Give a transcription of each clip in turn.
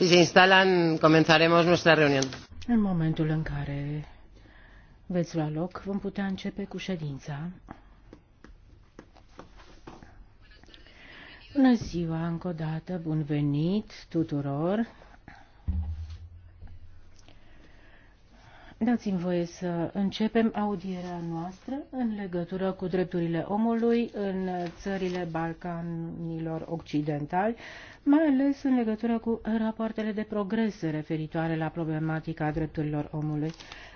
Si se instalan, comenzaremos nuestra reunión. În momentul în care veți lua loc, vom putea începe cu ședința. Bună ziua, încă o dată, bun venit tuturor! Dați-mi voie să începem audierea noastră în legătură cu drepturile omului în țările Balcanilor Occidentali, mai ales în legătură cu rapoartele de progrese referitoare la problematica drepturilor omului.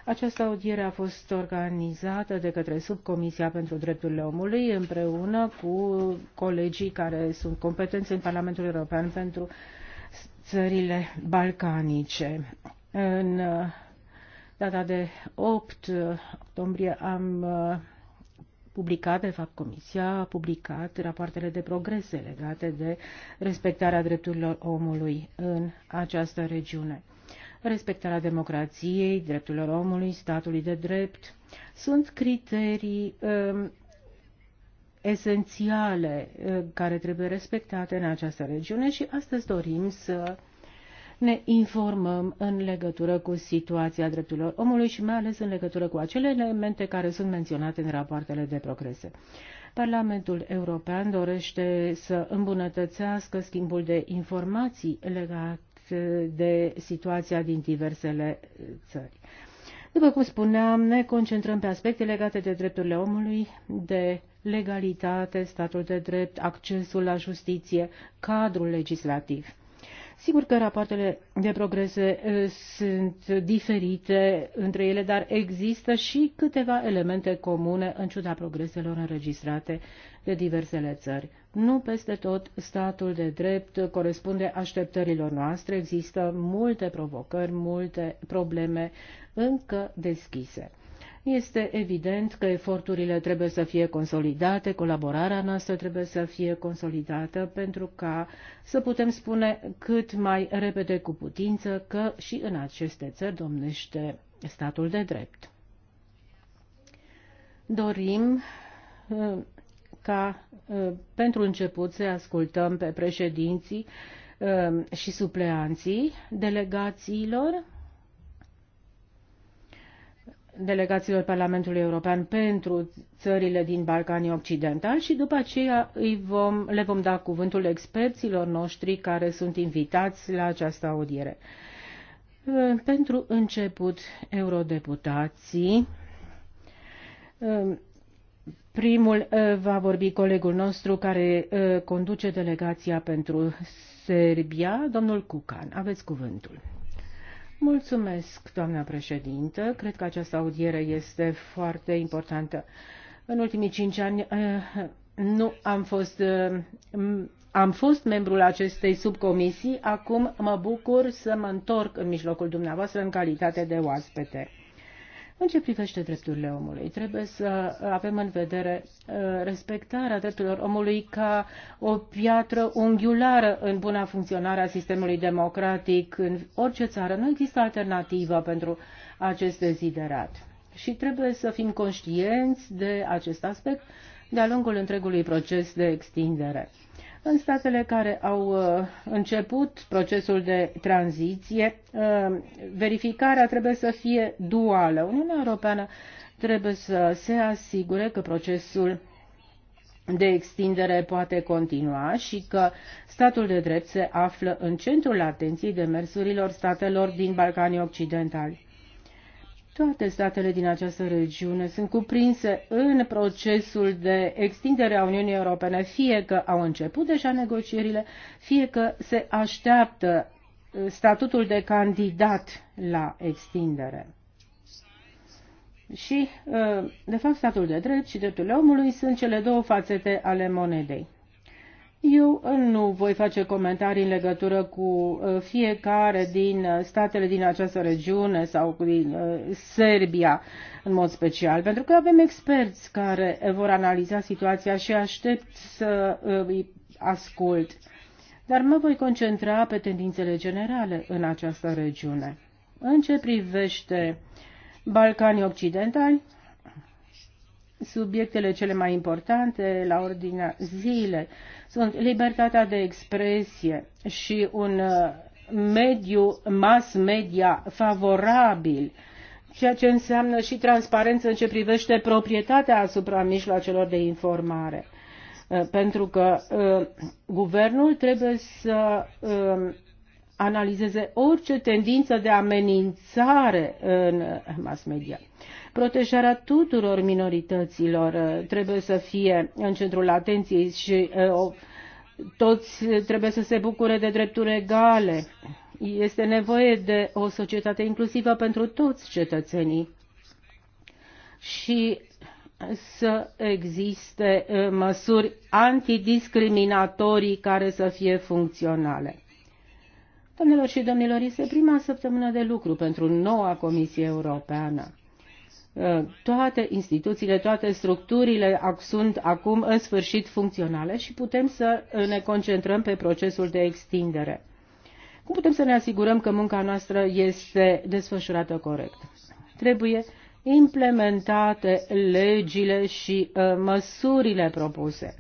Această audiere a fost organizată de către Subcomisia pentru Drepturile Omului împreună cu colegii care sunt competenți în Parlamentul European pentru țările balcanice. În data de 8 octombrie am uh, publicat, de fapt Comisia a publicat rapoartele de progrese legate de respectarea drepturilor omului în această regiune. Respectarea democrației, drepturilor omului, statului de drept sunt criterii um, esențiale uh, care trebuie respectate în această regiune și astăzi dorim să ne informăm în legătură cu situația drepturilor omului și mai ales în legătură cu acele elemente care sunt menționate în rapoartele de progrese. Parlamentul European dorește să îmbunătățească schimbul de informații legat de situația din diversele țări. După cum spuneam, ne concentrăm pe aspecte legate de drepturile omului, de legalitate, statul de drept, accesul la justiție, cadrul legislativ. Sigur că rapoartele de progrese sunt diferite între ele, dar există și câteva elemente comune în ciuda progreselor înregistrate de diversele țări. Nu peste tot statul de drept corespunde așteptărilor noastre, există multe provocări, multe probleme încă deschise. Este evident că eforturile trebuie să fie consolidate, colaborarea noastră trebuie să fie consolidată pentru ca să putem spune cât mai repede cu putință că și în aceste țări domnește statul de drept. Dorim uh, ca uh, pentru început să ascultăm pe președinții uh, și supleanții delegațiilor delegațiilor Parlamentului European pentru țările din Balcanii Occidentali și după aceea îi vom, le vom da cuvântul experților noștri care sunt invitați la această audiere. Pentru început, eurodeputații. Primul eh, va vorbi colegul nostru care eh, conduce delegația pentru Serbia, domnul Cucan. Aveți cuvântul. Mulțumesc, doamna președintă. Cred că această audiere este foarte importantă. În ultimii cinci ani eh, nu am fost, eh, am fost membrul acestei subcomisii, acum mă bucur să mă întorc în mijlocul dumneavoastră în calitate de oaspete. În ce privește drepturile omului, trebuie să avem în vedere uh, respectarea drepturilor omului ca o piatră unghiulară în buna funcționare a sistemului democratic în orice țară. Nu există alternativă pentru acest deziderat. Și trebuie să fim conștienți de acest aspect de-a lungul întregului proces de extindere. În statele care au uh, început procesul de tranziție, uh, verificarea trebuie să fie duală. Uniunea Europeană trebuie să se asigure că procesul de extindere poate continua și că statul de drept se află în centrul atenției demersurilor statelor din Balcanii Occidentali. Toate statele din această regiune sunt cuprinse în procesul de extindere a Uniunii Europene, fie că au început deja negocierile, fie că se așteaptă uh, statutul de candidat la extindere. Și, uh, de fapt, statul de drept și drepturile omului sunt cele două fațete ale monedei. Eu nu voi face comentarii în legătură cu uh, fiecare din uh, statele din această regiune sau din uh, Serbia în mod special, pentru că avem experți care vor analiza situația și aștept să îi ascult. Dar mă voi concentra pe tendințele generale în această regiune. În ce privește Balcanii Occidentali, subiectele cele mai importante la ordinea zilei sunt libertatea de expresie și un uh, mediu mass media favorabil, ceea ce înseamnă și transparență în ce privește proprietatea asupra mijloacelor de informare. Uh, pentru că uh, guvernul trebuie să uh, analizeze orice tendință de amenințare în mass media. Protejarea tuturor minorităților uh, trebuie să fie în centrul atenției și uh, toți uh, trebuie să se bucure de drepturi egale. Este nevoie de o societate inclusivă pentru toți cetățenii și să existe măsuri antidiscriminatorii care să fie funcționale. Domnilor și domnilor, este prima săptămână de lucru pentru noua Comisie Europeană. Uh, toate instituțiile, toate structurile sunt acum în sfârșit funcționale și putem să uh, ne concentrăm pe procesul de extindere. Cum putem să ne asigurăm că munca noastră este desfășurată corect? Trebuie implementate legile și uh, măsurile propuse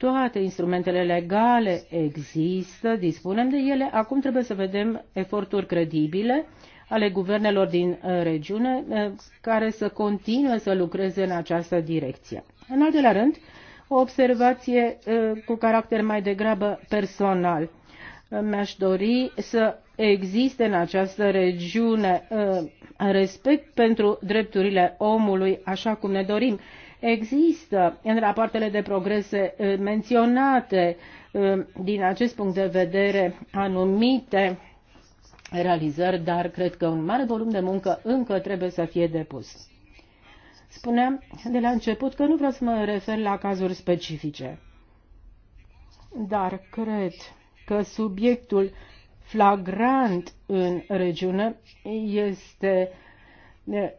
toate instrumentele legale există, dispunem de ele, acum trebuie să vedem eforturi credibile ale guvernelor din uh, regiune uh, care să continue să lucreze în această direcție. În al doilea rând, o observație uh, cu caracter mai degrabă personal. Mi-aș dori să existe în această regiune respect pentru drepturile omului, așa cum ne dorim, Există în rapoartele de progrese eh, menționate eh, din acest punct de vedere anumite realizări, dar cred că un mare volum de muncă încă trebuie să fie depus. Spuneam de la început că nu vreau să mă refer la cazuri specifice, dar cred că subiectul flagrant în regiune este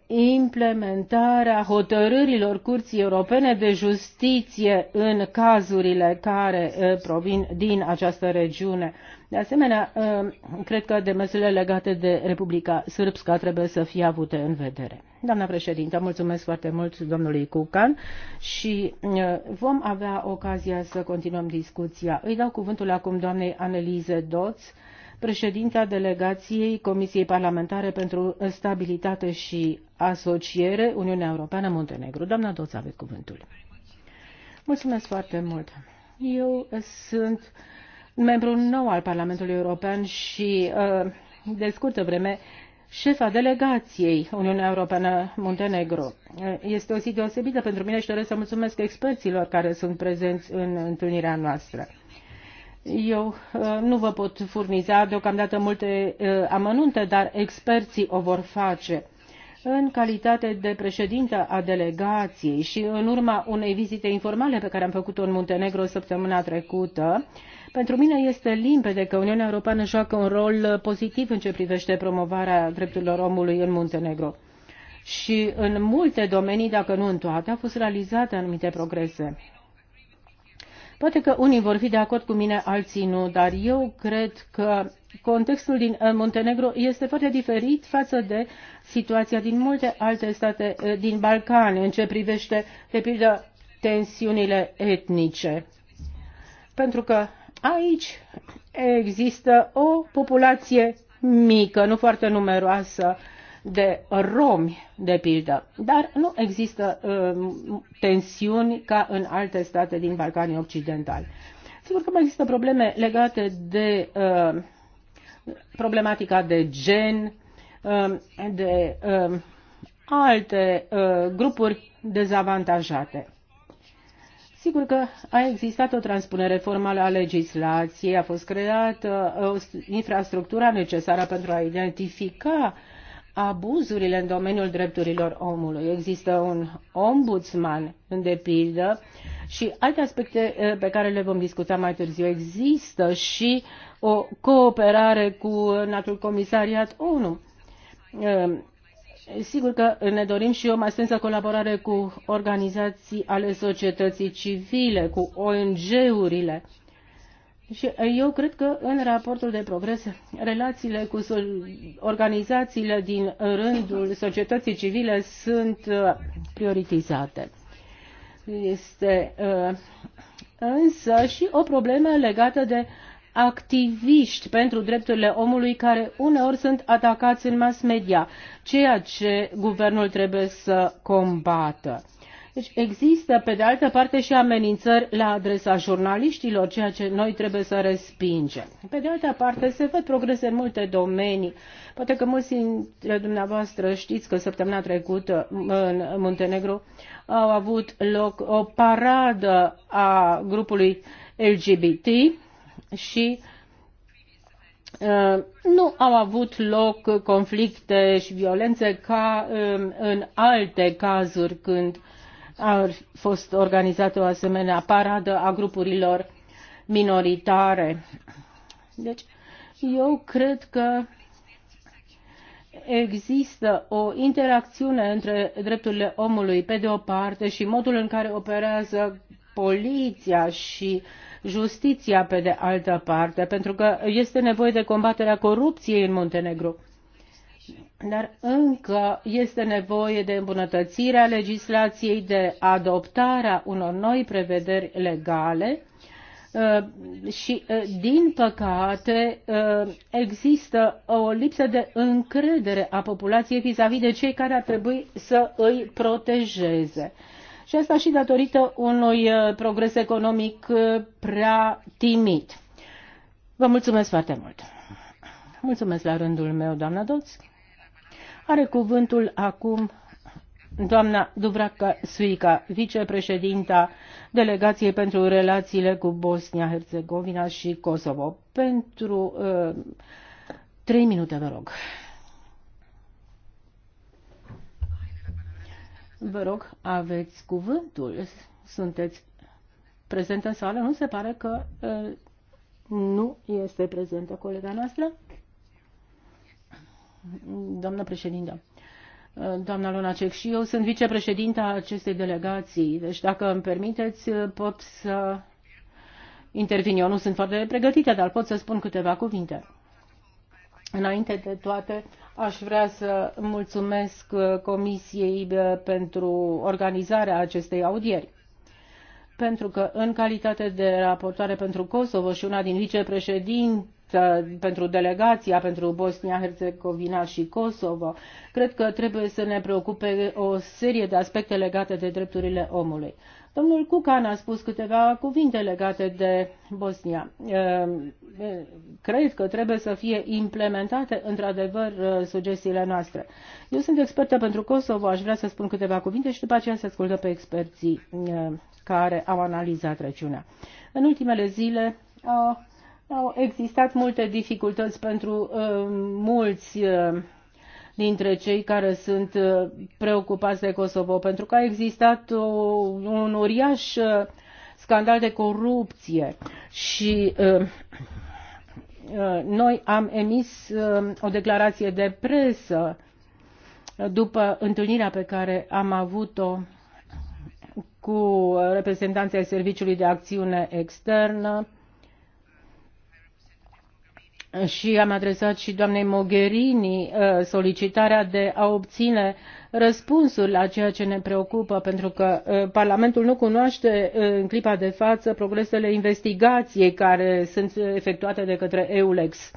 implementarea hotărârilor Curții Europene de Justiție în cazurile care uh, provin din această regiune. De asemenea, uh, cred că demersurile legate de Republica Sârbska trebuie să fie avute în vedere. Doamna președintă, mulțumesc foarte mult domnului Cucan și uh, vom avea ocazia să continuăm discuția. Îi dau cuvântul acum doamnei Anelize Doț, președinta delegației Comisiei Parlamentare pentru Stabilitate și Asociere Uniunea Europeană Muntenegru. Doamna Doț, aveți cuvântul. Mulțumesc foarte mult. Eu sunt membru nou al Parlamentului European și uh, de scurtă vreme șefa delegației Uniunea Europeană Muntenegru. Uh, este o zi deosebită pentru mine și doresc să mulțumesc experților care sunt prezenți în întâlnirea noastră. Eu uh, nu vă pot furniza deocamdată multe uh, amănunte, dar experții o vor face. În calitate de președintă a delegației și în urma unei vizite informale pe care am făcut-o în Muntenegro săptămâna trecută, pentru mine este limpede că Uniunea Europeană joacă un rol pozitiv în ce privește promovarea drepturilor omului în Muntenegro. Și în multe domenii, dacă nu în toate, au fost realizate anumite progrese Poate că unii vor fi de acord cu mine, alții nu, dar eu cred că contextul din eh, Montenegro este foarte diferit față de situația din multe alte state eh, din Balcani în ce privește, de pildă, tensiunile etnice. Pentru că aici există o populație mică, nu foarte numeroasă, de romi, de pildă. Dar nu există uh, tensiuni ca în alte state din Balcanii Occidentali. Sigur că mai există probleme legate de uh, problematica de gen, uh, de uh, alte uh, grupuri dezavantajate. Sigur că a existat o transpunere formală a legislației, a fost creată uh, o infrastructura necesară pentru a identifica abuzurile în domeniul drepturilor omului. Există un ombudsman, în pildă, și alte aspecte eh, pe care le vom discuta mai târziu. Există și o cooperare cu Natul Comisariat ONU. Eh, sigur că ne dorim și o mai strânsă colaborare cu organizații ale societății civile, cu ONG-urile și eu cred că în raportul de progres, relațiile cu organizațiile din rândul societății civile sunt uh, prioritizate. Este uh, însă și o problemă legată de activiști pentru drepturile omului care uneori sunt atacați în mass media, ceea ce guvernul trebuie să combată. Deci există, pe de altă parte, și amenințări la adresa jurnaliștilor, ceea ce noi trebuie să respingem. Pe de altă parte, se văd progrese în multe domenii. Poate că mulți dintre dumneavoastră știți că săptămâna trecută în Muntenegru au avut loc o paradă a grupului LGBT și ă, nu au avut loc conflicte și violențe ca ă, în alte cazuri când a fost organizată o asemenea paradă a grupurilor minoritare. Deci, eu cred că există o interacțiune între drepturile omului pe de o parte și modul în care operează poliția și justiția pe de altă parte, pentru că este nevoie de combaterea corupției în Muntenegru dar încă este nevoie de îmbunătățirea legislației, de adoptarea unor noi prevederi legale uh, și, uh, din păcate, uh, există o lipsă de încredere a populației vis-a-vis -vis de cei care ar trebui să îi protejeze. Și asta și datorită unui progres economic prea timid. Vă mulțumesc foarte mult! Mulțumesc la rândul meu, doamna Doțchi. Are cuvântul acum doamna Dubravka Suica, vicepreședinta Delegației pentru Relațiile cu Bosnia-Herzegovina și Kosovo. Pentru uh, trei minute, vă rog. Vă rog, aveți cuvântul. Sunteți prezent în sală? Nu se pare că uh, nu este prezentă colega noastră? Doamnă președintă, doamna Lunacek și eu sunt vicepreședinta acestei delegații, deci dacă îmi permiteți pot să intervin. Eu nu sunt foarte pregătită, dar pot să spun câteva cuvinte. Înainte de toate, aș vrea să mulțumesc Comisiei pentru organizarea acestei audieri pentru că în calitate de raportoare pentru Kosovo și una din vicepreședinte pentru delegația pentru Bosnia, Herzegovina și Kosovo. Cred că trebuie să ne preocupe o serie de aspecte legate de drepturile omului. Domnul Cucan a spus câteva cuvinte legate de Bosnia. Ehm, cred că trebuie să fie implementate într-adevăr sugestiile noastre. Eu sunt expertă pentru Kosovo, aș vrea să spun câteva cuvinte și după aceea să ascultă pe experții care au analizat regiunea. În ultimele zile au au existat multe dificultăți pentru uh, mulți uh, dintre cei care sunt uh, preocupați de Kosovo, pentru că a existat o, un uriaș uh, scandal de corupție și uh, uh noi am emis uh, o declarație de presă după întâlnirea pe care am avut-o cu reprezentanții Serviciului de Acțiune Externă și am adresat și doamnei Mogherini uh, solicitarea de a obține răspunsul la ceea ce ne preocupă, pentru că uh, Parlamentul nu cunoaște uh, în clipa de față progresele investigației care sunt efectuate de către EULEX.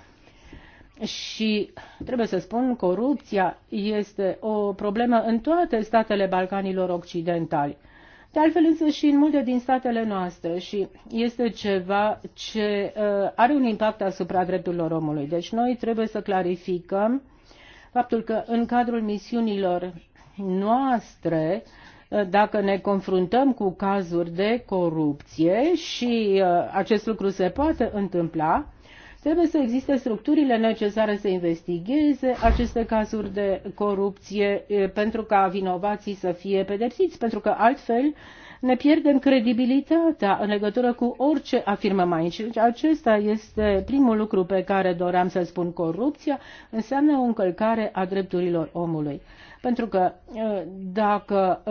Și trebuie să spun, corupția este o problemă în toate statele Balcanilor Occidentali. De altfel însă și în multe din statele noastre și este ceva ce uh, are un impact asupra drepturilor omului. Deci noi trebuie să clarificăm faptul că în cadrul misiunilor noastre uh, dacă ne confruntăm cu cazuri de corupție și uh, acest lucru se poate întâmpla, Trebuie să existe structurile necesare să investigheze aceste cazuri de corupție pentru ca vinovații să fie pedepsiți, pentru că altfel ne pierdem credibilitatea în legătură cu orice afirmăm aici. Deci acesta este primul lucru pe care doream să spun. Corupția înseamnă o încălcare a drepturilor omului. Pentru că dacă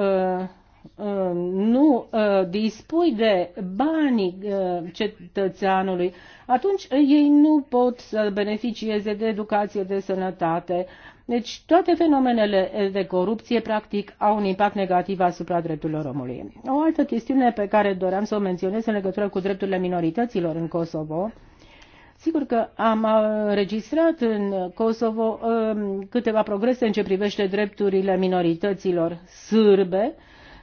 Uh, nu uh, dispui de banii uh, cetățeanului, atunci ei nu pot să beneficieze de educație, de sănătate. Deci toate fenomenele de corupție, practic, au un impact negativ asupra drepturilor omului. O altă chestiune pe care doream să o menționez în legătură cu drepturile minorităților în Kosovo, Sigur că am înregistrat în Kosovo câteva progrese în ce privește drepturile minorităților sârbe,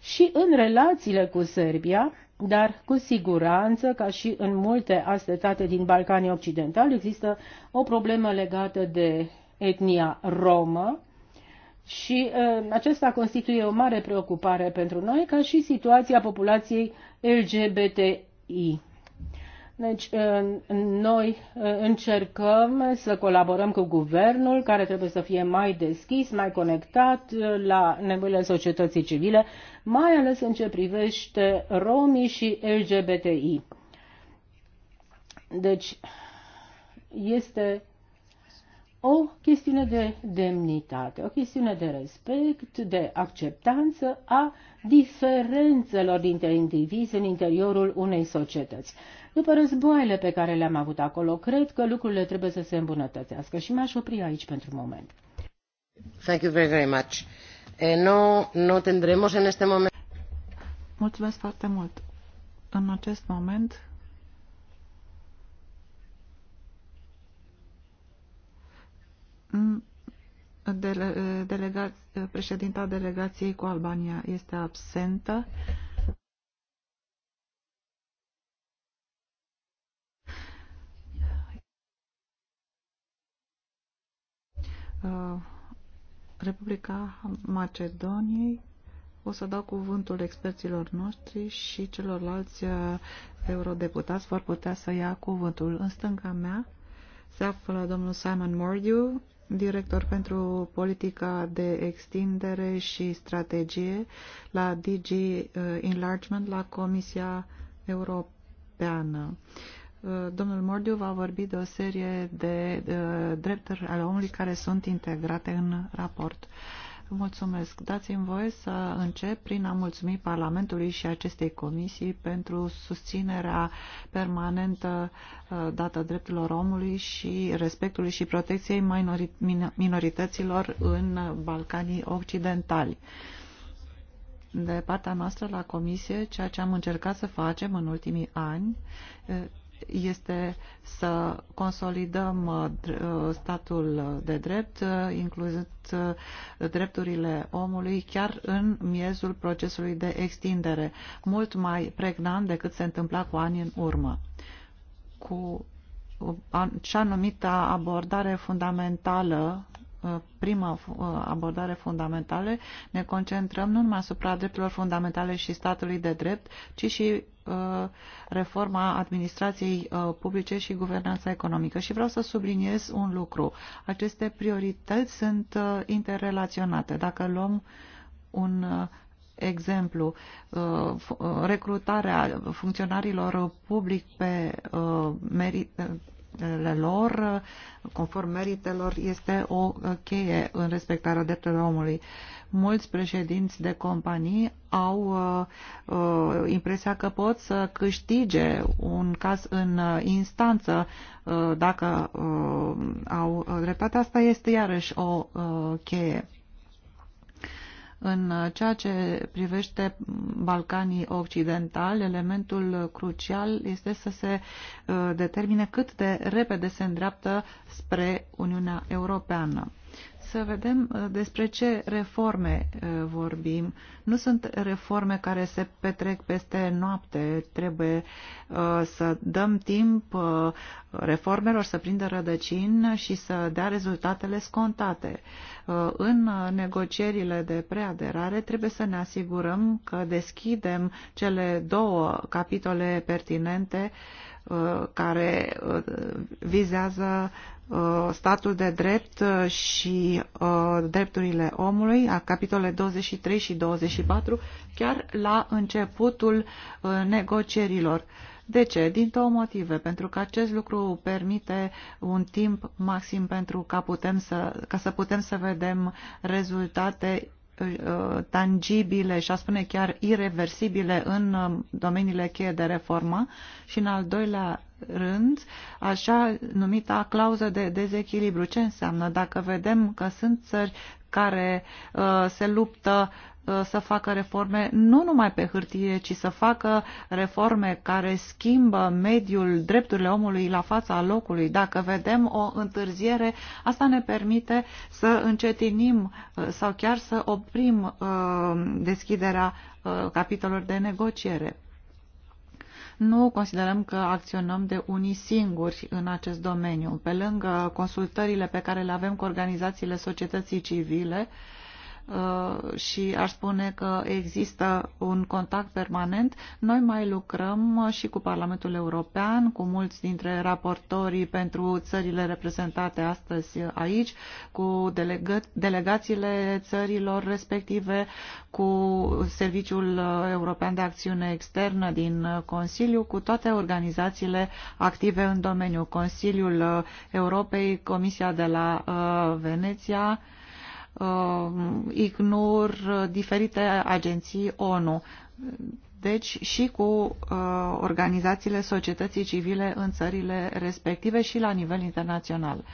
și în relațiile cu Serbia, dar cu siguranță, ca și în multe alte state din Balcanii Occidentali, există o problemă legată de etnia romă și uh, ă, acesta constituie o mare preocupare pentru noi, ca și situația populației LGBTI. Deci, ă, noi ă, încercăm să colaborăm cu guvernul, care trebuie să fie mai deschis, mai conectat la nevoile societății civile mai ales în ce privește romii și LGBTI. Deci, este o chestiune de demnitate, o chestiune de respect, de acceptanță a diferențelor dintre indivizi în interiorul unei societăți. După războaiele pe care le-am avut acolo, cred că lucrurile trebuie să se îmbunătățească și m aș opri aici pentru moment. Thank you very, very much. Eh, no, no tendremos en este momento. Mulțumesc foarte mult. În acest moment delega, președinta delegației cu Albania este absentă. Uh, Republica Macedoniei o să dau cuvântul experților noștri și celorlalți uh, eurodeputați vor putea să ia cuvântul. În stânga mea se află domnul Simon Mordiu, director pentru politica de extindere și strategie la DG uh, Enlargement la Comisia Europeană. Uh, domnul Mordiu va vorbi de o serie de uh, drepturi ale omului care sunt integrate în raport. Mulțumesc. Dați-mi voie să încep prin a mulțumi Parlamentului și acestei comisii pentru susținerea permanentă uh, dată drepturilor omului și respectului și protecției minorităților în Balcanii Occidentali. De partea noastră la comisie, ceea ce am încercat să facem în ultimii ani este să consolidăm uh, uh, statul de drept, uh, incluzând drepturile omului, chiar în miezul procesului de extindere, mult mai pregnant decât se întâmpla cu ani în urmă. Cu cea numită abordare fundamentală Uh, prima uh, abordare fundamentale, ne concentrăm nu numai asupra drepturilor fundamentale și statului de drept, ci și uh, reforma administrației publice și guvernanța economică. Și vreau să subliniez un lucru. Aceste priorități sunt interrelaționate. Dacă luăm un exemplu, recrutarea funcționarilor public pe, merit, drepturile lor, conform meritelor, este o cheie în respectarea drepturilor omului. Mulți președinți de companii au uh, impresia că pot să câștige un caz în instanță uh, dacă uh, au dreptate. Asta este iarăși o uh, cheie. În uh, ceea ce privește Balcanii Occidentali, elementul crucial este să se uh, determine cât de repede se îndreaptă spre Uniunea Europeană să vedem uh, despre ce reforme uh, vorbim. Nu sunt reforme care se petrec peste noapte. Trebuie uh, să dăm timp reformelor să prindă rădăcini și să dea rezultatele scontate. În negocierile de preaderare trebuie să ne asigurăm că deschidem cele două capitole pertinente care vizează Uh, statul de drept uh, și uh, drepturile omului, a capitolele 23 și 24, chiar la începutul negocierilor. De ce? Din două motive. Pentru că acest lucru permite un timp maxim pentru ca, putem să, ca să putem să vedem rezultate Uh, tangibile și a spune chiar irreversibile în uh, domeniile cheie de reformă și în al doilea rând, așa numita clauză de dezechilibru. Ce înseamnă? Dacă vedem că sunt țări care uh, se luptă Uh, să facă reforme nu numai pe hârtie, ci să facă reforme care schimbă mediul drepturile omului la fața locului. Dacă vedem o întârziere, asta ne permite să încetinim uh, sau chiar să oprim uh, deschiderea capitolelor de negociere. Nu considerăm că acționăm de unii singuri în acest domeniu. Pe lângă consultările pe care le avem cu organizațiile societății civile, uh, Uh, și aș spune că există un contact permanent. Noi mai lucrăm și cu Parlamentul European, cu mulți dintre raportorii pentru țările reprezentate astăzi aici, cu delega delegațiile țărilor respective, cu Serviciul European de Acțiune Externă din Consiliu, cu toate organizațiile active în domeniu, Consiliul Europei, Comisia de la uh, Veneția, Uh, ignor uh, diferite agenții ONU, deci și cu uh, organizațiile societății civile în țările respective și la nivel internațional.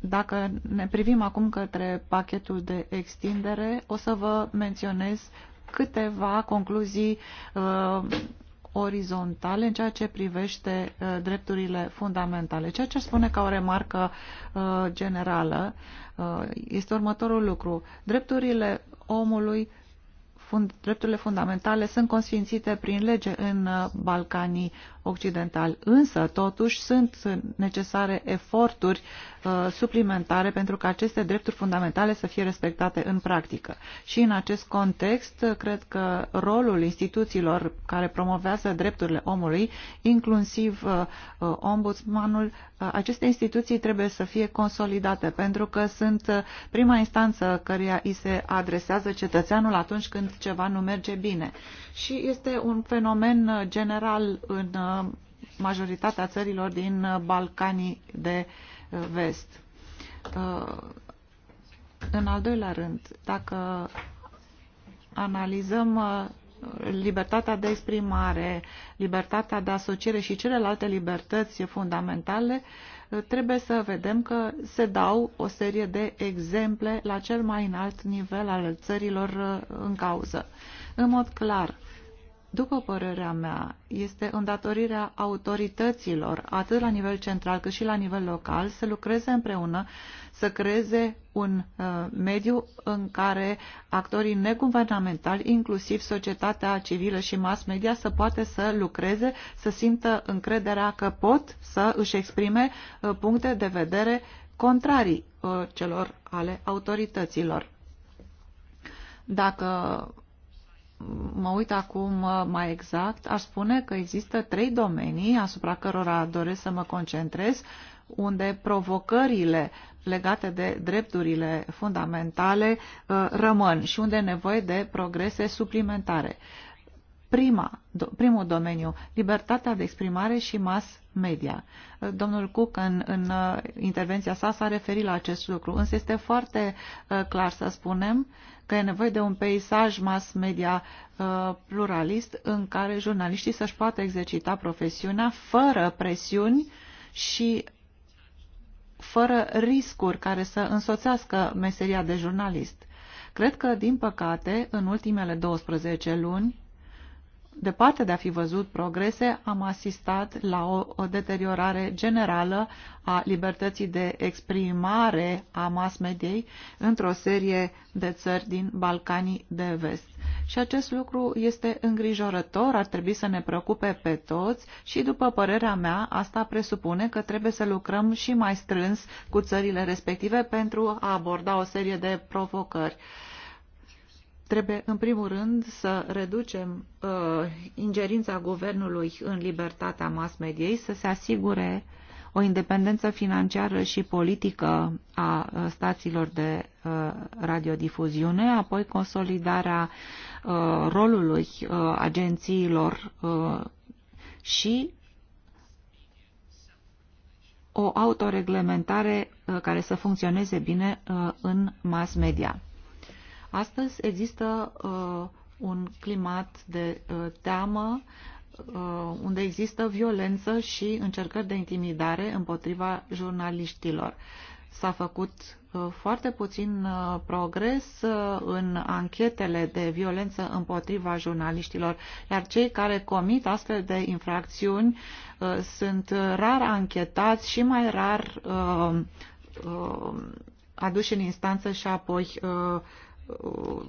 Dacă ne privim acum către pachetul de extindere, o să vă menționez câteva concluzii orizontale în ceea ce privește uh, drepturile fundamentale. Ceea ce spune ca o remarcă uh, generală uh, este următorul lucru. Drepturile omului fund, drepturile fundamentale sunt consfințite prin lege în Balcanii occidental. Însă, totuși, sunt necesare eforturi uh, suplimentare pentru ca aceste drepturi fundamentale să fie respectate în practică. Și în acest context, cred că rolul instituțiilor care promovează drepturile omului, inclusiv uh, uh ombudsmanul, uh, aceste instituții trebuie să fie consolidate pentru că sunt uh, prima instanță căreia îi se adresează cetățeanul atunci când ceva nu merge bine. Și este un fenomen uh, general în majoritatea țărilor din Balcanii de eh, vest. Eh, în al doilea rând, dacă analizăm eh, libertatea de exprimare, libertatea de asociere și celelalte libertăți fundamentale, trebuie să vedem că se dau o serie de exemple la cel mai înalt nivel al țărilor în cauză. În mod clar, după părerea mea, este îndatorirea autorităților, atât la nivel central cât și la nivel local, să lucreze împreună, să creeze un uh, mediu în care actorii neguvernamentali, inclusiv societatea civilă și mass media, să poate să lucreze, să simtă încrederea că pot să își exprime uh, puncte de vedere contrarii uh, celor ale autorităților. Dacă mă uit acum mai exact, aș spune că există trei domenii asupra cărora doresc să mă concentrez, unde provocările legate de drepturile fundamentale uh, rămân și unde e nevoie de progrese suplimentare prima, do, primul domeniu, libertatea de exprimare și mass media. Domnul Cook în, în uh, intervenția sa s-a referit la acest lucru, însă este foarte uh, clar să spunem că e nevoie de un peisaj mass media uh, pluralist în care jurnaliștii să-și poată exercita profesiunea fără presiuni și fără riscuri care să însoțească meseria de jurnalist. Cred că, din păcate, în ultimele 12 luni, departe de a fi văzut progrese, am asistat la o, o deteriorare generală a libertății de exprimare a mass mediei într-o serie de țări din Balcanii de vest. Și acest lucru este îngrijorător, ar trebui să ne preocupe pe toți și, după părerea mea, asta presupune că trebuie să lucrăm și mai strâns cu țările respective pentru a aborda o serie de provocări. Trebuie, în primul rând, să reducem uh, ingerința guvernului în libertatea mass-mediei, să se asigure o independență financiară și politică a uh, stațiilor de uh, radiodifuziune, apoi consolidarea uh, rolului uh, agențiilor uh, și o autoreglementare uh, care să funcționeze bine uh, în mass media. Astăzi există uh, un climat de uh, teamă uh, unde există violență și încercări de intimidare împotriva jurnaliștilor. S-a făcut foarte puțin progres în anchetele de violență împotriva jurnaliștilor, iar cei care comit astfel de infracțiuni sunt rar anchetați și mai rar aduși în instanță și apoi Uh,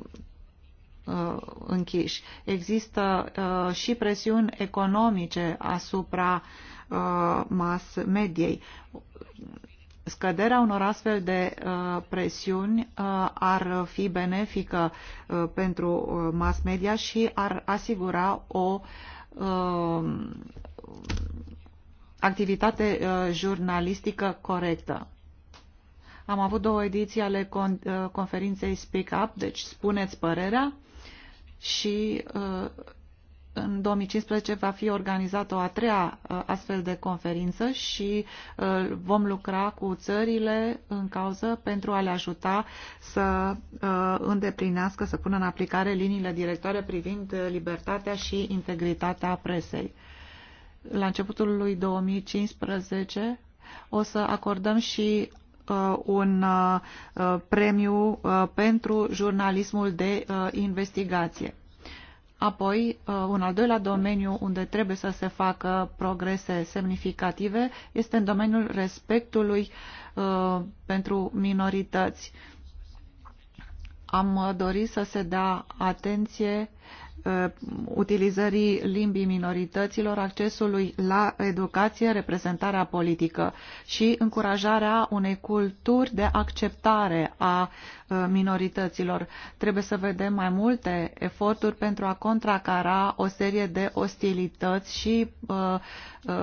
închiși. Există uh, și presiuni economice asupra uh, mas mediei. Scăderea unor astfel de presiuni ar fi benefică pentru mass media și ar asigura o activitate jurnalistică corectă. Am avut două ediții ale con uh, conferinței Speak Up, deci spuneți părerea și uh, în 2015 va fi organizată o a treia uh, astfel de conferință și vom lucra cu țările în cauză pentru a le ajuta să îndeplinească, să pună în aplicare liniile directoare privind libertatea și integritatea presei. La începutul lui 2015 o să acordăm și Uh, un uh, uh, premiu pentru jurnalismul de investigație. Apoi, un al doilea domeniu unde trebuie să se facă progrese semnificative este în domeniul respectului pentru minorități. Am dorit să se dea atenție Uh, utilizării limbii minorităților, accesului la educație, reprezentarea politică și încurajarea unei culturi de acceptare a uh, minorităților. Trebuie să vedem mai multe eforturi pentru a contracara o serie de ostilități și uh,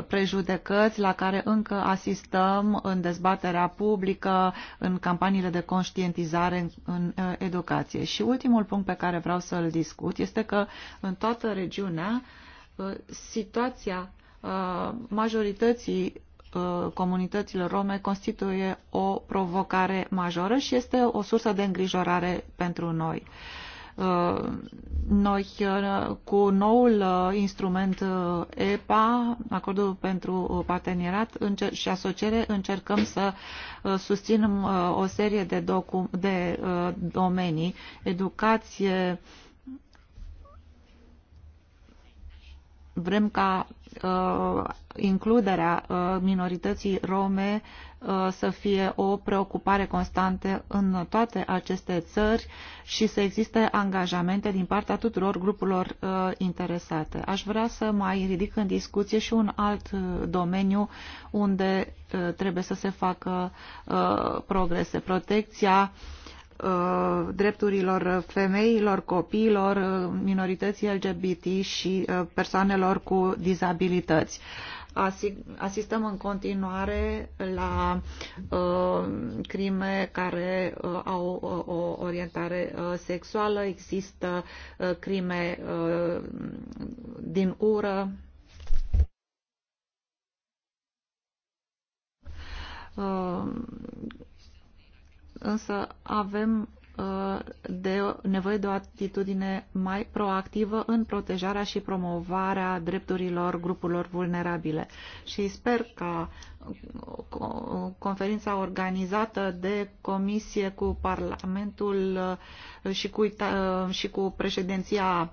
prejudecăți la care încă asistăm în dezbaterea publică, în campaniile de conștientizare în educație. Și ultimul punct pe care vreau să-l discut este că în toată regiunea, uh, situația uh, majorității uh, comunităților rome constituie o provocare majoră și este o sursă de îngrijorare pentru noi. Noi, cu noul instrument EPA, acordul pentru parteneriat și asociere, încercăm să susținem o serie de, de domenii, educație, Vrem ca uh, includerea uh, minorității rome uh, să fie o preocupare constantă în toate aceste țări și să existe angajamente din partea tuturor grupurilor uh, interesate. Aș vrea să mai ridic în discuție și un alt uh, domeniu unde uh, trebuie să se facă uh, progrese. Protecția uh, Uh, drepturilor femeilor, copiilor, uh, minorității LGBT și uh, persoanelor cu dizabilități. Asistăm în continuare la uh, crime care uh, au o orientare uh, sexuală, există uh, crime uh, din ură, însă avem uh, de, nevoie de o atitudine mai proactivă în protejarea și promovarea drepturilor grupurilor vulnerabile. Și sper ca uh, conferința organizată de comisie cu Parlamentul uh, și cu, și cu președinția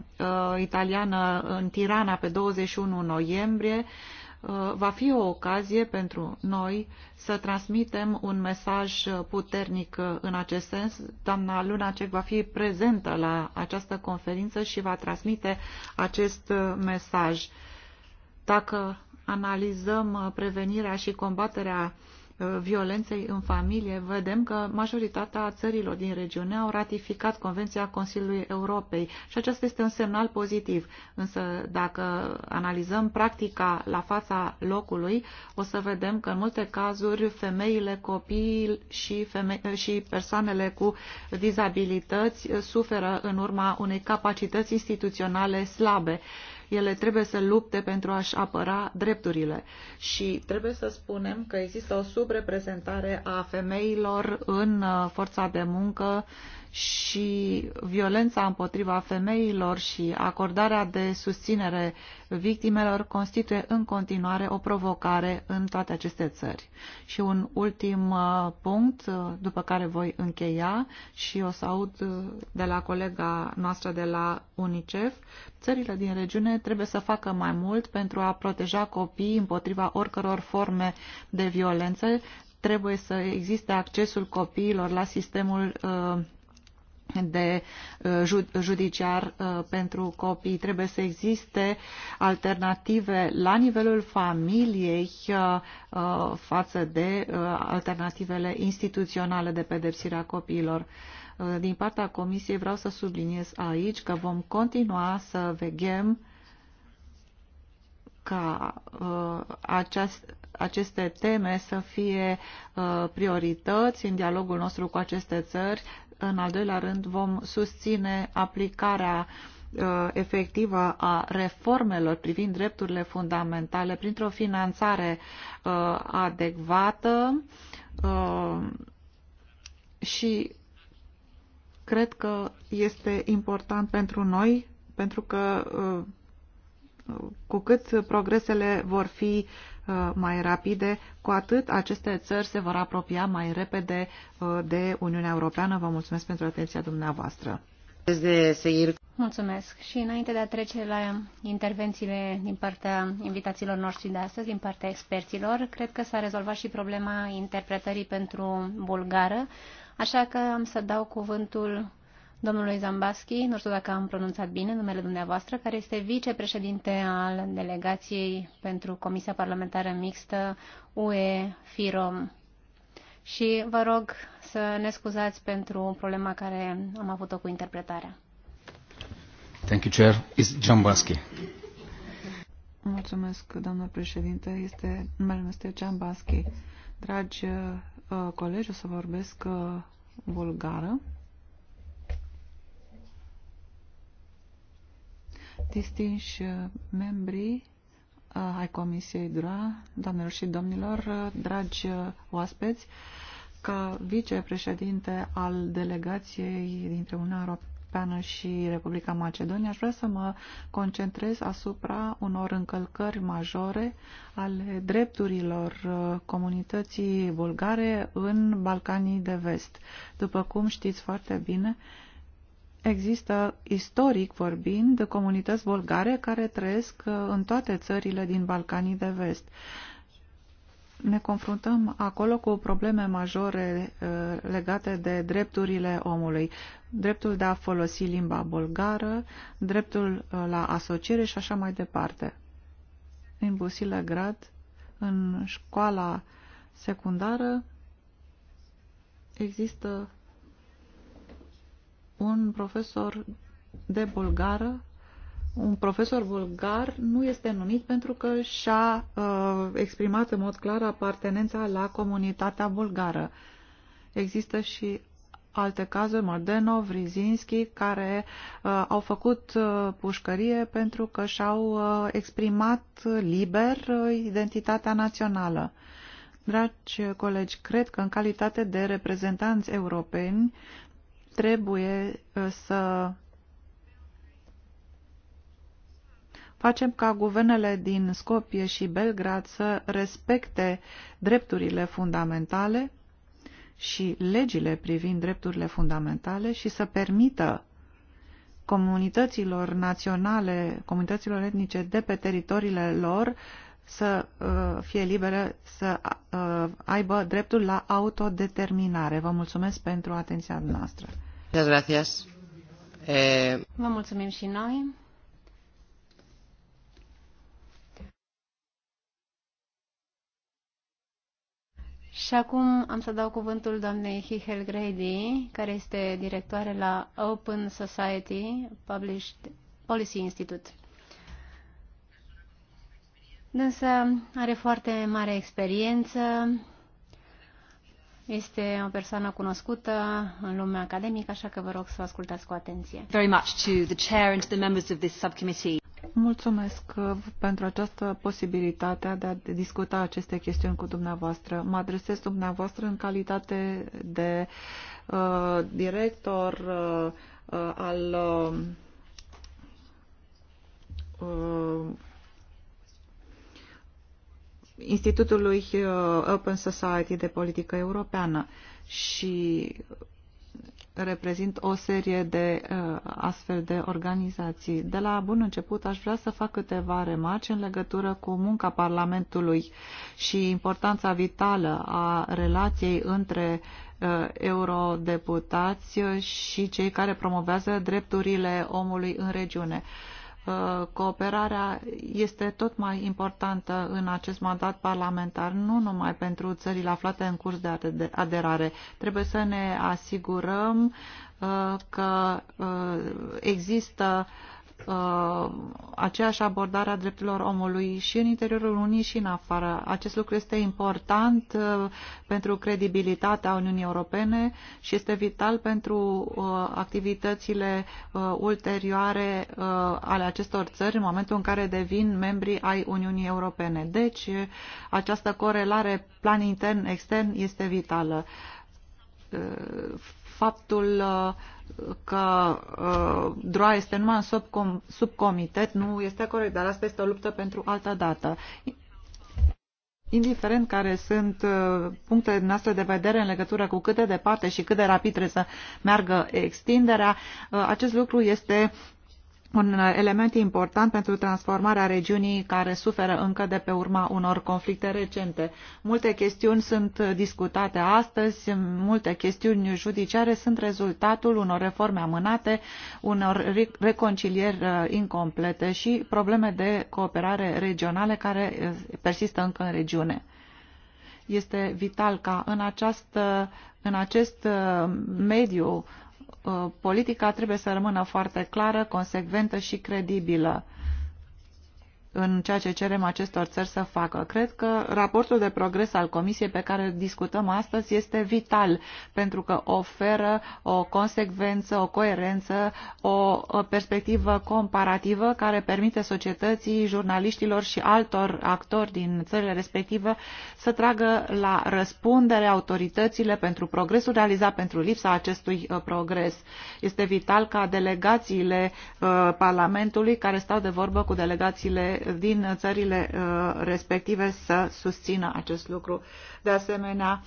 italiană în Tirana pe 21 noiembrie Uh, va fi o ocazie pentru noi să transmitem un mesaj puternic uh, în acest sens. Doamna Cec va fi prezentă la această conferință și va transmite acest uh, mesaj. Dacă analizăm prevenirea și combaterea Uh, violenței în familie, vedem că majoritatea țărilor din regiune au ratificat Convenția Consiliului Europei și acesta este un semnal pozitiv. Însă dacă analizăm practica la fața locului, o să vedem că în multe cazuri femeile, copiii și, feme uh, și persoanele cu dizabilități suferă în urma unei capacități instituționale slabe ele trebuie să lupte pentru a-și apăra drepturile și trebuie să spunem că există o subreprezentare a femeilor în uh, forța de muncă și violența împotriva femeilor și acordarea de susținere victimelor constituie în continuare o provocare în toate aceste țări. Și un ultim uh, punct, uh, după care voi încheia și o să aud uh, de la colega noastră de la UNICEF, țările din regiune trebuie să facă mai mult pentru a proteja copiii împotriva oricăror forme de violență, trebuie să existe accesul copiilor la sistemul uh, de uh, judiciar uh, pentru copii. Trebuie să existe alternative la nivelul familiei uh, față de alternativele instituționale de pedepsire a copiilor. Din partea Comisiei vreau să subliniez aici că vom continua să veghem ca uh, această aceste teme să fie uh, priorități în dialogul nostru cu aceste țări. În al doilea rând, vom susține aplicarea uh, efectivă a reformelor privind drepturile fundamentale printr-o finanțare uh, adecvată uh, și cred că este important pentru noi, pentru că uh, cu cât progresele vor fi uh, mai rapide, cu atât aceste țări se vor apropia mai repede uh, de Uniunea Europeană. Vă mulțumesc pentru atenția dumneavoastră. Mulțumesc. Și înainte de a trece la intervențiile din partea invitațiilor noștri de astăzi, din partea experților, cred că s-a rezolvat și problema interpretării pentru bulgară, așa că am să dau cuvântul domnului Zambaschi, nu știu dacă am pronunțat bine numele dumneavoastră, care este vicepreședinte al delegației pentru Comisia Parlamentară Mixtă UE-FIROM. Și vă rog să ne scuzați pentru problema care am avut-o cu interpretarea. Thank you, Chair. Is Jambaski. Mulțumesc, doamnă președinte. Este, numele meu este Jambaski. Dragi uh, colegi, o să vorbesc uh, vulgară. Distinși uh, membri uh, ai Comisiei DRA, doamnelor și domnilor, uh, dragi oaspeți, ca vicepreședinte al delegației dintre Uniunea Europeană și Republica Macedonia, aș vrea să mă concentrez asupra unor încălcări majore ale drepturilor comunității bulgare în Balcanii de Vest. După cum știți foarte bine, Există, istoric vorbind, comunități bulgare care trăiesc uh, în toate țările din Balcanii de Vest. Ne confruntăm acolo cu probleme majore uh, legate de drepturile omului, dreptul de a folosi limba bulgară, dreptul uh, la asociere și așa mai departe. În Grad, în școala secundară, există un profesor de bulgară, un profesor bulgar nu este numit pentru că și-a uh, exprimat în mod clar apartenența la comunitatea bulgară. Există și alte cazuri, Mordenov, Rizinski, care uh, au făcut uh, pușcărie pentru că și-au uh, exprimat liber uh, identitatea națională. Dragi colegi, cred că în calitate de reprezentanți europeni trebuie uh, să facem ca guvernele din Scopie și Belgrad să respecte drepturile fundamentale și legile privind drepturile fundamentale și să permită comunităților naționale, comunităților etnice de pe teritoriile lor să uh, fie liberă să uh, aibă dreptul la autodeterminare. Vă mulțumesc pentru atenția noastră. Muchas eh, Vă mulțumim și noi. Și acum am să dau cuvântul doamnei Hihel Grady, care este directoare la Open Society Published Policy Institute. Însă are foarte mare experiență, este o persoană cunoscută în lumea academică, așa că vă rog să o ascultați cu atenție. Very much to the chair and to the members of this subcommittee. Mulțumesc pentru această posibilitate de a discuta aceste chestiuni cu dumneavoastră. Mă adresez dumneavoastră în calitate de uh, director uh, al uh, uh Institutului uh, Open Society de Politică Europeană și reprezint o serie de uh, astfel de organizații. De la bun început aș vrea să fac câteva remarci în legătură cu munca Parlamentului și importanța vitală a relației între uh, eurodeputați și cei care promovează drepturile omului în regiune. Uh, Uh, cooperarea este tot mai importantă în acest mandat parlamentar, nu numai pentru țările aflate în curs de aderare. Trebuie să ne asigurăm uh, că uh, există Uh, aceeași abordare a drepturilor omului și în interiorul Uniunii și în afară. Acest lucru este important uh, pentru credibilitatea Uniunii Europene și este vital pentru uh, activitățile ulterioare ale acestor țări în momentul în care devin membri ai Uniunii Europene. Deci, această corelare plan intern-extern este vitală faptul uh, că uh, DROA este numai în subcomitet nu este corect, dar asta este o luptă pentru altă dată. Indiferent care sunt uh, punctele noastre de vedere în legătură cu cât de departe și cât de rapid trebuie să meargă extinderea, acest lucru este un element important pentru transformarea regiunii care suferă încă de pe urma unor conflicte recente. Multe chestiuni sunt discutate astăzi, multe chestiuni judiciare sunt rezultatul unor reforme amânate, unor reconcilieri uh, incomplete și probleme de cooperare regionale care uh, persistă încă în regiune. Este vital ca în, această, în acest uh, mediu Uh, politica trebuie să rămână foarte clară, consecventă și credibilă în ceea ce cerem acestor țări să facă. Cred că raportul de progres al Comisiei pe care discutăm astăzi este vital pentru că oferă o consecvență, o coerență, o perspectivă comparativă care permite societății, jurnaliștilor și altor actori din țările respective să tragă la răspundere autoritățile pentru progresul realizat, pentru lipsa acestui uh, progres. Este vital ca delegațiile uh, Parlamentului care stau de vorbă cu delegațiile din țările uh, respective să susțină acest lucru. De asemenea,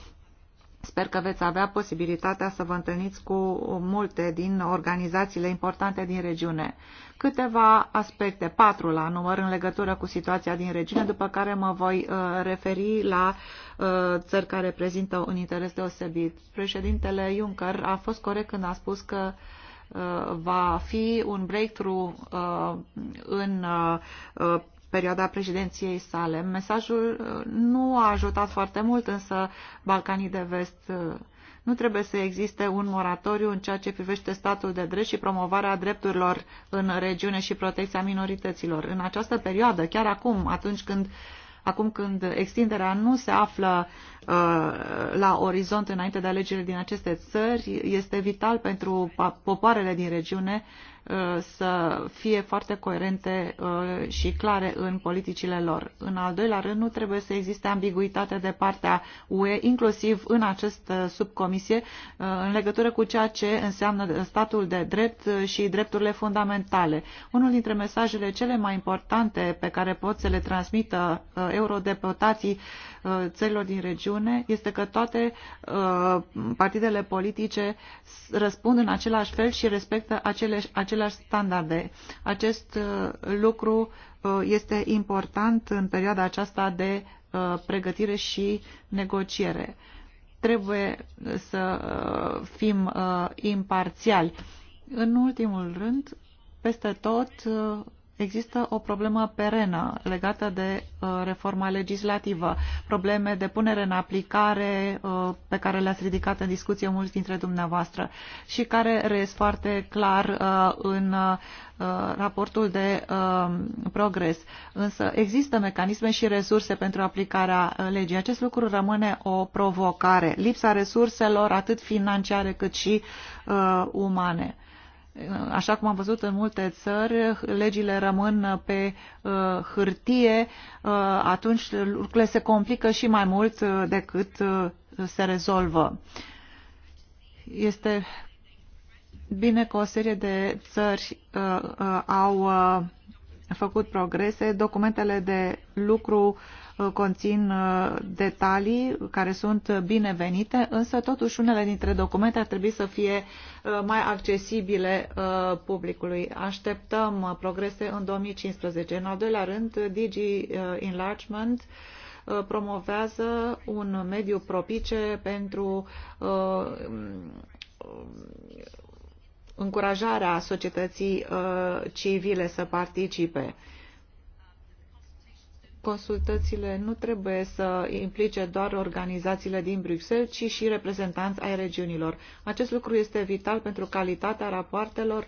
Sper că veți avea posibilitatea să vă întâlniți cu multe din organizațiile importante din regiune. Câteva aspecte, patru la număr, în legătură cu situația din regiune, după care mă voi uh, referi la uh, țări care prezintă un interes deosebit. Președintele Juncker a fost corect când a spus că uh, Uh, va fi un breakthrough uh, în uh, perioada președinției sale. Mesajul nu a ajutat foarte mult, însă Balcanii de Vest nu trebuie să existe un moratoriu în ceea ce privește statul de drept și promovarea drepturilor în regiune și protecția minorităților. În această perioadă, chiar acum, atunci când uh, acum când extinderea nu se află uh, la orizont înainte de alegerile din aceste țări, este vital pentru popoarele din regiune Uh, să fie foarte coerente uh, și clare în politicile lor. În al doilea rând, nu trebuie să existe ambiguitate de partea UE, inclusiv în această uh, subcomisie, în legătură cu ceea ce înseamnă statul de drept și drepturile fundamentale. Unul dintre mesajele cele mai importante pe care pot să le transmită eurodeputații țărilor din regiune este că toate partidele politice răspund în același fel și respectă acele, acele aceleași standarde. Acest uh, lucru uh, este important în perioada aceasta de uh, pregătire și negociere. Trebuie să fim imparțiali. În ultimul rând, peste tot Există o problemă perenă legată de uh, reforma legislativă, probleme de punere în aplicare uh, pe care le-ați ridicat în discuție mulți dintre dumneavoastră și care reies foarte clar uh, în raportul de progres. Însă există mecanisme și resurse pentru aplicarea legii. Acest lucru rămâne o provocare. Lipsa resurselor atât financiare cât și umane Așa cum am văzut în multe țări, legile rămân pe uh, hârtie, uh, atunci lucrurile se complică și mai mult uh, decât se rezolvă. Este bine că o serie de țări au făcut progrese, documentele de lucru uh, Uh, conțin uh, detalii care sunt binevenite, însă totuși unele dintre documente ar trebui să fie uh, mai accesibile publicului. Așteptăm progrese în 2015. În al doilea rând, Digi Enlargement promovează un mediu propice pentru încurajarea societății civile să participe consultațiile nu trebuie să implice doar organizațiile din Bruxelles, ci și reprezentanți ai regiunilor. Acest lucru este vital pentru calitatea rapoartelor.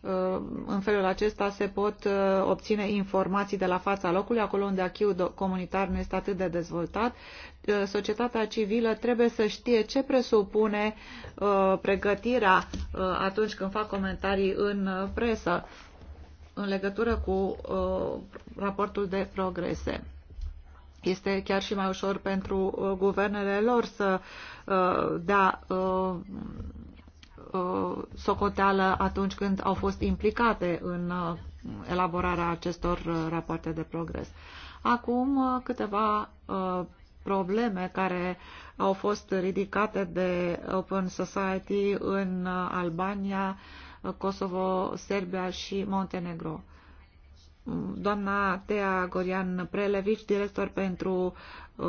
Uh, în felul acesta se pot uh, obține informații de la fața locului, acolo unde achiul comunitar nu este atât de dezvoltat. Uh, societatea civilă trebuie să știe ce presupune pregătirea atunci când fac comentarii în presă în legătură cu uh, raportul de progrese. Este chiar și mai ușor pentru uh, guvernele lor să uh, dea socoteală atunci când au fost implicate în elaborarea acestor rapoarte de progres. Acum câteva probleme care au fost ridicate de Open Society în Albania, Kosovo, Serbia și Montenegro. Doamna Tea Gorian Prelevici, director pentru uh,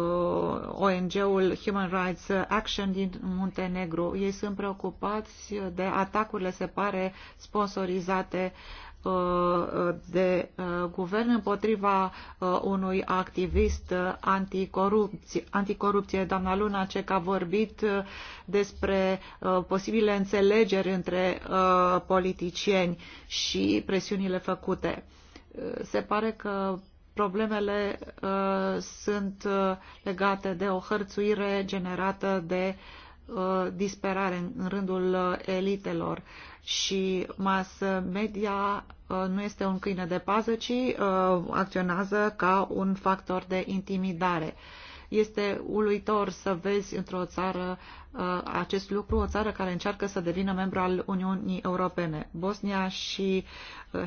ONG-ul Human Rights Action din Muntenegru. Ei sunt preocupați de atacurile, se pare, sponsorizate uh, Uh, de uh, guvern împotriva uh, unui activist anticorupție. anticorupție. Doamna Luna Cec a vorbit despre posibile înțelegeri între politicieni și presiunile făcute. Se pare că problemele sunt legate de o hărțuire generată de Uh, disperare în rândul uh, elitelor și mass media uh, nu este un câine de pază, ci acționează ca un factor de intimidare. Este uluitor să vezi într-o țară acest lucru, o țară care încearcă să devină membru al Uniunii Europene. Bosnia și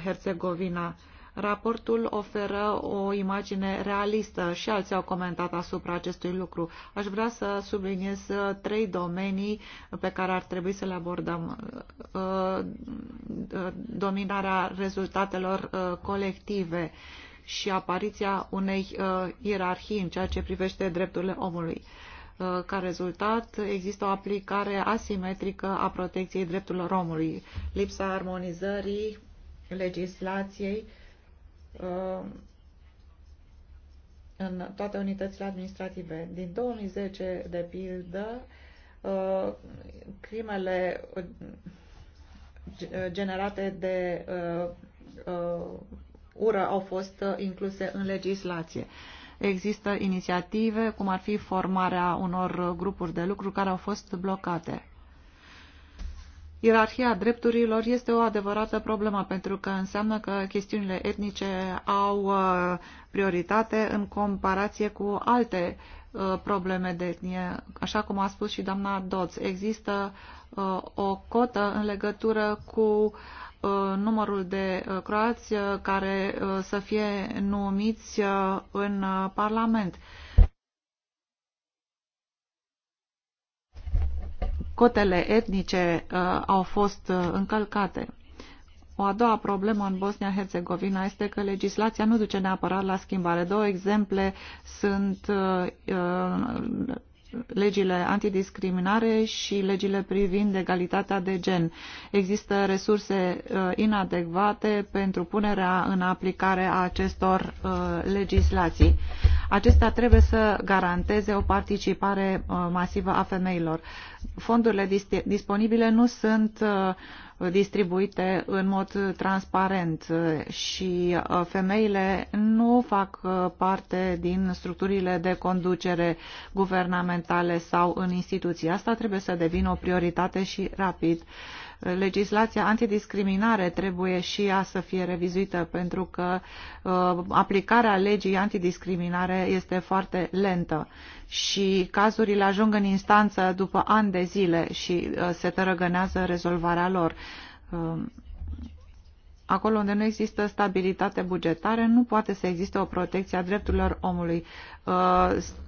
Herțegovina Raportul oferă o imagine realistă și alții au comentat asupra acestui lucru. Aș vrea să subliniez uh, trei domenii pe care ar trebui să le abordăm. Uh, uh, dominarea rezultatelor colective și apariția unei ierarhii în ceea ce privește drepturile omului. Ca rezultat, există o aplicare asimetrică a protecției drepturilor omului, lipsa armonizării legislației Uh, în toate unitățile administrative. Din 2010, de pildă, uh, crimele uh, generate de ură au fost incluse în legislație. Există inițiative, cum ar fi formarea unor grupuri de lucru care au fost blocate. Ierarhia drepturilor este o adevărată problemă pentru că înseamnă că chestiunile etnice au uh, prioritate în comparație cu alte uh, probleme de etnie. Așa cum a spus și doamna Dodds, există uh, o cotă în legătură cu numărul de croați care să fie numiți în Parlament. cotele etnice uh, au fost uh, încălcate. O a doua problemă în Bosnia-Herzegovina este că legislația nu duce neapărat la schimbare. Două exemple sunt uh, legile antidiscriminare și legile privind egalitatea de gen. Există resurse inadecvate pentru punerea în aplicare a acestor legislații. Acesta trebuie să garanteze o participare uh, masivă a femeilor. Fondurile disponibile nu sunt uh, distribuite în mod transparent uh, și femeile nu fac parte din structurile de conducere guvernamentale sau în instituții. Asta trebuie să devină o prioritate și rapid legislația antidiscriminare trebuie și ea să fie revizuită pentru că uh, aplicarea legii antidiscriminare este foarte lentă și cazurile ajung în instanță după ani de zile și uh, se tărăgânează rezolvarea lor. Uh, acolo unde nu există stabilitate bugetară, nu poate să existe o protecție a drepturilor omului.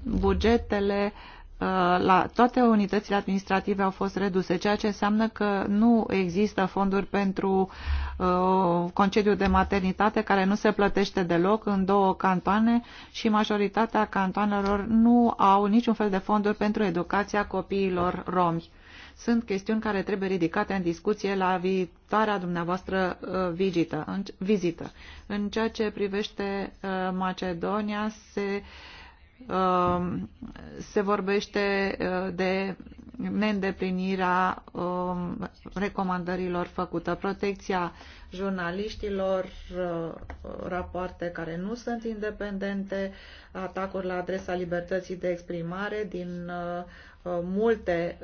Bugetele Uh, la toate unitățile administrative au fost reduse, ceea ce înseamnă că nu există fonduri pentru uh, concediu de maternitate care nu se plătește deloc în două cantoane și majoritatea cantoanelor nu au niciun fel de fonduri pentru educația copiilor romi. Sunt chestiuni care trebuie ridicate în discuție la viitoarea dumneavoastră uh, vizită. În ceea ce privește Macedonia, se Um, se vorbește uh, de neîndeplinirea um, recomandărilor făcute, protecția jurnaliștilor, uh, rapoarte care nu sunt independente, atacuri la adresa libertății de exprimare din uh, multe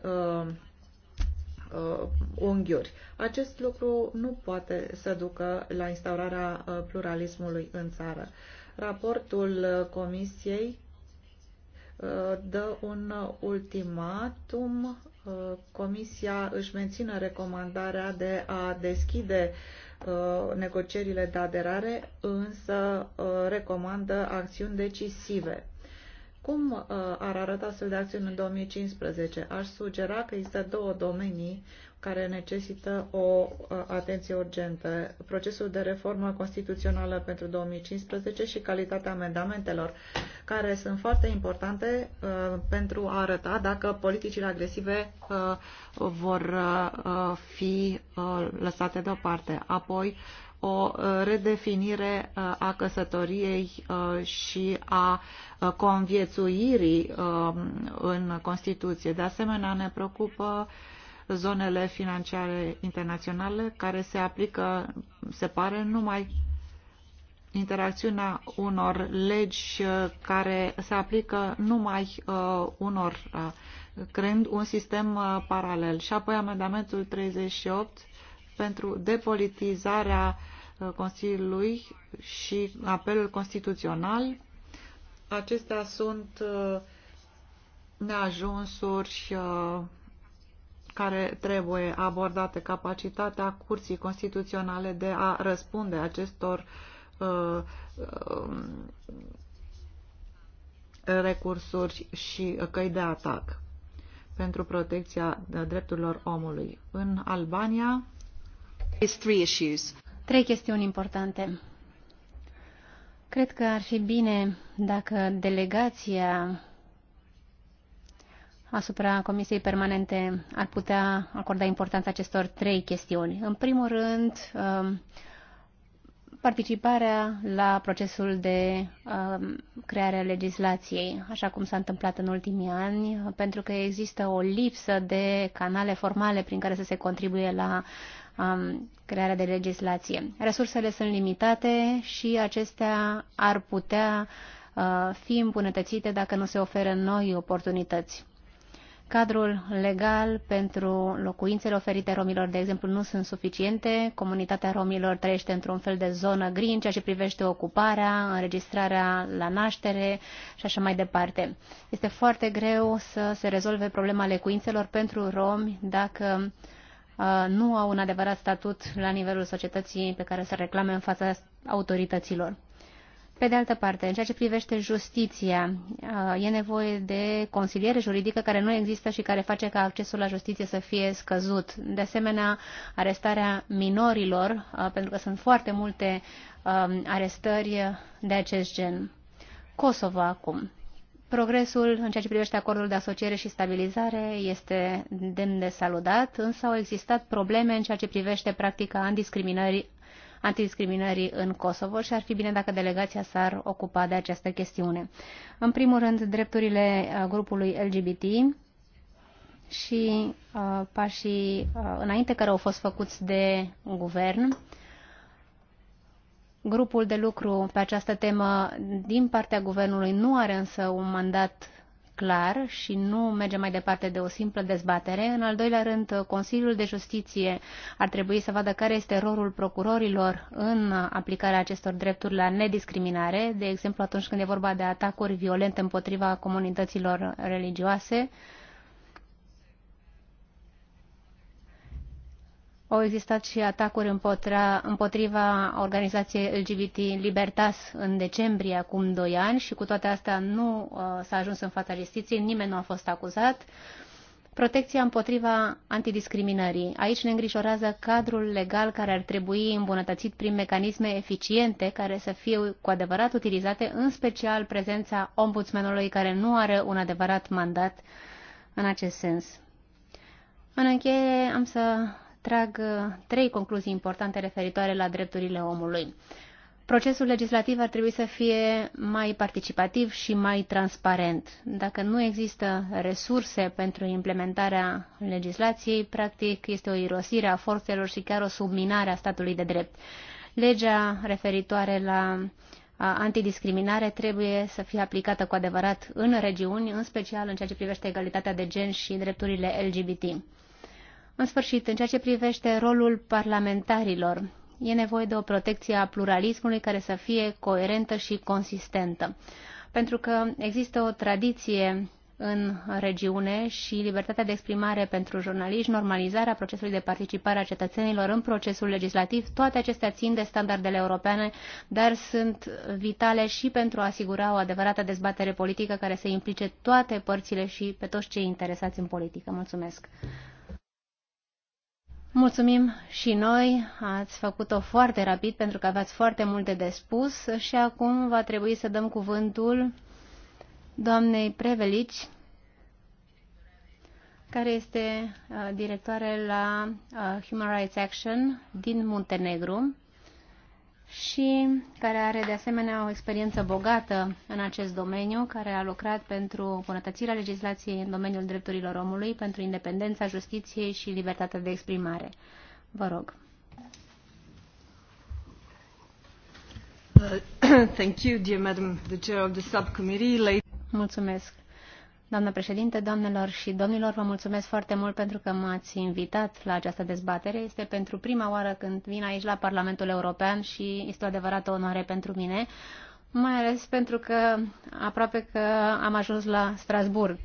unghiuri. Acest lucru nu poate să ducă la instaurarea pluralismului în țară. Raportul Comisiei dă un ultimatum. Comisia își menține recomandarea de a deschide uh, negocierile de aderare, însă uh, recomandă acțiuni decisive. Cum uh, ar arăta astfel de acțiuni în 2015? Aș sugera că există două domenii care necesită o atenție urgentă. Procesul de reformă constituțională pentru 2015 și calitatea amendamentelor, care sunt foarte importante pentru a arăta dacă politicile agresive vor fi lăsate deoparte. Apoi, o redefinire a căsătoriei și a conviețuirii în Constituție. De asemenea, ne preocupă zonele financiare internaționale care se aplică, se pare, numai interacțiunea unor legi care se aplică numai uh, unor, uh, creând un sistem uh, paralel. Și apoi amendamentul 38 pentru depolitizarea uh, Consiliului și apelul constituțional. Acestea sunt uh, neajunsuri uh, care trebuie abordate, capacitatea Curții Constituționale de a răspunde acestor uh, uh um, recursuri și căi de atac pentru protecția drepturilor omului. În Albania... Trei chestiuni importante. Cred că ar fi bine dacă delegația asupra Comisiei Permanente ar putea acorda importanța acestor trei chestiuni. În primul rând, um, participarea la procesul de um, creare a legislației, așa cum s-a întâmplat în ultimii ani, pentru că există o lipsă de canale formale prin care să se contribuie la um, crearea de legislație. Resursele sunt limitate și acestea ar putea uh, fi îmbunătățite dacă nu se oferă noi oportunități. Cadrul legal pentru locuințele oferite romilor, de exemplu, nu sunt suficiente. Comunitatea romilor trăiește într-un fel de zonă gri în ceea ce privește ocuparea, înregistrarea la naștere și așa mai departe. Este foarte greu să se rezolve problema locuințelor pentru romi dacă uh, nu au un adevărat statut la nivelul societății pe care să reclame în fața autorităților. Pe de altă parte, în ceea ce privește justiția, uh, e nevoie de consiliere juridică care nu există și care face ca accesul la justiție să fie scăzut. De asemenea, arestarea minorilor, uh, pentru că sunt foarte multe um, arestări de acest gen. Kosovo acum. Progresul în ceea ce privește acordul de asociere și stabilizare este demn de salutat, însă au existat probleme în ceea ce privește practica discriminării antidiscriminării în Kosovo și ar fi bine dacă delegația s-ar ocupa de această chestiune. În primul rând, drepturile uh, grupului LGBT și uh, pașii uh, înainte care au fost făcuți de guvern. Grupul de lucru pe această temă din partea guvernului nu are însă un mandat clar și nu merge mai departe de o simplă dezbatere. În al doilea rând, Consiliul de Justiție ar trebui să vadă care este rolul procurorilor în aplicarea acestor drepturi la nediscriminare, de exemplu atunci când e vorba de atacuri violente împotriva comunităților religioase, Au existat și atacuri împotra, împotriva organizației LGBT Libertas în decembrie, acum doi ani, și cu toate astea nu uh, s-a ajuns în fața justiției, nimeni nu a fost acuzat. Protecția împotriva antidiscriminării. Aici ne îngrijorează cadrul legal care ar trebui îmbunătățit prin mecanisme eficiente care să fie cu adevărat utilizate, în special prezența ombudsmanului care nu are un adevărat mandat în acest sens. În încheiere am să trag uh, trei concluzii importante referitoare la drepturile omului. Procesul legislativ ar trebui să fie mai participativ și mai transparent. Dacă nu există resurse pentru implementarea legislației, practic este o irosire a forțelor și chiar o subminare a statului de drept. Legea referitoare la antidiscriminare trebuie să fie aplicată cu adevărat în regiuni, în special în ceea ce privește egalitatea de gen și drepturile LGBT. În sfârșit, în ceea ce privește rolul parlamentarilor, e nevoie de o protecție a pluralismului care să fie coerentă și consistentă. Pentru că există o tradiție în regiune și libertatea de exprimare pentru jurnaliști, normalizarea procesului de participare a cetățenilor în procesul legislativ, toate acestea țin de standardele europene, dar sunt vitale și pentru a asigura o adevărată dezbatere politică care să implice toate părțile și pe toți cei interesați în politică. Mulțumesc! Mulțumim și noi, ați făcut-o foarte rapid pentru că aveați foarte multe de spus și acum va trebui să dăm cuvântul doamnei Prevelici, care este uh, directoare la uh, Human Rights Action din Muntenegru și care are de asemenea o experiență bogată în acest domeniu, care a lucrat pentru bunătățirea legislației în domeniul drepturilor omului, pentru independența justiției și libertatea de exprimare. Vă rog. Uh, thank you, dear Madam the Chair of the Subcommittee. Mulțumesc. Doamnă președinte, doamnelor și domnilor, vă mulțumesc foarte mult pentru că m-ați invitat la această dezbatere. Este pentru prima oară când vin aici la Parlamentul European și este o adevărată onoare pentru mine, mai ales pentru că aproape că am ajuns la Strasburg.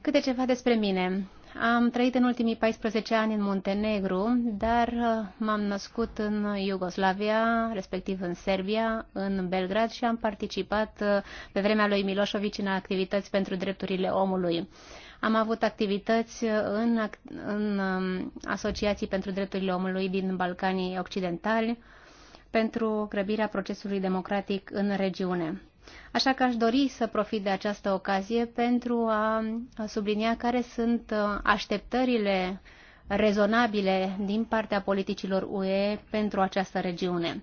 Câte ceva despre mine. Am trăit în ultimii 14 ani în Muntenegru, dar uh, m-am născut în Iugoslavia, respectiv în Serbia, în Belgrad și am participat uh, pe vremea lui Milošević în activități pentru drepturile omului. Am avut activități uh, în, în um, asociații pentru drepturile omului din Balcanii Occidentali pentru grăbirea procesului democratic în regiune. Așa că aș dori să profit de această ocazie pentru a sublinia care sunt uh, așteptările rezonabile din partea politicilor UE pentru această regiune.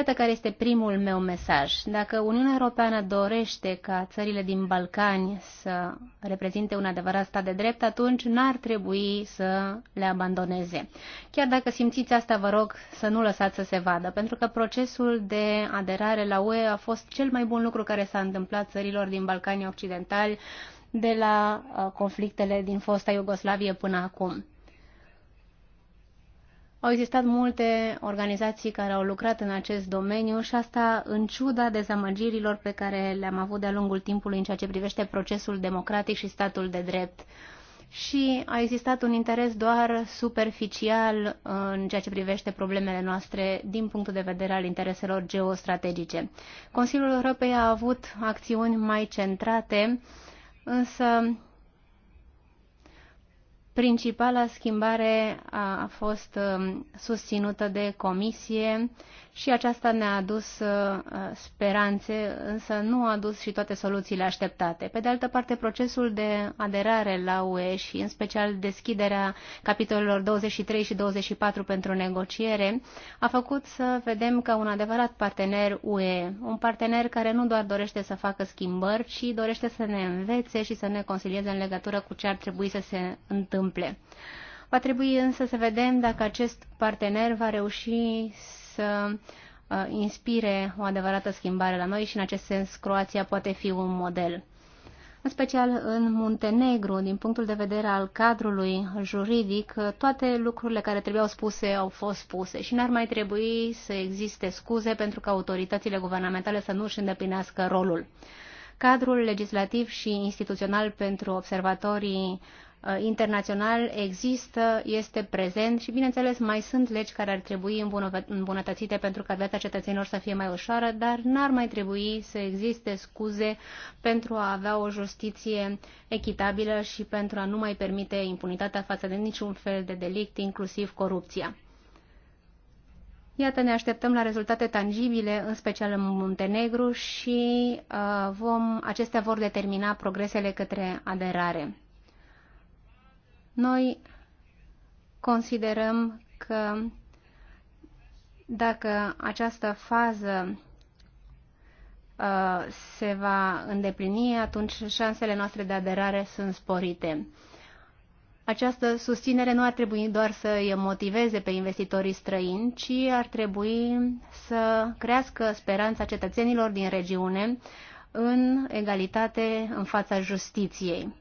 Iată care este primul meu mesaj. Dacă Uniunea Europeană dorește ca țările din Balcani să reprezinte un adevărat stat de drept, atunci n-ar trebui să le abandoneze. Chiar dacă simțiți asta, vă rog să nu lăsați să se vadă, pentru că procesul de aderare la UE a fost cel mai bun lucru care s-a întâmplat țărilor din Balcanii Occidentali de la uh, conflictele din fosta Iugoslavie până acum. Au existat multe organizații care au lucrat în acest domeniu și asta în ciuda dezamăgirilor pe care le-am avut de-a lungul timpului în ceea ce privește procesul democratic și statul de drept. Și a existat un interes doar superficial uh, în ceea ce privește problemele noastre din punctul de vedere al intereselor geostrategice. Consiliul Europei a avut acțiuni mai centrate, însă Principala schimbare a fost um, susținută de comisie și aceasta ne-a adus uh, speranțe, însă nu a adus și toate soluțiile așteptate. Pe de altă parte, procesul de aderare la UE și în special deschiderea capitolelor 23 și 24 pentru negociere a făcut să vedem că un adevărat partener UE, un partener care nu doar dorește să facă schimbări, ci dorește să ne învețe și să ne consilieze în legătură cu ce ar trebui să se întâmple. Va trebui însă să vedem dacă acest partener va reuși să uh, inspire o adevărată schimbare la noi și în acest sens Croația poate fi un model. În special în Muntenegru, din punctul de vedere al cadrului juridic, toate lucrurile care trebuiau spuse au fost spuse și n-ar mai trebui să existe scuze pentru că autoritățile guvernamentale să nu își îndeplinească rolul. Cadrul legislativ și instituțional pentru observatorii Uh, internațional există, este prezent și, bineînțeles, mai sunt legi care ar trebui îmbunătățite pentru ca viața cetățenilor să fie mai ușoară, dar n-ar mai trebui să existe scuze pentru a avea o justiție echitabilă și pentru a nu mai permite impunitatea față de niciun fel de delict, inclusiv corupția. Iată, ne așteptăm la rezultate tangibile, în special în Muntenegru, și uh, vom, acestea vor determina progresele către aderare. Noi considerăm că dacă această fază uh, se va îndeplini, atunci șansele noastre de aderare sunt sporite. Această susținere nu ar trebui doar să îi motiveze pe investitorii străini, ci ar trebui să crească speranța cetățenilor din regiune în egalitate în fața justiției.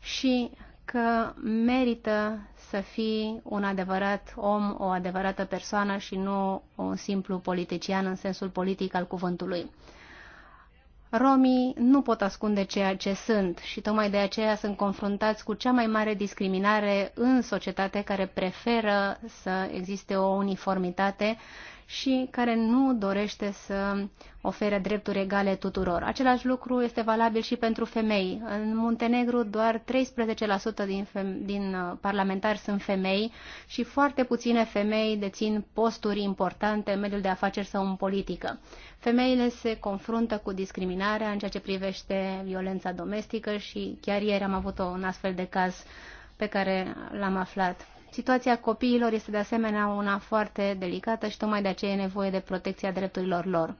Și că merită să fii un adevărat om, o adevărată persoană și nu un simplu politician în sensul politic al cuvântului. Romii nu pot ascunde ceea ce sunt și tocmai de aceea sunt confruntați cu cea mai mare discriminare în societate care preferă să existe o uniformitate și care nu dorește să ofere drepturi egale tuturor. Același lucru este valabil și pentru femei. În Muntenegru doar 13% din, din uh, parlamentari sunt femei și foarte puține femei dețin posturi importante în mediul de afaceri sau în politică. Femeile se confruntă cu discriminarea în ceea ce privește violența domestică și chiar ieri am avut un astfel de caz pe care l-am aflat. Situația copiilor este de asemenea una foarte delicată și tocmai de aceea e nevoie de protecția drepturilor lor.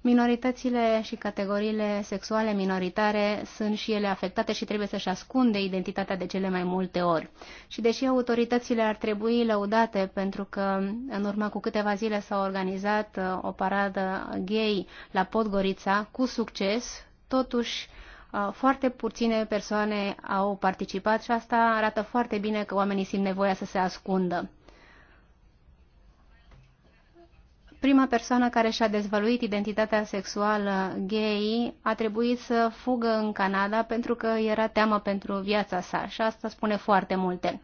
Minoritățile și categoriile sexuale minoritare sunt și ele afectate și trebuie să-și ascunde identitatea de cele mai multe ori. Și deși autoritățile ar trebui lăudate pentru că în urmă cu câteva zile s-a organizat uh, o paradă gay la Podgorița cu succes, totuși Uh, foarte puține persoane au participat și asta arată foarte bine că oamenii simt nevoia să se ascundă. Prima persoană care și-a dezvăluit identitatea sexuală gay a trebuit să fugă în Canada pentru că era teamă pentru viața sa și asta spune foarte multe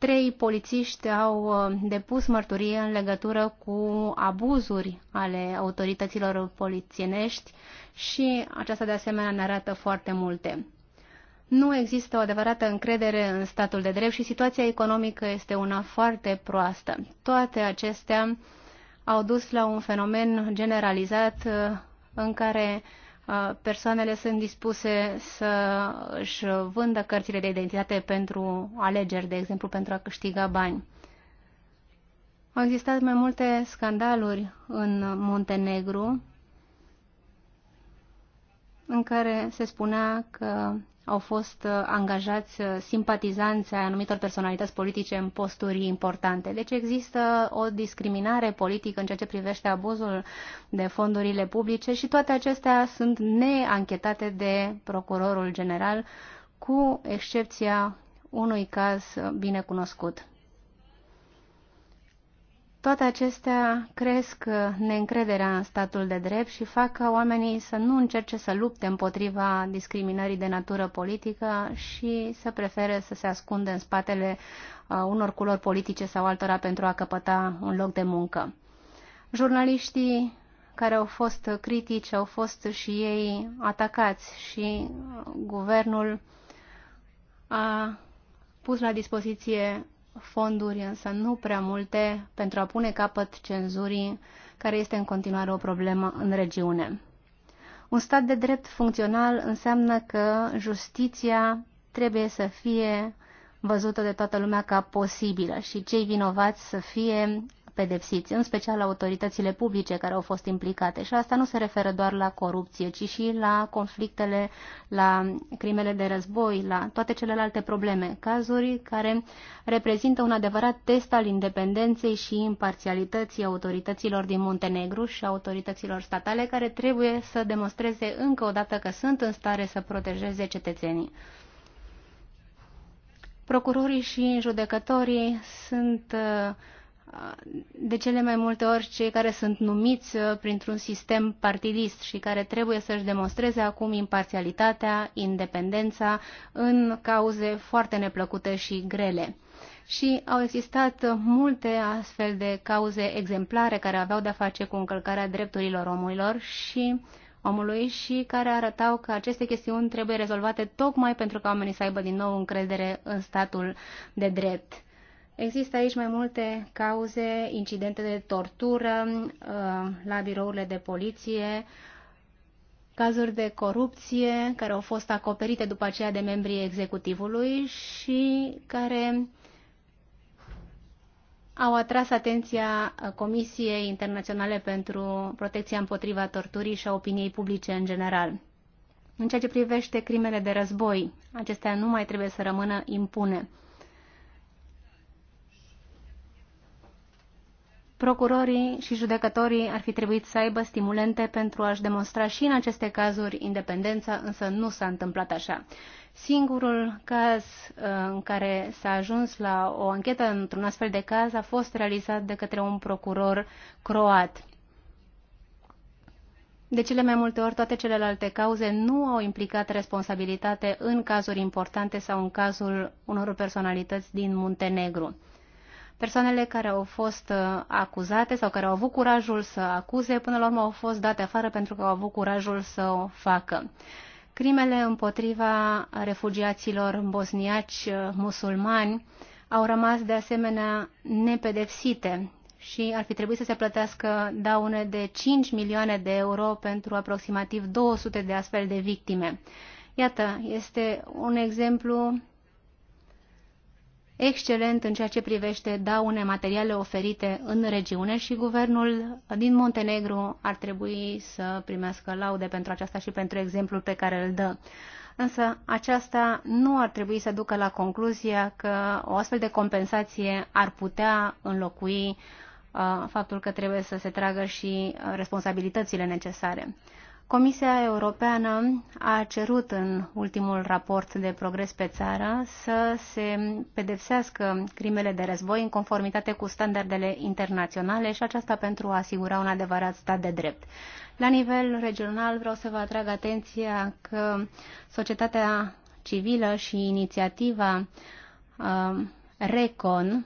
trei polițiști au uh, depus mărturie în legătură cu abuzuri ale autorităților polițienești și aceasta de asemenea ne arată foarte multe. Nu există o adevărată încredere în statul de drept și situația economică este una foarte proastă. Toate acestea au dus la un fenomen generalizat uh, în care persoanele sunt dispuse să își vândă cărțile de identitate pentru alegeri, de exemplu, pentru a câștiga bani. Au existat mai multe scandaluri în Montenegru în care se spunea că au fost uh, angajați uh, simpatizanți ai anumitor personalități politice în posturi importante. Deci există o discriminare politică în ceea ce privește abuzul de fondurile publice și toate acestea sunt neanchetate de Procurorul General, cu excepția unui caz bine cunoscut. Toate acestea cresc uh, neîncrederea în statul de drept și fac ca oamenii să nu încerce să lupte împotriva discriminării de natură politică și să prefere să se ascundă în spatele uh, unor culori politice sau altora pentru a căpăta un loc de muncă. Jurnaliștii care au fost critici au fost și ei atacați și uh, guvernul a pus la dispoziție fonduri, însă nu prea multe, pentru a pune capăt cenzurii, care este în continuare o problemă în regiune. Un stat de drept funcțional înseamnă că justiția trebuie să fie văzută de toată lumea ca posibilă și cei vinovați să fie pedepsiți, în special autoritățile publice care au fost implicate. Și asta nu se referă doar la corupție, ci și la conflictele, la crimele de război, la toate celelalte probleme, cazuri care reprezintă un adevărat test al independenței și imparțialității autorităților din Muntenegru și autorităților statale care trebuie să demonstreze încă o dată că sunt în stare să protejeze cetățenii. Procurorii și judecătorii sunt uh, de cele mai multe ori cei care sunt numiți uh, printr-un sistem partidist și care trebuie să-și demonstreze acum imparțialitatea, independența în cauze foarte neplăcute și grele. Și au existat multe astfel de cauze exemplare care aveau de-a face cu încălcarea drepturilor omilor și omului și care arătau că aceste chestiuni trebuie rezolvate tocmai pentru ca oamenii să aibă din nou încredere în statul de drept. Există aici mai multe cauze, incidente de tortură uh, la birourile de poliție, cazuri de corupție care au fost acoperite după aceea de membrii executivului și care au atras atenția Comisiei Internaționale pentru Protecția împotriva torturii și a opiniei publice în general. În ceea ce privește crimele de război, acestea nu mai trebuie să rămână impune. Procurorii și judecătorii ar fi trebuit să aibă stimulente pentru a-și demonstra și în aceste cazuri independența, însă nu s-a întâmplat așa. Singurul caz uh, în care s-a ajuns la o anchetă într-un astfel de caz a fost realizat de către un procuror croat. De cele mai multe ori, toate celelalte cauze nu au implicat responsabilitate în cazuri importante sau în cazul unor personalități din Muntenegru. Persoanele care au fost uh, acuzate sau care au avut curajul să acuze, până la urmă au fost date afară pentru că au avut curajul să o facă. Crimele împotriva refugiaților bosniaci uh, musulmani au rămas de asemenea nepedepsite și ar fi trebuit să se plătească daune de 5 milioane de euro pentru aproximativ 200 de astfel de victime. Iată, este un exemplu excelent în ceea ce privește daune materiale oferite în regiune și guvernul din Montenegru ar trebui să primească laude pentru aceasta și pentru exemplul pe care îl dă. Însă aceasta nu ar trebui să ducă la concluzia că o astfel de compensație ar putea înlocui uh, faptul că trebuie să se tragă și uh, responsabilitățile necesare. Comisia Europeană a cerut în ultimul raport de progres pe țară să se pedepsească crimele de război în conformitate cu standardele internaționale și aceasta pentru a asigura un adevărat stat de drept. La nivel regional vreau să vă atrag atenția că societatea civilă și inițiativa uh, RECON,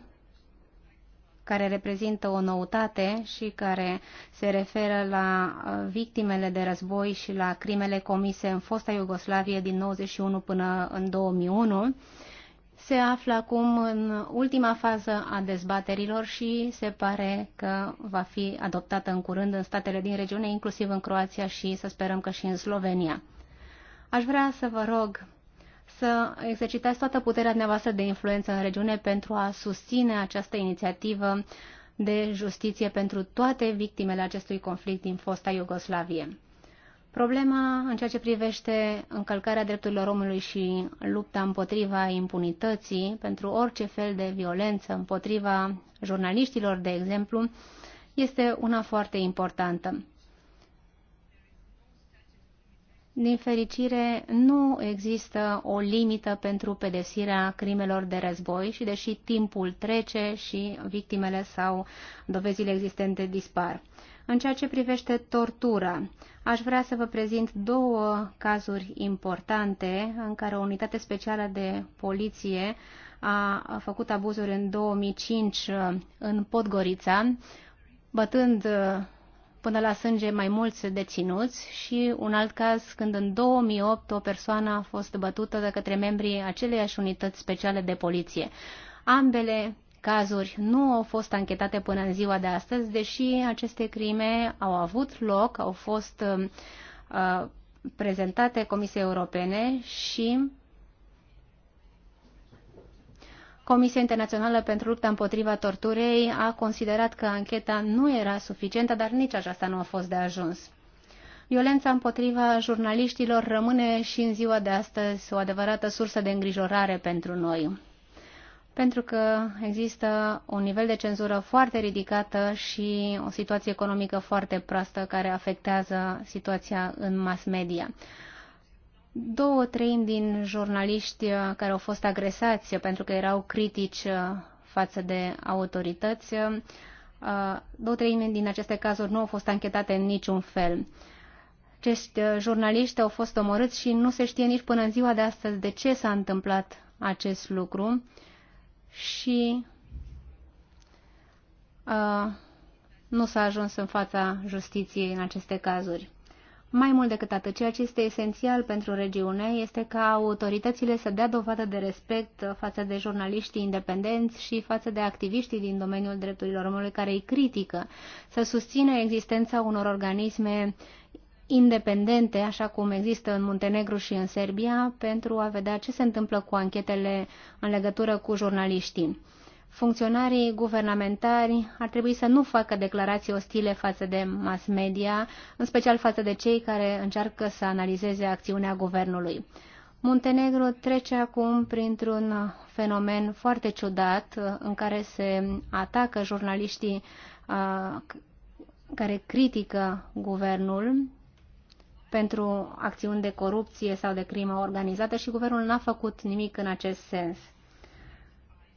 care reprezintă o noutate și care se referă la uh, victimele de război și la crimele comise în fosta Iugoslavie din 91 până în 2001, se află acum în ultima fază a dezbaterilor și se pare că va fi adoptată în curând în statele din regiune, inclusiv în Croația și să sperăm că și în Slovenia. Aș vrea să vă rog să exercitați toată puterea dumneavoastră de influență în regiune pentru a susține această inițiativă de justiție pentru toate victimele acestui conflict din fosta Iugoslavie. Problema în ceea ce privește încălcarea drepturilor omului și lupta împotriva impunității pentru orice fel de violență împotriva jurnaliștilor, de exemplu, este una foarte importantă. Din fericire, nu există o limită pentru pedepsirea crimelor de război și deși timpul trece și victimele sau dovezile existente dispar. În ceea ce privește tortura, aș vrea să vă prezint două cazuri importante în care o unitate specială de poliție a făcut abuzuri în 2005 uh, în Podgorița, bătând uh, până la sânge mai mulți deținuți și un alt caz când în 2008 o persoană a fost bătută de către membrii aceleiași unități speciale de poliție. Ambele cazuri nu au fost anchetate până în ziua de astăzi, deși aceste crime au avut loc, au fost uh, uh prezentate Comisiei Europene și Comisia Internațională pentru Lupta împotriva Torturei a considerat că ancheta nu era suficientă, dar nici aceasta nu a fost de ajuns. Violența împotriva jurnaliștilor rămâne și în ziua de astăzi o adevărată sursă de îngrijorare pentru noi, pentru că există un nivel de cenzură foarte ridicată și o situație economică foarte proastă care afectează situația în mass media. Două treimi din jurnaliști uh, care au fost agresați pentru că erau critici uh, față de autorități, uh, două treimi din aceste cazuri nu au fost anchetate în niciun fel. Acești jurnaliști au fost omorâți și nu se știe nici până în ziua de astăzi de ce s-a întâmplat acest lucru și uh, nu s-a ajuns în fața justiției în aceste cazuri. Mai mult decât atât, ceea ce este esențial pentru regiune este ca autoritățile să dea dovadă de respect față de jurnaliștii independenți și față de activiștii din domeniul drepturilor omului care îi critică, să susțină existența unor organisme independente, așa cum există în Muntenegru și în Serbia, pentru a vedea ce se întâmplă cu anchetele în legătură cu jurnaliștii funcționarii guvernamentari ar trebui să nu facă declarații ostile față de mass media, în special față de cei care încearcă să analizeze acțiunea guvernului. Muntenegru trece acum printr-un fenomen foarte ciudat în care se atacă jurnaliștii care critică guvernul pentru acțiuni de corupție sau de crimă organizată și guvernul n-a făcut nimic în acest sens.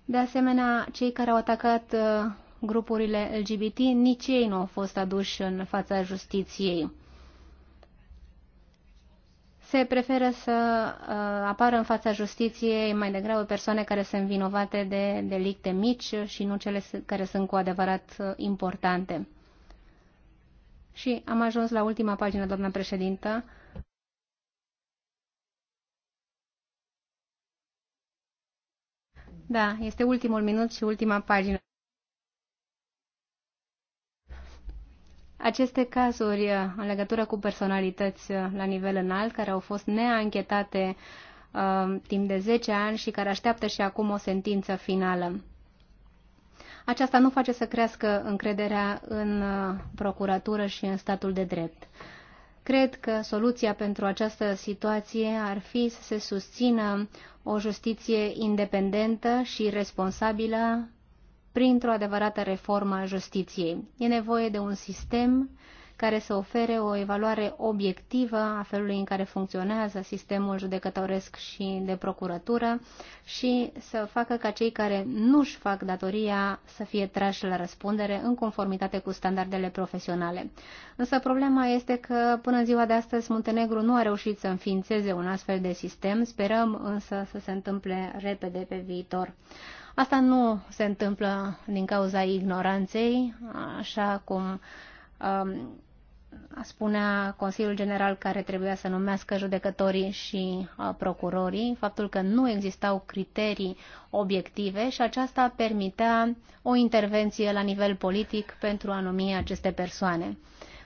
De asemenea, cei care au atacat uh, grupurile LGBT, nici ei nu au fost aduși în fața justiției. Se preferă să uh, apară în fața justiției mai degrabă persoane care sunt vinovate de delicte mici și nu cele care sunt cu adevărat uh, importante. Și am ajuns la ultima pagină, doamna președintă. Da, este ultimul minut și ultima pagină. Aceste cazuri uh, în legătură cu personalități uh, la nivel înalt, care au fost neanchetate uh, timp de 10 ani și care așteaptă și acum o sentință finală. Aceasta nu face să crească încrederea în uh, procuratură și în statul de drept. Cred că soluția pentru această situație ar fi să se susțină o justiție independentă și responsabilă printr-o adevărată reformă a justiției. E nevoie de un sistem care să ofere o evaluare obiectivă a felului în care funcționează sistemul judecătoresc și de procurătură și să facă ca cei care nu-și fac datoria să fie trași la răspundere în conformitate cu standardele profesionale. Însă problema este că până în ziua de astăzi Muntenegru nu a reușit să înființeze un astfel de sistem, sperăm însă să se întâmple repede pe viitor. Asta nu se întâmplă din cauza ignoranței, așa cum um, spunea Consiliul General care trebuia să numească judecătorii și procurorii, faptul că nu existau criterii obiective și aceasta permitea o intervenție la nivel politic pentru a numi aceste persoane.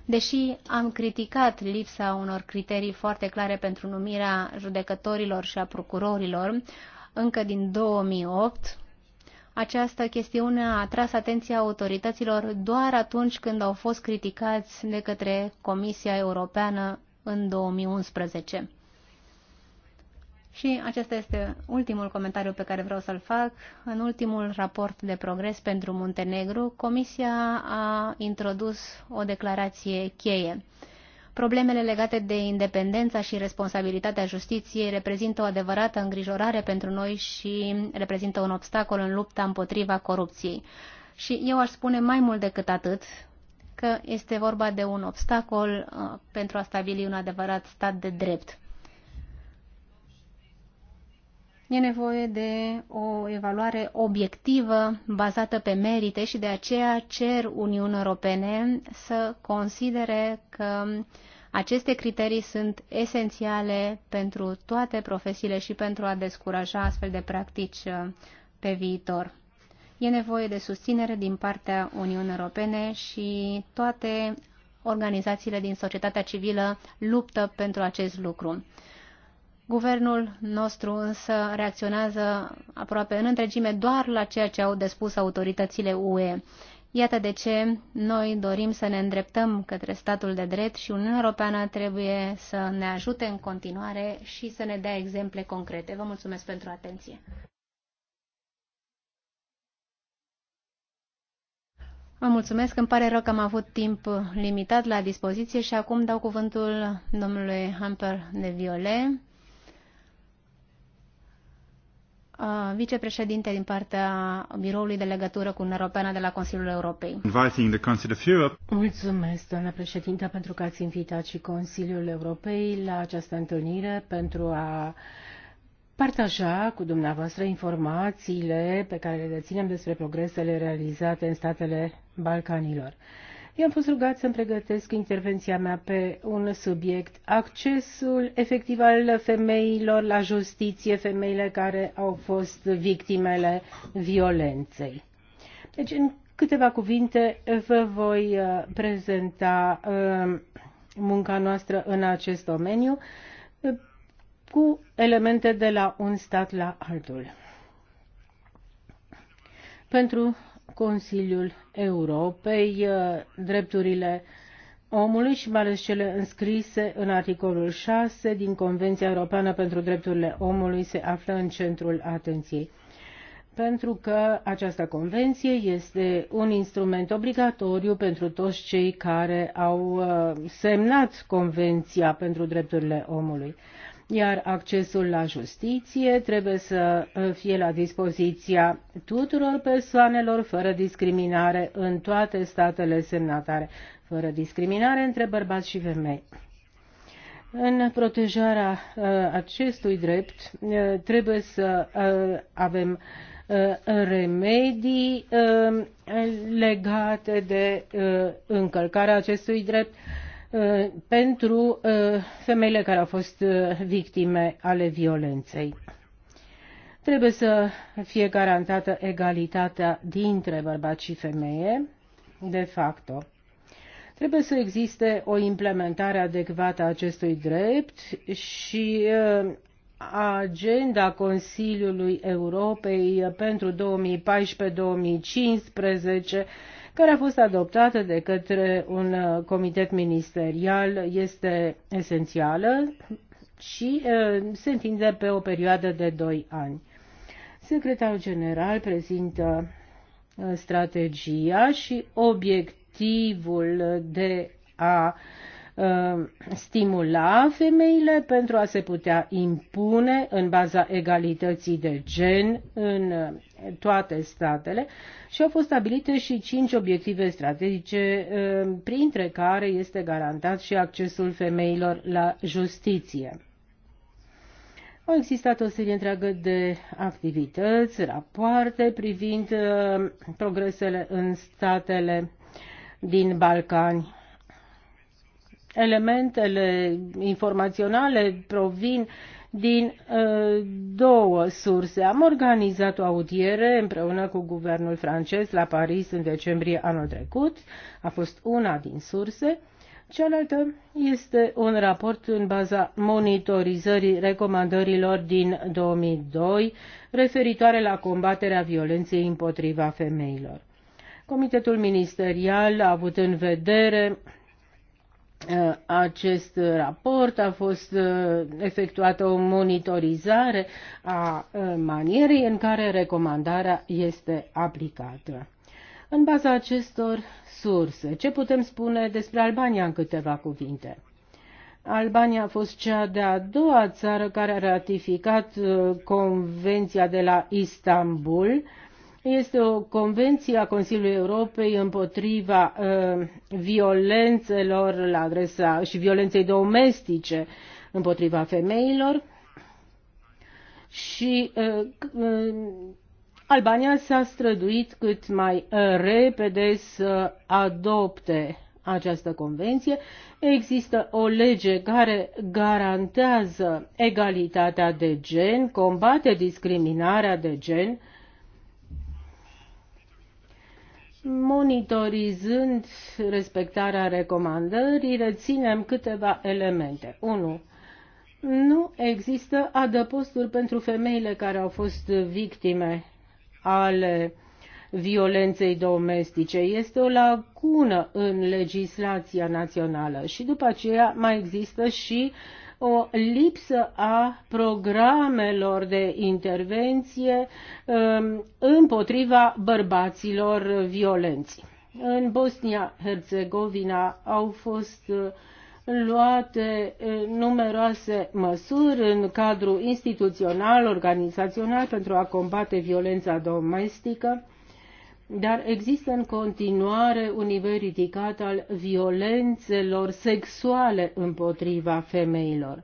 Deși am criticat lipsa unor criterii foarte clare pentru numirea judecătorilor și a procurorilor, încă din 2008, această chestiune a atras atenția autorităților doar atunci când au fost criticați de către Comisia Europeană în 2011. Și acesta este ultimul comentariu pe care vreau să-l fac. În ultimul raport de progres pentru Muntenegru, Comisia a introdus o declarație cheie. Problemele legate de independența și responsabilitatea justiției reprezintă o adevărată îngrijorare pentru noi și reprezintă un obstacol în lupta împotriva corupției. Și eu aș spune mai mult decât atât că este vorba de un obstacol uh, pentru a stabili un adevărat stat de drept. E nevoie de o evaluare obiectivă bazată pe merite și de aceea cer Uniunii Europene să considere că uh, aceste criterii sunt esențiale pentru toate profesiile și pentru a descuraja astfel de practici uh, pe viitor. E nevoie de susținere din partea Uniunii Europene și toate organizațiile din societatea civilă luptă pentru acest lucru. Guvernul nostru însă reacționează aproape în întregime doar la ceea ce au despus autoritățile UE Iată de ce noi dorim să ne îndreptăm către statul de drept și Uniunea Europeană trebuie să ne ajute în continuare și să ne dea exemple concrete. Vă mulțumesc pentru atenție. Vă mulțumesc, îmi pare rău că am avut timp limitat la dispoziție și acum dau cuvântul domnului Hamper de Violet Uh, vicepreședinte din partea Biroului de Legătură cu Europeană de la Consiliul Europei. Mulțumesc, doamnă președinte, pentru că ați invitat și Consiliul Europei la această întâlnire pentru a partaja cu dumneavoastră informațiile pe care le deținem despre progresele realizate în statele Balcanilor. Eu am fost rugat să-mi pregătesc intervenția mea pe un subiect, accesul efectiv al femeilor la justiție, femeile care au fost victimele violenței. Deci, în câteva cuvinte, vă voi uh, prezenta uh, munca noastră în acest domeniu uh, cu elemente de la un stat la altul. Pentru Consiliul Europei uh, drepturile omului și mai ales cele înscrise în articolul 6 din Convenția Europeană pentru Drepturile Omului se află în centrul atenției. Pentru că această convenție este un instrument obligatoriu pentru toți cei care au uh, semnat Convenția pentru Drepturile Omului iar accesul la justiție trebuie să fie la dispoziția tuturor persoanelor fără discriminare în toate statele semnatare, fără discriminare între bărbați și femei. În protejarea uh, acestui drept uh, trebuie să uh, avem remedii legate de încălcarea acestui drept Uh, pentru uh, femeile care au fost uh, victime ale violenței. Trebuie să fie garantată egalitatea dintre bărbați și femeie, de facto. Trebuie să existe o implementare adecvată a acestui drept și agenda Consiliului Europei pentru 2014-2015 care a fost adoptată de către un uh, comitet ministerial este esențială și uh, se întinde pe o perioadă de 2 ani. Secretarul general prezintă uh, strategia și obiectivul de a stimula femeile pentru a se putea impune în baza egalității de gen în toate statele și au fost stabilite și cinci obiective strategice, eh, printre care este garantat și accesul femeilor la justiție. Au existat o serie întreagă de activități, rapoarte privind eh, progresele în statele din Balcani. Elementele informaționale provin uh, din uh, două surse. Am organizat o audiere împreună cu guvernul francez la Paris în decembrie anul trecut. A fost una din surse. Cealaltă este un raport în baza monitorizării recomandărilor din 2002 referitoare la combaterea violenței împotriva femeilor. Comitetul ministerial a avut în vedere Uh, acest raport, a fost uh, efectuată o monitorizare a uh, manierei în care recomandarea este aplicată. În baza acestor surse, ce putem spune despre Albania în câteva cuvinte? Albania a fost cea de-a doua țară care a ratificat Convenția de la Istanbul este o convenție a Consiliului Europei împotriva uh, violențelor la adresa și violenței domestice împotriva femeilor și uh, uh Albania s-a străduit cât mai uh, repede să adopte această convenție. Există o lege care garantează egalitatea de gen, combate discriminarea de gen Monitorizând respectarea recomandării, reținem câteva elemente. 1. Nu există adăposturi pentru femeile care au fost victime ale violenței domestice. Este o lacună în legislația națională și după aceea mai există și o lipsă a programelor de intervenție um, împotriva bărbaților violenți. În Bosnia-Herzegovina au fost uh, luate uh, numeroase măsuri în cadrul instituțional, organizațional pentru a combate violența domestică dar există în continuare un nivel ridicat al violențelor sexuale împotriva femeilor.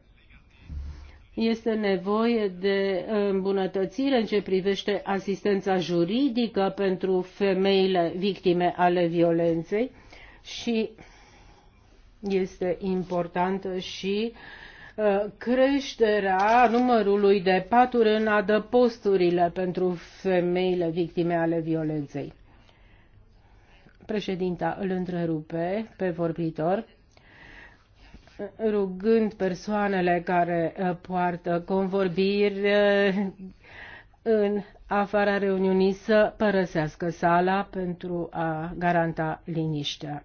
Este nevoie de îmbunătățire în ce privește asistența juridică pentru femeile victime ale violenței și este importantă și uh, Uh, creșterea numărului de paturi în adăposturile pentru femeile victime ale violenței. Președinta îl întrerupe pe vorbitor rugând persoanele care uh, poartă convorbiri uh, în afara reuniunii să părăsească sala pentru a garanta liniștea.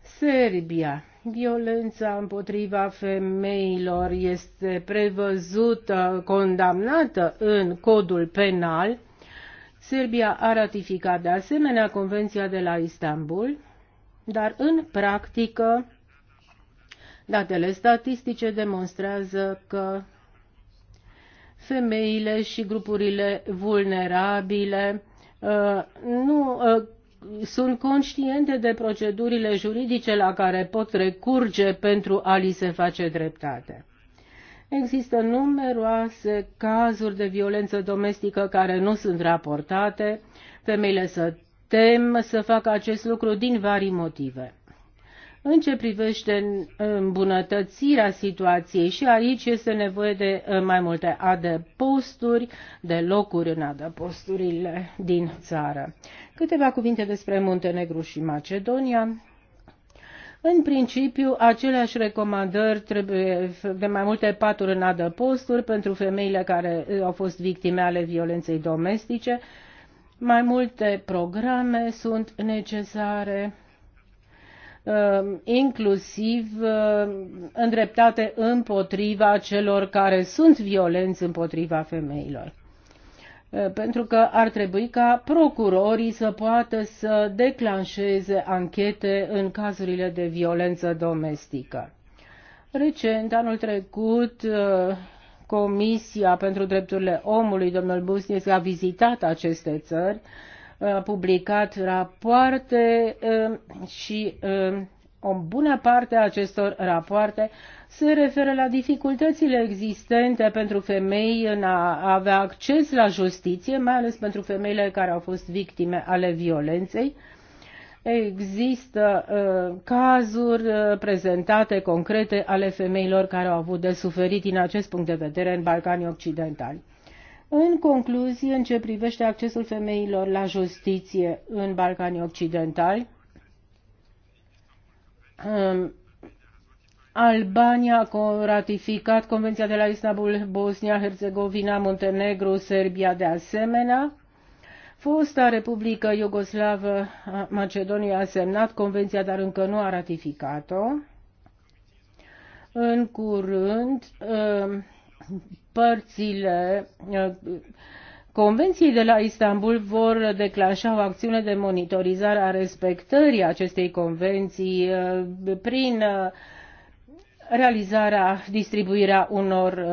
Serbia Violența împotriva femeilor este prevăzută, condamnată în codul penal. Serbia a ratificat de asemenea Convenția de la Istanbul, dar în practică datele statistice demonstrează că femeile și grupurile vulnerabile uh, nu uh, sunt conștiente de procedurile juridice la care pot recurge pentru a li se face dreptate. Există numeroase cazuri de violență domestică care nu sunt raportate, femeile se tem să facă acest lucru din vari motive. În ce privește îmbunătățirea situației și aici este nevoie de uh, mai multe adăposturi, de locuri în adăposturile din țară. Câteva cuvinte despre Muntenegru și Macedonia. În principiu, aceleași recomandări trebuie de mai multe paturi în adăposturi pentru femeile care uh, au fost victime ale violenței domestice. Mai multe programe sunt necesare Um, inclusiv um, îndreptate împotriva celor care sunt violenți împotriva femeilor uh, pentru că ar trebui ca procurorii să poată să declanșeze anchete în cazurile de violență domestică. Recent, anul trecut, uh, Comisia pentru Drepturile Omului, domnul Busnes, a vizitat aceste țări Uh, publicat rapoarte uh, și uh, o bună parte a acestor rapoarte se referă la dificultățile existente pentru femei în a avea acces la justiție, mai ales pentru femeile care au fost victime ale violenței. Există uh, cazuri uh, prezentate concrete ale femeilor care au avut de suferit din acest punct de vedere în Balcanii Occidentali. În concluzie, în ce privește accesul femeilor la justiție în Balcanii Occidentali, um, Albania a ratificat Convenția de la Istanbul, Bosnia, Herzegovina, Montenegro, Serbia de asemenea. Fosta Republică Iugoslavă Macedonia a semnat convenția, dar încă nu a ratificat-o. În curând, um, părțile uh, Convenției de la Istanbul vor declanșa o acțiune de monitorizare a respectării acestei convenții uh, prin uh, realizarea, distribuirea unor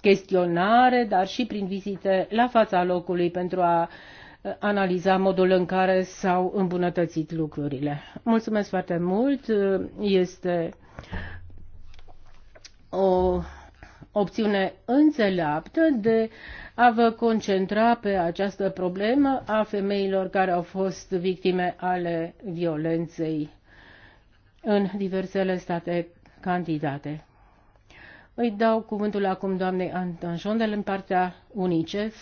chestionare, dar și prin vizite la fața locului pentru a analiza modul în care s-au îmbunătățit lucrurile. Mulțumesc foarte mult. Este o opțiune înțeleaptă de a vă concentra pe această problemă a femeilor care au fost victime ale violenței în diversele state candidate. Îi dau cuvântul acum doamnei Antanjondel în partea UNICEF,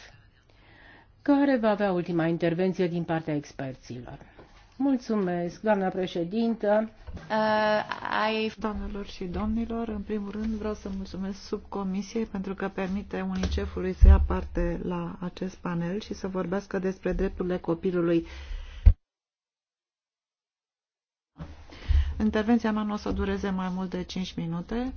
care va avea ultima intervenție din partea experților. Mulțumesc, doamna președintă. Uh, I... Doamnelor și domnilor, în primul rând vreau să mulțumesc subcomisiei pentru că permite UNICEF-ului să ia parte la acest panel și să vorbească despre drepturile copilului. Intervenția mea nu o să dureze mai mult de 5 minute.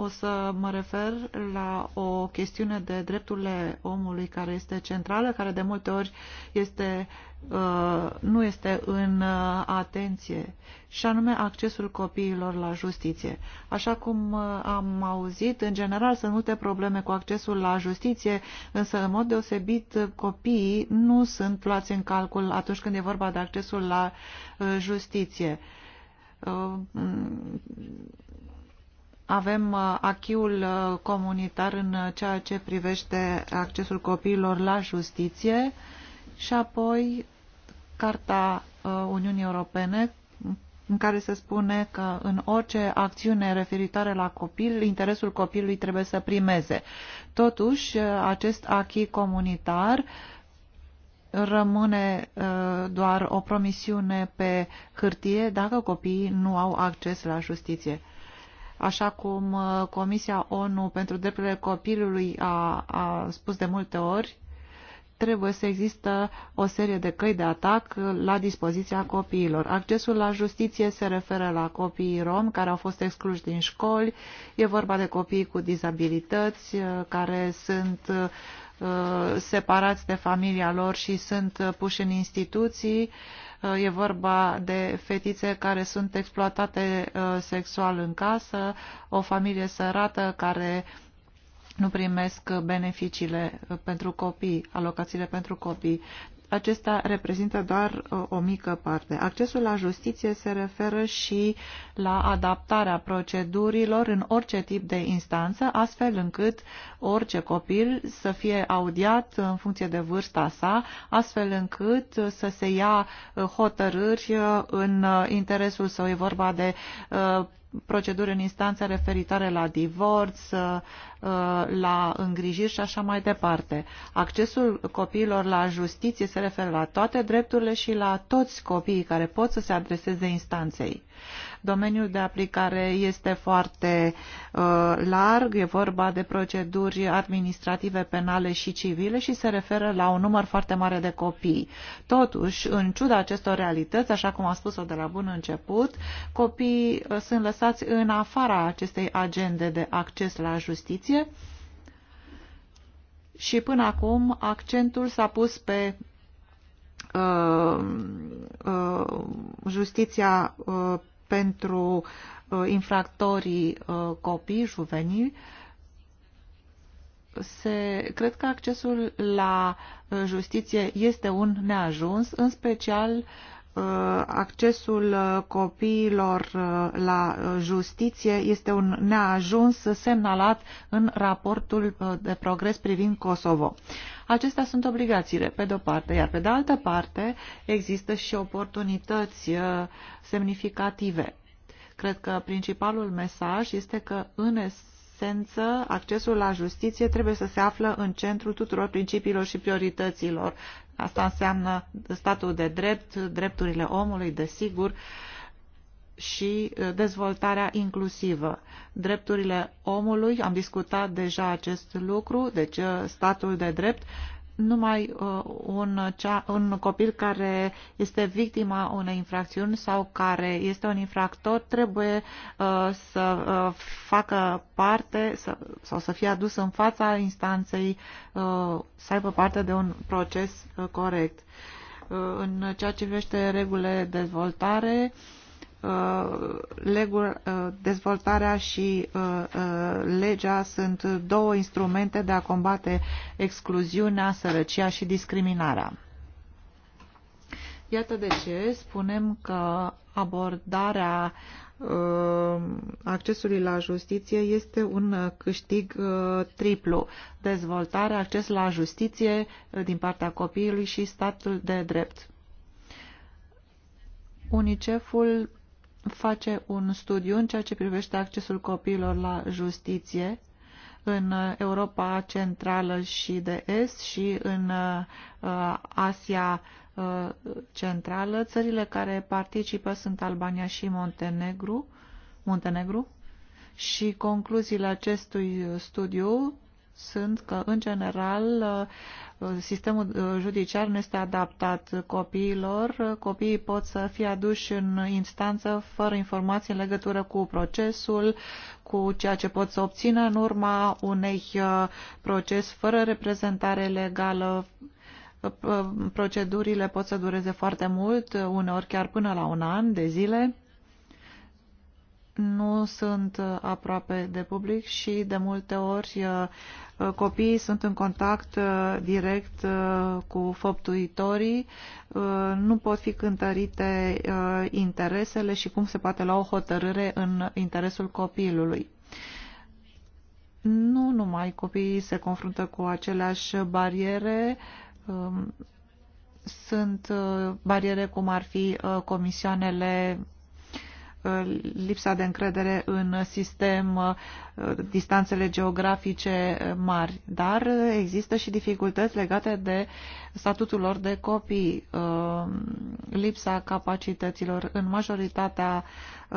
O să mă refer la o chestiune de drepturile omului care este centrală, care de multe ori este, uh, nu este în uh, atenție, și anume accesul copiilor la justiție. Așa cum uh, am auzit, în general sunt multe probleme cu accesul la justiție, însă în mod deosebit copiii nu sunt luați în calcul atunci când e vorba de accesul la justiție avem uh, achiul uh, comunitar în uh, ceea ce privește accesul copiilor la justiție și apoi Carta Uniunii Europene în care se spune că în orice acțiune referitoare la copil, interesul copilului trebuie să primeze. Totuși, acest achi comunitar rămâne doar o promisiune pe hârtie dacă copiii nu au acces la justiție așa cum uh, Comisia ONU pentru drepturile copilului a, a spus de multe ori, trebuie să există o serie de căi de atac la dispoziția copiilor. Accesul la justiție se referă la copiii rom care au fost excluși din școli, e vorba de copii cu dizabilități uh, care sunt uh, separați de familia lor și sunt puși în instituții, uh, Uh, e vorba de fetițe care sunt exploatate uh, sexual în casă, o familie sărată care nu primesc beneficiile uh, pentru copii, alocațiile pentru copii acesta reprezintă doar uh, o mică parte. Accesul la justiție se referă și la adaptarea procedurilor în orice tip de instanță, astfel încât orice copil să fie audiat în funcție de vârsta sa, astfel încât uh, să se ia uh, hotărâri în interesul său. E vorba de proceduri în instanță referitoare la divorț, uh, la îngrijiri și așa mai departe. Accesul copiilor la justiție se referă la toate drepturile și la toți copiii care pot să se adreseze instanței. Domeniul de aplicare este foarte uh, larg, e vorba de proceduri administrative, penale și civile și se referă la un număr foarte mare de copii. Totuși, în ciuda acestor realități, așa cum am spus-o de la bun început, copiii uh, sunt lăsați în afara acestei agende de acces la justiție și până acum accentul s-a pus pe uh, uh, justiția uh, pentru uh, infractorii uh, copii, juvenili, se, cred că accesul la uh, justiție este un neajuns, în special uh, Uh, accesul uh, copiilor uh, la justiție este un neajuns semnalat în raportul de progres privind Kosovo. Acestea sunt obligațiile, pe de-o parte, iar pe de altă parte există și oportunități semnificative. Cred că principalul mesaj este că, în esență, accesul la justiție trebuie să se află în centrul tuturor principiilor și priorităților Asta înseamnă statul de drept, drepturile omului, desigur, și uh, dezvoltarea inclusivă. Drepturile omului, am discutat deja acest lucru, deci uh, statul de drept numai uh, un, cea, un copil care este victima unei infracțiuni sau care este un infractor trebuie uh, să uh, facă parte să, sau să fie adus în fața instanței, să aibă parte de un proces corect. În ceea ce privește regulile de dezvoltare, uh, Uh, legul, uh, dezvoltarea și uh, legea sunt două instrumente de a combate excluziunea, sărăcia și discriminarea. Iată de ce spunem că abordarea accesului la justiție este un câștig triplu. Dezvoltare, acces la justiție din partea copilului și statul de drept. UNICEF-ul face un studiu în ceea ce privește accesul copiilor la justiție în Europa Centrală și de Est și în uh, Asia uh, Centrală. Țările care participă sunt Albania și Montenegru. Montenegru. Și concluziile acestui studiu sunt că, în general, uh, sistemul uh, judiciar nu este adaptat copiilor. Copiii pot să fie aduși în instanță fără informații în legătură cu procesul, cu ceea ce pot să obțină în urma unei uh, proces fără reprezentare legală. Procedurile pot să dureze foarte mult, uneori chiar până la un an de zile nu sunt uh, aproape de public și de multe ori uh, uh, copiii sunt în contact direct cu făptuitorii, nu pot fi cântărite interesele și cum se poate lua o hotărâre în interesul copilului. Nu numai copiii se confruntă cu aceleași bariere, um, sunt bariere cum ar fi comisioanele lipsa de încredere în sistem, uh, distanțele geografice uh, mari, dar există și dificultăți legate de statutul lor de copii, uh, lipsa capacităților. În majoritatea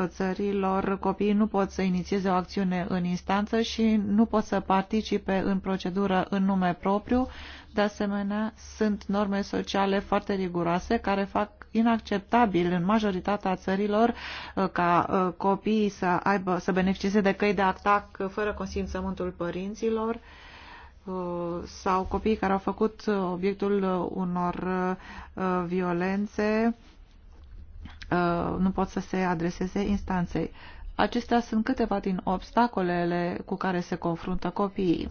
țărilor, copiii nu pot să inițieze o acțiune în instanță și nu pot să participe în procedură în nume propriu. De asemenea, sunt norme sociale foarte riguroase care fac inacceptabil în majoritatea țărilor uh, ca uh, copiii să, aibă, să beneficieze de căi de atac uh, fără consimțământul părinților sau copiii care au făcut obiectul unor violențe nu pot să se adreseze instanței. Acestea sunt câteva din obstacolele cu care se confruntă copiii.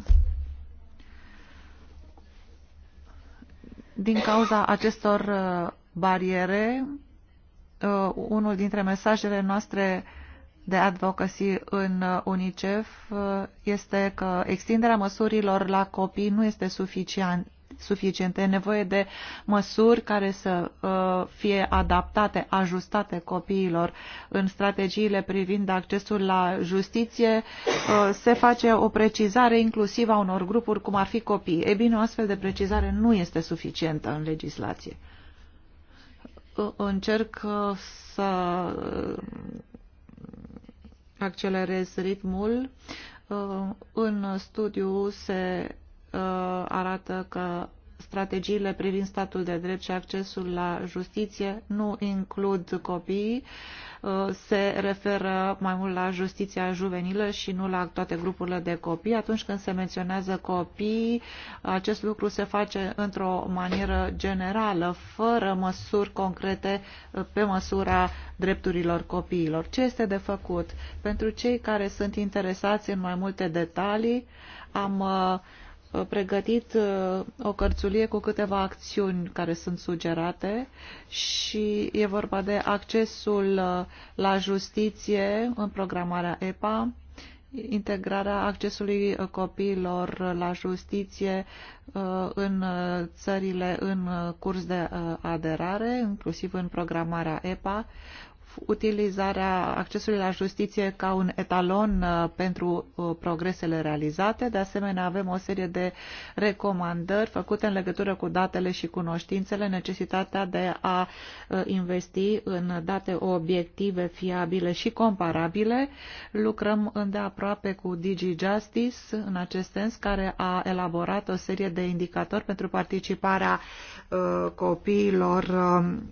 Din cauza acestor bariere. Uh, unul dintre mesajele noastre de advocacy în uh, UNICEF uh, este că extinderea măsurilor la copii nu este suficient suficiente, e nevoie de măsuri care să fie adaptate, ajustate copiilor în strategiile privind accesul la justiție. Se face o precizare inclusiv a unor grupuri, cum ar fi copii. E bine, o astfel de precizare nu este suficientă în legislație încerc uh, să accelerez ritmul. Uh, în studiu se uh, arată că strategiile privind statul de drept și accesul la justiție nu includ copiii, uh, se referă mai mult la justiția juvenilă și nu la toate grupurile de copii. Atunci când se menționează copii, acest lucru se face într-o manieră generală, fără măsuri concrete uh, pe măsura drepturilor copiilor. Ce este de făcut? Pentru cei care sunt interesați în mai multe detalii, am uh, Uh, pregătit uh, o cărțulie cu câteva acțiuni care sunt sugerate și e vorba de accesul uh, la justiție în programarea EPA, integrarea accesului copiilor la justiție în țările în curs de aderare, inclusiv în programarea EPA, utilizarea accesului la justiție ca un etalon uh, pentru uh, progresele realizate. De asemenea, avem o serie de recomandări făcute în legătură cu datele și cunoștințele, necesitatea de a uh, investi în date obiective, fiabile și comparabile. Lucrăm îndeaproape cu Digi Justice în acest sens, care a elaborat o serie de indicatori pentru participarea copiilor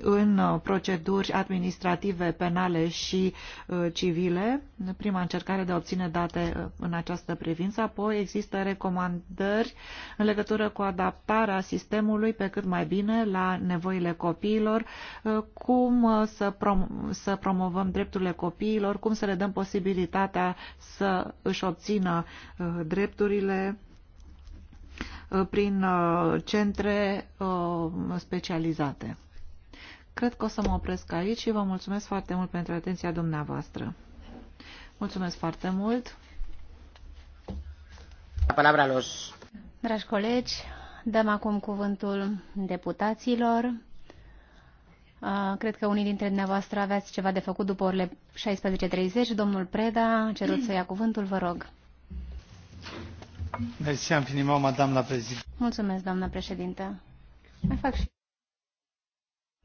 în proceduri administrative penale și uh, civile, prima încercare de a obține date uh, în această privință, apoi există recomandări în legătură cu adaptarea sistemului pe cât mai bine la nevoile copiilor, uh, cum să, prom să promovăm drepturile copiilor, cum să le dăm posibilitatea să își obțină drepturile prin centre specializate. Cred că o să mă opresc aici și vă mulțumesc foarte mult pentru atenția dumneavoastră. Mulțumesc foarte mult. La los. Dragi colegi, dăm acum cuvântul deputaților. Cred că unii dintre dumneavoastră aveați ceva de făcut după orele 16.30. Domnul Preda a cerut să ia cuvântul, vă rog. Mulțumesc, doamna președintă. Mai fac și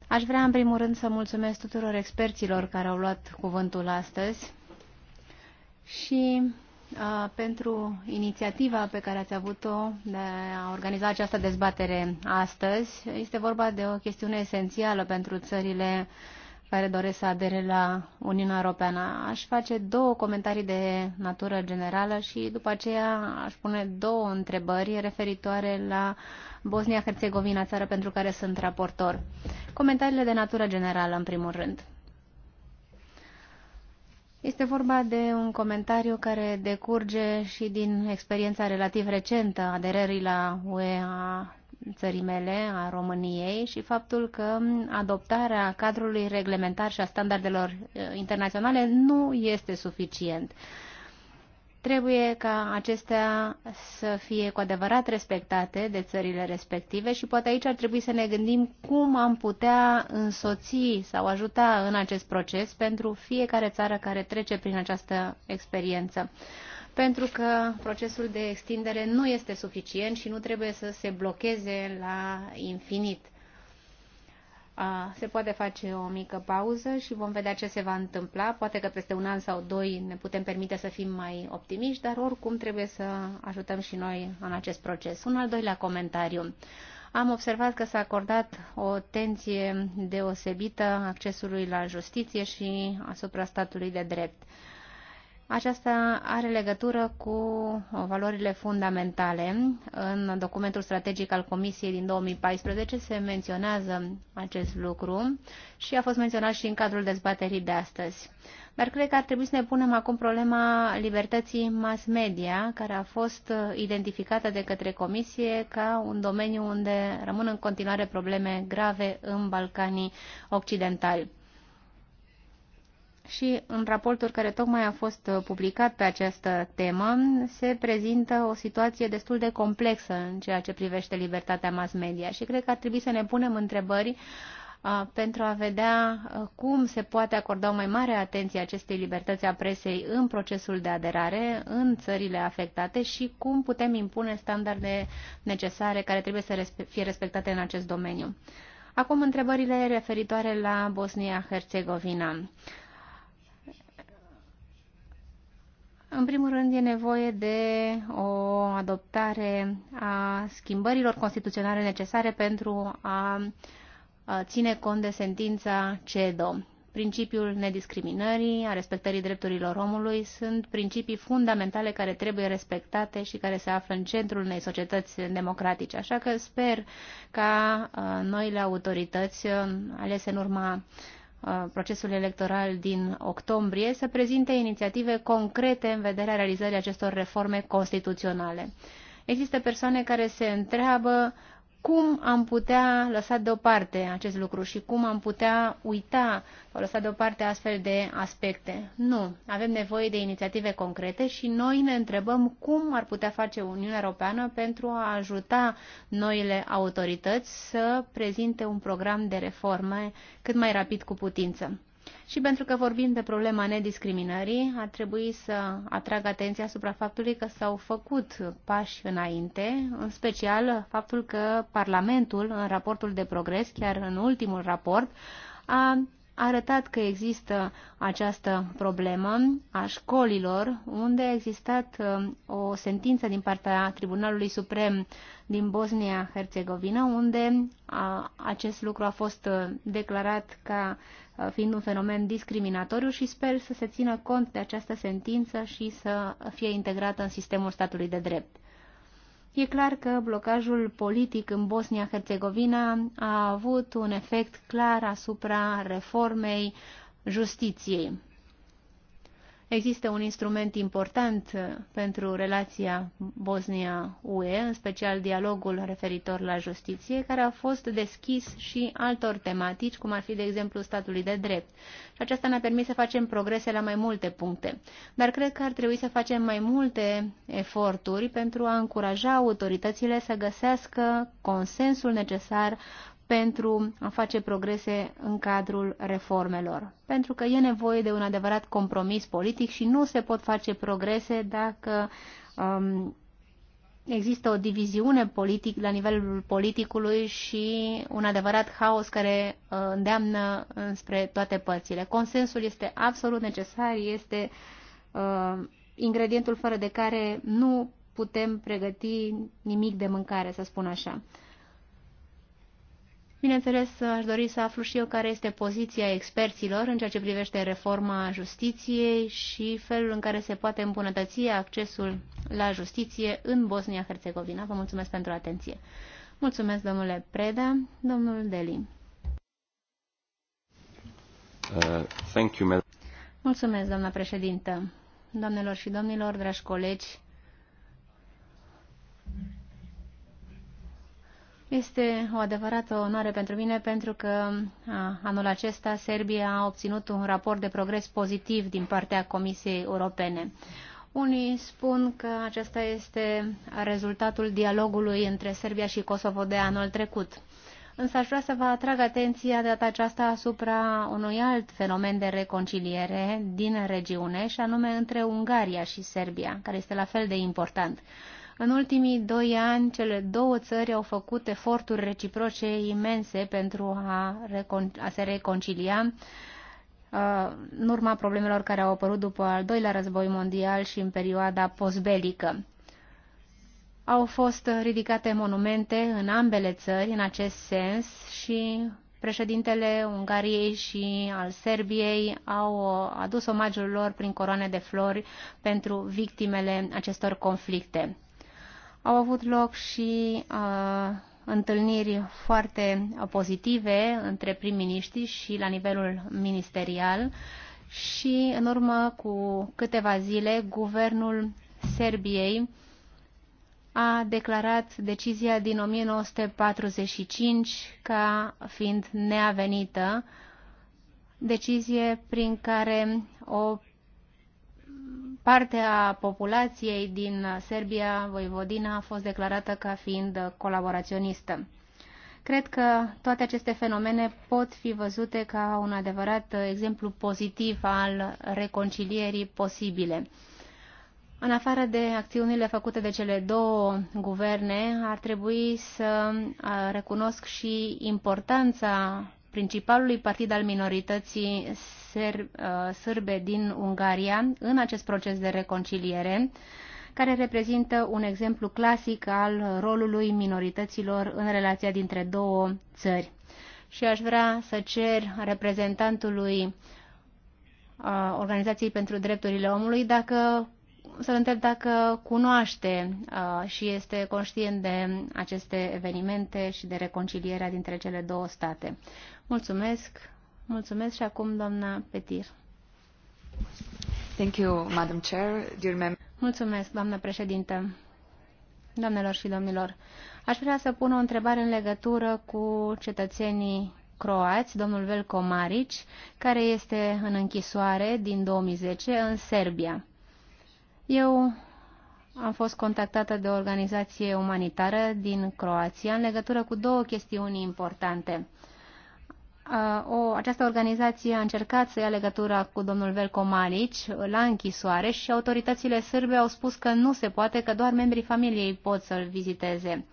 Aș vrea în primul rând să mulțumesc tuturor experților care au luat cuvântul astăzi și uh, pentru inițiativa pe care ați avut-o de a organiza această dezbatere astăzi. Este vorba de o chestiune esențială pentru țările uh, care doresc să adere la Uniunea Europeană. Aș face două comentarii de natură generală și după aceea aș pune două întrebări referitoare la Bosnia-Herzegovina, țară pentru care sunt raportor. Comentariile de natură generală, în primul rând. Este vorba de un comentariu care decurge și din experiența relativ recentă aderării la UE a țării mele, a României și faptul că adoptarea cadrului reglementar și a standardelor internaționale nu este suficient. Trebuie ca acestea să fie cu adevărat respectate de țările respective și poate aici ar trebui să ne gândim cum am putea însoți sau ajuta în acest proces pentru fiecare țară care trece prin această experiență pentru că procesul de extindere nu este suficient și nu trebuie să se blocheze la infinit. Se poate face o mică pauză și vom vedea ce se va întâmpla. Poate că peste un an sau doi ne putem permite să fim mai optimiști, dar oricum trebuie să ajutăm și noi în acest proces. Un al doilea comentariu. Am observat că s-a acordat o atenție deosebită accesului la justiție și asupra statului de drept. Aceasta are legătură cu uh, valorile fundamentale. În documentul strategic al Comisiei din 2014 se menționează acest lucru și a fost menționat și în cadrul dezbaterii de astăzi. Dar cred că ar trebui să ne punem acum problema libertății mass media, care a fost uh, identificată de către Comisie ca un domeniu unde rămân în continuare probleme grave în Balcanii Occidentali și în raportul care tocmai a fost uh, publicat pe această temă se prezintă o situație destul de complexă în ceea ce privește libertatea mass media și cred că ar trebui să ne punem întrebări uh, pentru a vedea uh, cum se poate acorda o mai mare atenție acestei libertăți a presei în procesul de aderare în țările afectate și cum putem impune standarde necesare care trebuie să fie respectate în acest domeniu. Acum întrebările referitoare la Bosnia-Herzegovina. În primul rând, e nevoie de o adoptare a schimbărilor constituționale necesare pentru a ține cont de sentința CEDO. Principiul nediscriminării, a respectării drepturilor omului sunt principii fundamentale care trebuie respectate și care se află în centrul unei societăți democratice. Așa că sper ca noile autorități alese în urma Uh, procesul electoral din octombrie să prezinte inițiative concrete în vederea realizării acestor reforme constituționale. Există persoane care se întreabă cum am putea lăsa deoparte acest lucru și cum am putea uita sau lăsa deoparte astfel de aspecte. Nu, avem nevoie de inițiative concrete și noi ne întrebăm cum ar putea face Uniunea Europeană pentru a ajuta noile autorități să prezinte un program de reforme cât mai rapid cu putință. Și pentru că vorbim de problema nediscriminării, ar trebui să atrag atenția asupra faptului că s-au făcut pași înainte, în special faptul că Parlamentul, în raportul de progres, chiar în ultimul raport, a arătat că există această problemă a școlilor, unde a existat uh, o sentință din partea Tribunalului Suprem din Bosnia-Herzegovina, unde uh, acest lucru a fost uh, declarat ca Uh, fiind un fenomen discriminatoriu și sper să se țină cont de această sentință și să fie integrată în sistemul statului de drept. E clar că blocajul politic în Bosnia-Herzegovina a avut un efect clar asupra reformei justiției. Există un instrument important uh, pentru relația Bosnia-UE, în special dialogul referitor la justiție, care a fost deschis și altor tematici, cum ar fi, de exemplu, statului de drept. Și aceasta ne-a permis să facem progrese la mai multe puncte. Dar cred că ar trebui să facem mai multe eforturi pentru a încuraja autoritățile să găsească consensul necesar pentru a face progrese în cadrul reformelor. Pentru că e nevoie de un adevărat compromis politic și nu se pot face progrese dacă um, există o diviziune politic la nivelul politicului și un adevărat haos care uh, îndeamnă spre toate părțile. Consensul este absolut necesar, este uh, ingredientul fără de care nu putem pregăti nimic de mâncare, să spun așa. Bineînțeles, aș dori să aflu și eu care este poziția experților în ceea ce privește reforma justiției și felul în care se poate îmbunătăți accesul la justiție în Bosnia-Herzegovina. Vă mulțumesc pentru atenție. Mulțumesc, domnule Preda. Domnul Delin. Uh, thank you, Mulțumesc, doamna președintă. Doamnelor și domnilor, dragi colegi, Este o adevărată onoare pentru mine pentru că anul acesta Serbia a obținut un raport de progres pozitiv din partea Comisiei Europene. Unii spun că acesta este rezultatul dialogului între Serbia și Kosovo de anul trecut. Însă aș vrea să vă atrag atenția de data aceasta asupra unui alt fenomen de reconciliere din regiune, și anume între Ungaria și Serbia, care este la fel de important. În ultimii doi ani, cele două țări au făcut eforturi reciproce imense pentru a, recon- a se reconcilia uh, în urma problemelor care au apărut după al doilea război mondial și în perioada postbelică. Au fost ridicate monumente în ambele țări în acest sens și președintele Ungariei și al Serbiei au adus omagiul lor prin coroane de flori pentru victimele acestor conflicte. Au avut loc și uh, întâlniri foarte pozitive între prim-miniștri și la nivelul ministerial și în urmă cu câteva zile guvernul Serbiei a declarat decizia din 1945 ca fiind neavenită, decizie prin care o parte a populației din Serbia, Voivodina, a fost declarată ca fiind colaboraționistă. Cred că toate aceste fenomene pot fi văzute ca un adevărat exemplu pozitiv al reconcilierii posibile. În afară de acțiunile făcute de cele două guverne, ar trebui să recunosc și importanța principalului partid al minorității ser, uh, sârbe din Ungaria în acest proces de reconciliere, care reprezintă un exemplu clasic al rolului minorităților în relația dintre două țări. Și aș vrea să cer reprezentantului uh, Organizației pentru Drepturile Omului dacă să-l întreb dacă cunoaște uh, și este conștient de aceste evenimente și de reconcilierea dintre cele două state. Mulțumesc. Mulțumesc și acum doamna Petir. Thank you, Madam Chair. Dear Mulțumesc, doamnă președintă. Doamnelor și domnilor, aș vrea să pun o întrebare în legătură cu cetățenii croați, domnul Velko Maric, care este în închisoare din 2010 în Serbia. Eu am fost contactată de o organizație umanitară din Croația în legătură cu două chestiuni importante o, această organizație a încercat să ia legătura cu domnul Velko Malic la închisoare și autoritățile sârbe au spus că nu se poate, că doar membrii familiei pot să-l viziteze.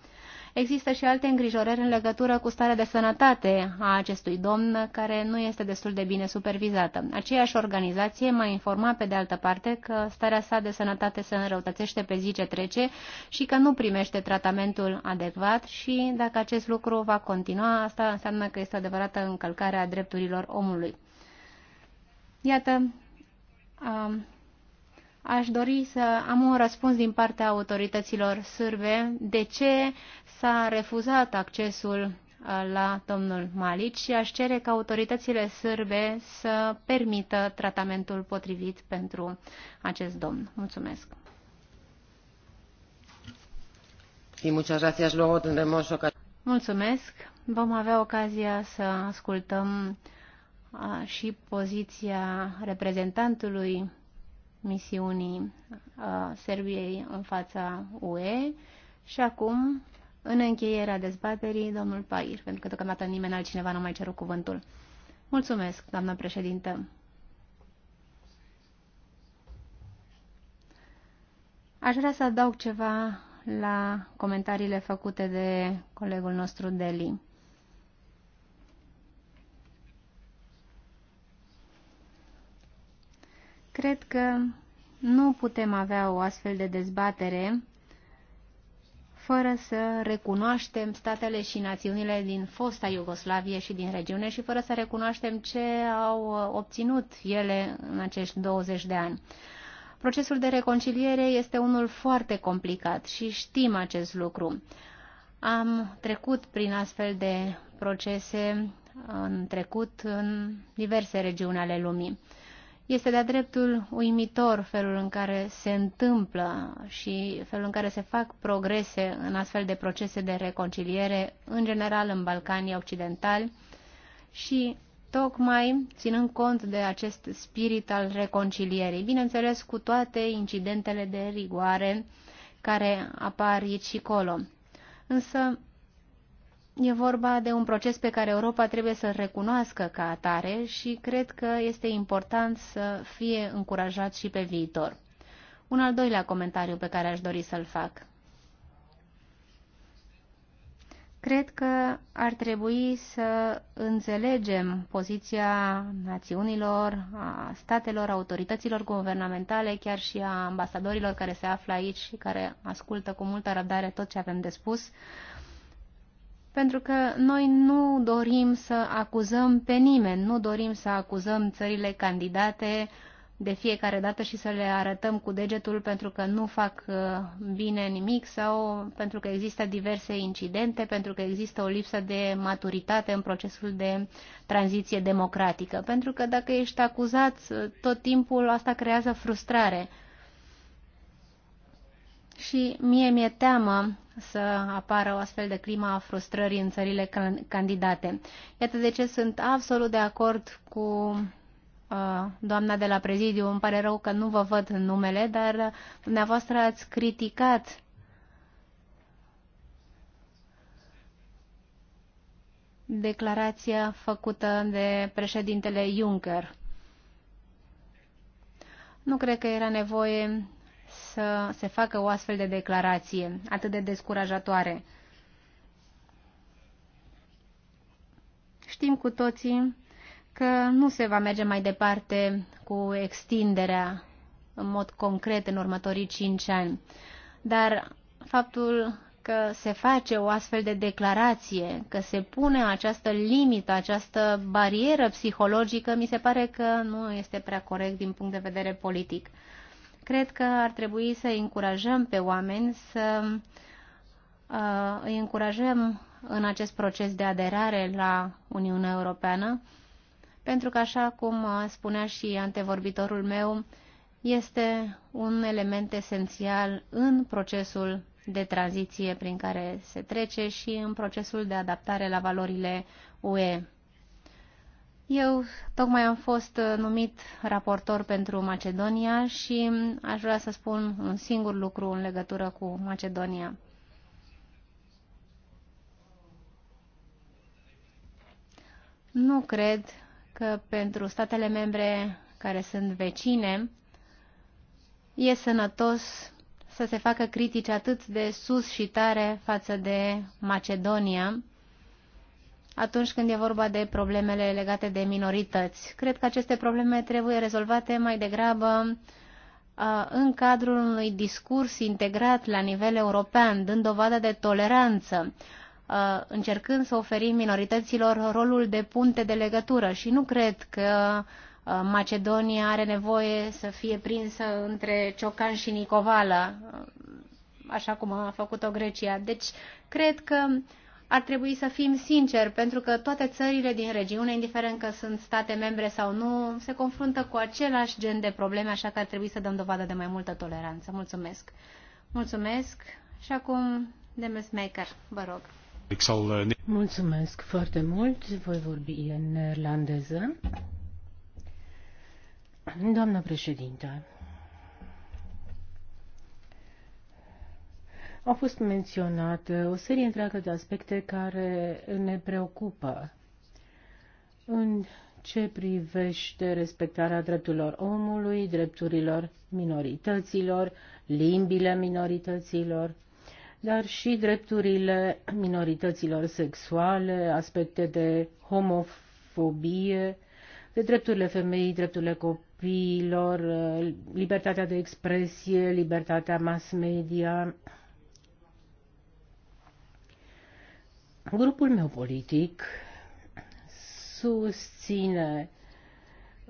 Există și alte îngrijorări în legătură cu starea de sănătate a acestui domn, care nu este destul de bine supervizată. Aceeași organizație m-a informat pe de altă parte că starea sa de sănătate se înrăutățește pe zi ce trece și că nu primește tratamentul adecvat și dacă acest lucru va continua, asta înseamnă că este adevărată încălcare a drepturilor omului. Iată, Aș dori să am un răspuns din partea autorităților sârbe de ce s-a refuzat accesul uh, la domnul Malic și aș cere ca autoritățile sârbe să permită tratamentul potrivit pentru acest domn. Mulțumesc. Mulțumesc. Vom avea ocazia să ascultăm uh, și poziția reprezentantului misiunii uh, Serbiei în fața UE și acum, în încheierea dezbaterii, domnul Pair, pentru că deocamdată nimeni altcineva nu mai cerut cuvântul. Mulțumesc, doamnă președintă. Aș vrea să adaug ceva la comentariile făcute de colegul nostru Deli. Cred că nu putem avea o astfel de dezbatere fără să recunoaștem statele și națiunile din fosta Iugoslavie și din regiune și fără să recunoaștem ce au obținut ele în acești 20 de ani. Procesul de reconciliere este unul foarte complicat și știm acest lucru. Am trecut prin astfel de procese în trecut în diverse regiuni ale lumii. Este de-a dreptul uimitor felul în care se întâmplă și felul în care se fac progrese în astfel de procese de reconciliere, în general în Balcanii Occidentali, și tocmai ținând cont de acest spirit al reconcilierii, bineînțeles cu toate incidentele de rigoare care apar aici și colo. Însă E vorba de un proces pe care Europa trebuie să-l recunoască ca atare și cred că este important să fie încurajat și pe viitor. Un al doilea comentariu pe care aș dori să-l fac. Cred că ar trebui să înțelegem poziția națiunilor, a statelor, autorităților guvernamentale, chiar și a ambasadorilor care se află aici și care ascultă cu multă răbdare tot ce avem de spus, uh, pentru că noi nu dorim să acuzăm pe nimeni, nu dorim să acuzăm țările candidate de fiecare dată și să le arătăm cu degetul pentru că nu fac uh, bine nimic sau pentru că există diverse incidente, pentru că există o lipsă de maturitate în procesul de tranziție democratică. Pentru că dacă ești acuzat uh, tot timpul, asta creează frustrare. Și mie mi-e teamă să apară o astfel de climă a frustrării în țările candidate. Iată de ce sunt absolut de acord cu uh, doamna de la prezidiu, îmi pare rău că nu vă văd numele, dar dumneavoastră ați criticat declarația făcută de președintele Juncker. Nu cred că era nevoie să se facă o astfel de declarație atât de descurajatoare. Știm cu toții că nu se va merge mai departe cu extinderea în mod concret în următorii cinci ani, dar faptul că se face o astfel de declarație, că se pune această limită, această barieră psihologică, mi se pare că nu este prea corect din punct de vedere politic. Cred că ar trebui să încurajăm pe oameni să uh, îi încurajăm în acest proces de aderare la Uniunea Europeană, pentru că, așa cum uh, spunea și antevorbitorul meu, este un element esențial în procesul de tranziție prin care se trece și în procesul de adaptare la valorile UE. Eu tocmai am fost uh, numit raportor pentru Macedonia și mm, aș vrea să spun un singur lucru în legătură cu Macedonia. Nu cred că pentru statele membre care sunt vecine e sănătos să se facă critici atât de sus și tare față de Macedonia, atunci când e vorba de problemele legate de minorități. Cred că aceste probleme trebuie rezolvate mai degrabă în cadrul unui discurs integrat la nivel european, dând dovadă de toleranță, încercând să oferim minorităților rolul de punte de legătură și nu cred că Macedonia are nevoie să fie prinsă între Ciocan și Nicovală, așa cum a făcut-o Grecia. Deci, cred că uh, ar trebui să fim sinceri, pentru că toate țările din regiune, indiferent că sunt state membre sau nu, se confruntă cu același gen de probleme, așa că ar trebui să dăm dovadă de mai multă toleranță. Mulțumesc! Mulțumesc! Și acum, Demes Maker, vă rog. Mulțumesc foarte mult. Voi vorbi în neerlandeză. Doamna președintă. Au fost menționate o serie întreagă de aspecte care ne preocupă în ce privește respectarea drepturilor omului, drepturilor minorităților, limbile minorităților, dar și drepturile minorităților sexuale, aspecte de homofobie, de drepturile femeii, drepturile copiilor, libertatea de expresie, libertatea mass media, Grupul meu politic susține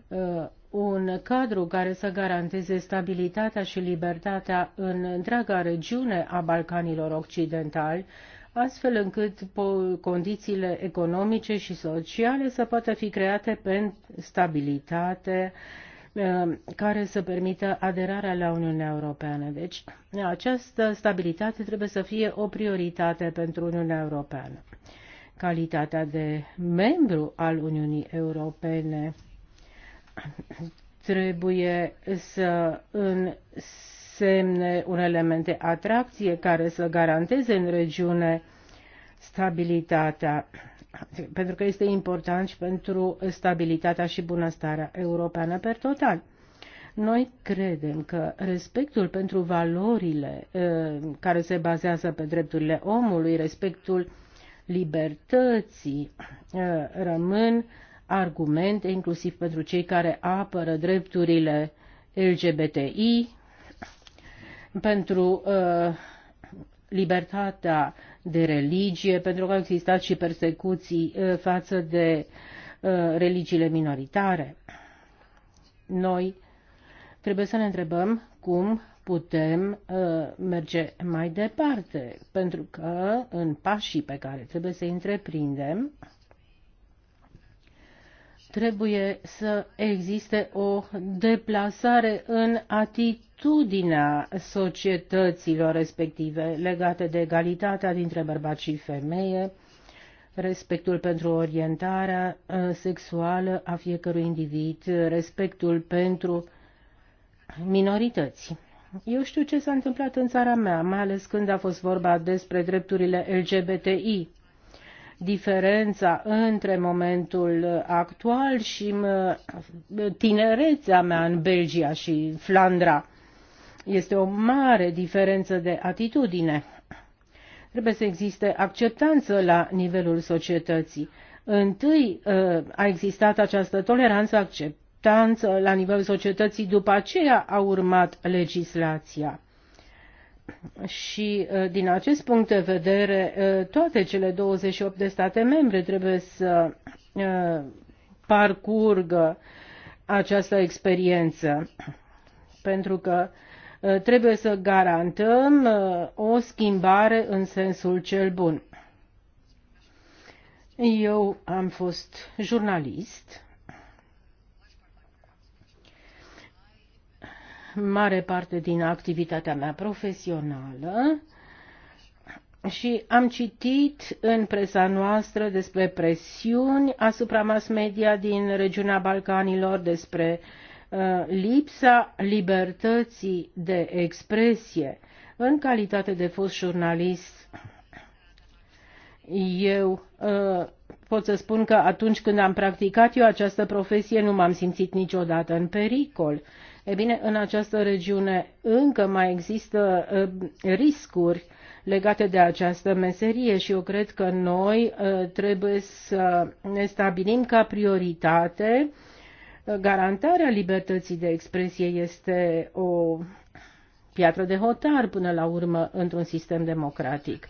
uh, un cadru care să garanteze stabilitatea și libertatea în întreaga regiune a Balcanilor Occidentali, astfel încât condițiile economice și sociale să poată fi create pentru stabilitate, Uh, care să permită aderarea la Uniunea Europeană. Deci, această stabilitate trebuie să fie o prioritate pentru Uniunea Europeană. Calitatea de membru al Uniunii Europene trebuie să însemne un element de atracție care să garanteze în regiune stabilitatea pentru că este important și pentru stabilitatea și bunăstarea europeană per total. Noi credem că respectul pentru valorile uh, care se bazează pe drepturile omului, respectul libertății uh, rămân argumente inclusiv pentru cei care apără drepturile LGBTI, pentru uh, libertatea de religie, pentru că au existat și persecuții uh, față de uh, religiile minoritare. Noi trebuie să ne întrebăm cum putem uh, merge mai departe, pentru că în pașii pe care trebuie să-i întreprindem, trebuie să existe o deplasare în atitudinea societăților respective legate de egalitatea dintre bărbați și femeie, respectul pentru orientarea uh, sexuală a fiecărui individ, respectul pentru minorități. Eu știu ce s-a întâmplat în țara mea, mai ales când a fost vorba despre drepturile LGBTI diferența între momentul actual și tinerețea mea în Belgia și Flandra. Este o mare diferență de atitudine. Trebuie să existe acceptanță la nivelul societății. Întâi ă, a existat această toleranță, acceptanță la nivelul societății, după aceea a urmat legislația. Și uh, din acest punct de vedere, uh, toate cele 28 de state membre trebuie să uh, parcurgă această experiență, pentru că trebuie să garantăm o schimbare în sensul cel bun. Eu am fost jurnalist mare parte din activitatea mea profesională și am citit în presa noastră despre presiuni asupra mass media din regiunea Balcanilor, despre uh, lipsa libertății de expresie. În calitate de fost jurnalist, eu uh, pot să spun că atunci când am practicat eu această profesie, nu m-am simțit niciodată în pericol. E bine, în această regiune încă mai există riscuri legate de această meserie și eu cred că noi trebuie să ne stabilim ca prioritate garantarea libertății de expresie este o piatră de hotar până la urmă într-un sistem democratic.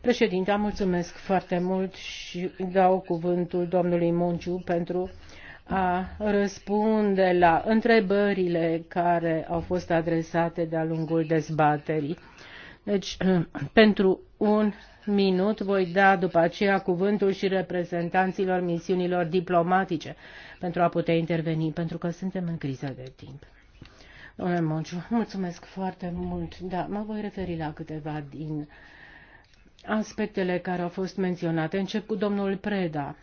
Președinte, mulțumesc foarte mult și dau cuvântul domnului Munciu pentru a răspunde la întrebările care au fost adresate de-a lungul dezbaterii. Deci, pentru un minut voi da după aceea cuvântul și reprezentanților misiunilor diplomatice pentru a putea interveni, pentru că suntem în criză de timp. Domnule Monciu, mulțumesc foarte mult. Da, mă voi referi la câteva din aspectele care au fost menționate. Încep cu domnul Preda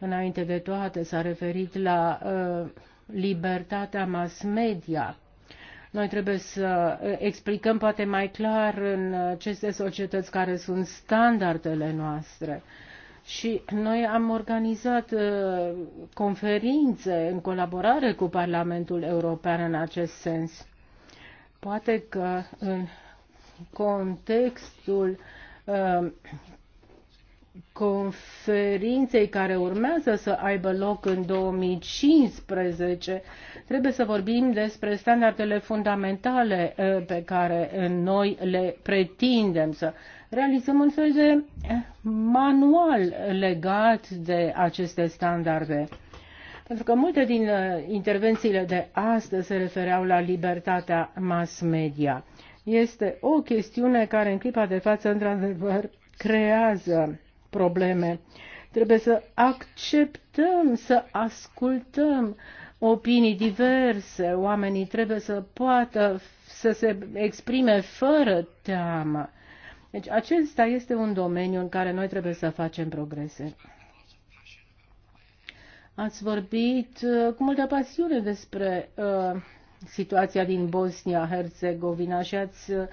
înainte de toate s-a referit la uh, libertatea mass media. Noi trebuie să uh, explicăm poate mai clar în aceste societăți care sunt standardele noastre. Și noi am organizat uh, conferințe în colaborare cu Parlamentul European în acest sens. Poate că în contextul uh, conferinței care urmează să aibă loc în 2015, trebuie să vorbim despre standardele fundamentale eh, pe care eh, noi le pretindem să realizăm un fel de eh, manual legat de aceste standarde. Pentru că multe din intervențiile de astăzi se refereau la libertatea mass media. Este o chestiune care în clipa de față, într-adevăr, creează probleme. Trebuie să acceptăm, să ascultăm opinii diverse. Oamenii trebuie să poată să se exprime fără teamă. Deci acesta este un domeniu în care noi trebuie să facem progrese. Ați vorbit uh, cu multă pasiune despre uh, situația din Bosnia-Herzegovina și ați uh,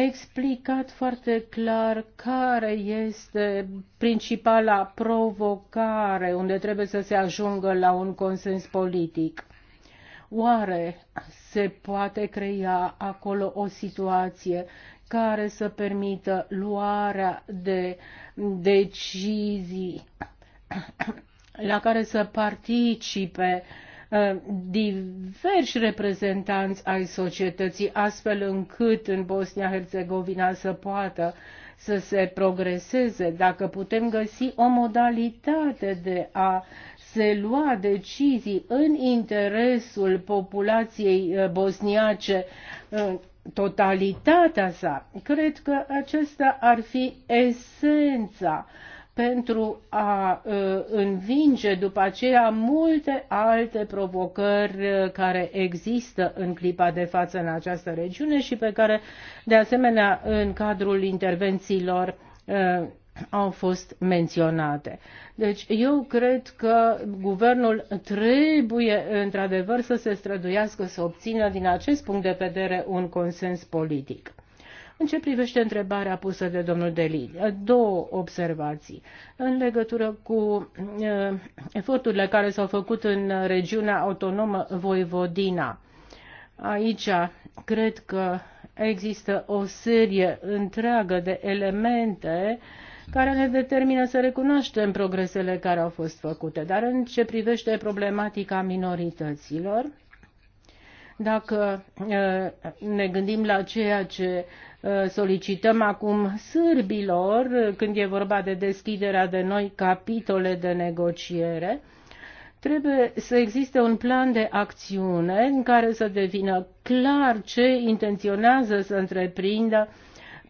explicat foarte clar care este principala provocare unde trebuie să se ajungă la un consens politic. Oare se poate crea acolo o situație care să permită luarea de decizii la care să participe uh, Uh, diversi reprezentanți ai societății, astfel încât în Bosnia-Herzegovina să poată să se progreseze, dacă putem găsi o modalitate de a se lua decizii în interesul populației uh, bosniace uh, totalitatea sa. Cred că acesta ar fi esența uh, pentru a ă, învinge după aceea multe alte provocări ă, care există în clipa de față în această regiune și pe care, de asemenea, în cadrul intervențiilor ă, au fost menționate. Deci eu cred că guvernul trebuie într-adevăr să se străduiască să obțină din acest punct de vedere un consens politic. În ce privește întrebarea pusă de domnul Deli, două observații în legătură cu uh, eforturile care s-au făcut în regiunea autonomă Voivodina. Aici cred că există o serie întreagă de elemente care ne determină să recunoaștem progresele care au fost făcute. Dar în ce privește problematica minorităților, dacă uh, ne gândim la ceea ce solicităm acum sârbilor, când e vorba de deschiderea de noi capitole de negociere, trebuie să existe un plan de acțiune în care să devină clar ce intenționează să întreprindă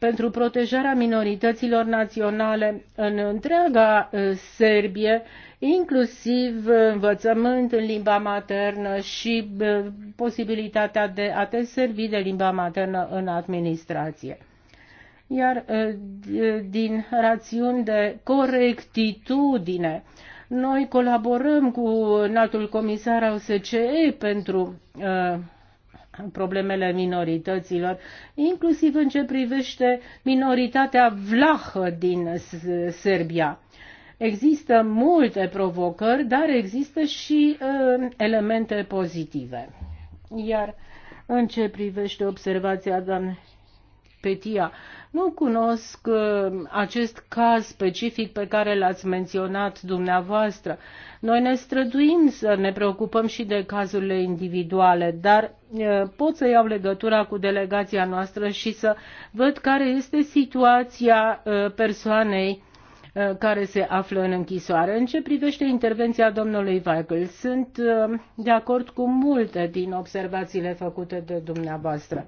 pentru protejarea minorităților naționale în întreaga uh, Serbie, inclusiv învățământ în limba maternă și uh, posibilitatea de a te servi de limba maternă în administrație. Iar uh, din rațiuni de corectitudine, noi colaborăm cu înaltul comisar al OSCE pentru problemele minorităților, inclusiv în ce privește minoritatea vlahă din Serbia. Există multe provocări, dar există și uh, elemente pozitive. Iar în ce privește observația doamnei Petia, uh, nu cunosc uh, acest caz specific pe care l-ați menționat dumneavoastră. Noi ne străduim să ne preocupăm și de cazurile individuale, dar uh, pot să iau legătura cu delegația noastră și să văd care este situația uh, persoanei care se află în închisoare. În ce privește intervenția domnului Weigel, sunt de acord cu multe din observațiile făcute de dumneavoastră.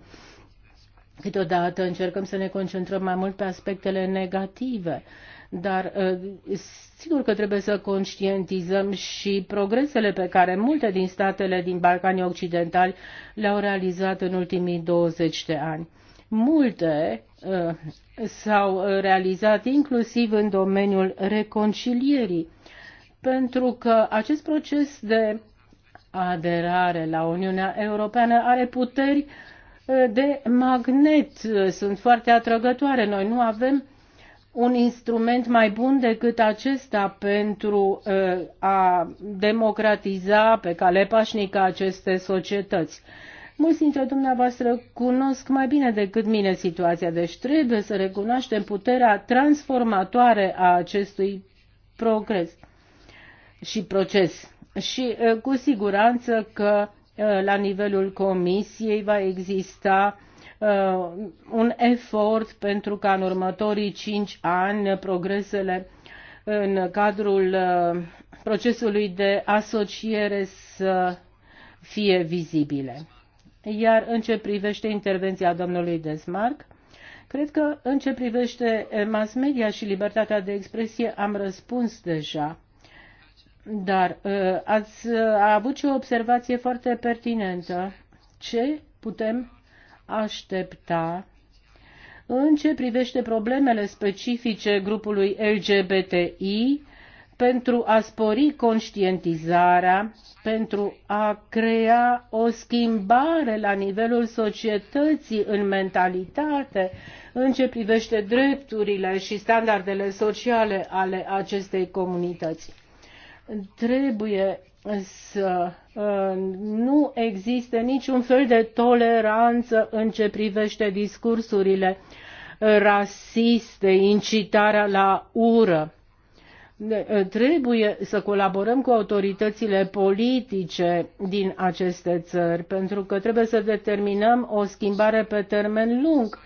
Câteodată încercăm să ne concentrăm mai mult pe aspectele negative, dar ă, sigur că trebuie să conștientizăm și progresele pe care multe din statele din Balcanii Occidentali le-au realizat în ultimii 20 de ani. Multe ă, s-au realizat inclusiv în domeniul reconcilierii, pentru că acest proces de aderare la Uniunea Europeană are puteri uh, de magnet, sunt foarte atrăgătoare. Noi nu avem un instrument mai bun decât acesta pentru uh, a democratiza pe cale pașnică aceste societăți. Mulți dintre dumneavoastră cunosc mai bine decât mine situația, deci trebuie să recunoaștem puterea transformatoare a acestui progres și proces. Și uh, cu siguranță că Eh, la nivelul Comisiei va exista eh, un efort pentru ca în următorii cinci ani progresele în cadrul eh, procesului de asociere să fie vizibile. Iar în ce privește intervenția domnului Desmarc, cred că în ce privește mass media și libertatea de expresie am răspuns deja. Dar uh, ați uh, a avut și o observație foarte pertinentă. Ce putem aștepta în ce privește problemele specifice grupului LGBTI pentru a spori conștientizarea, pentru a crea o schimbare la nivelul societății în mentalitate, în ce privește drepturile și standardele sociale ale acestei comunități trebuie să uh, nu existe niciun fel de toleranță în ce privește discursurile rasiste, incitarea la ură. Uh, trebuie să colaborăm cu autoritățile politice din aceste țări, pentru că trebuie să determinăm o schimbare pe termen lung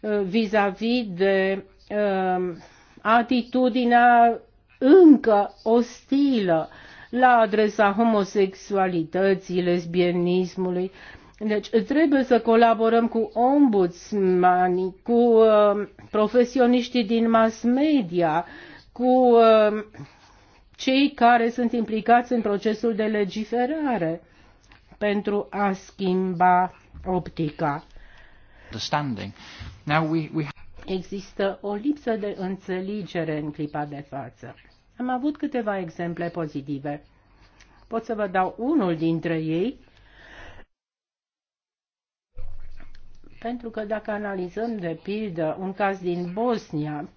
uh, vis-a-vis -vis de uh, atitudinea încă ostilă la adresa homosexualității, lesbianismului. Deci trebuie să colaborăm cu ombudsmani, cu uh, profesioniștii din mass media, cu uh, cei care sunt implicați în procesul de legiferare pentru a schimba optica. Now we, we... Există o lipsă de înțelegere în clipa de față. Am avut câteva exemple pozitive. Pot să vă dau unul dintre ei, pentru că dacă analizăm de pildă un caz din Bosnia,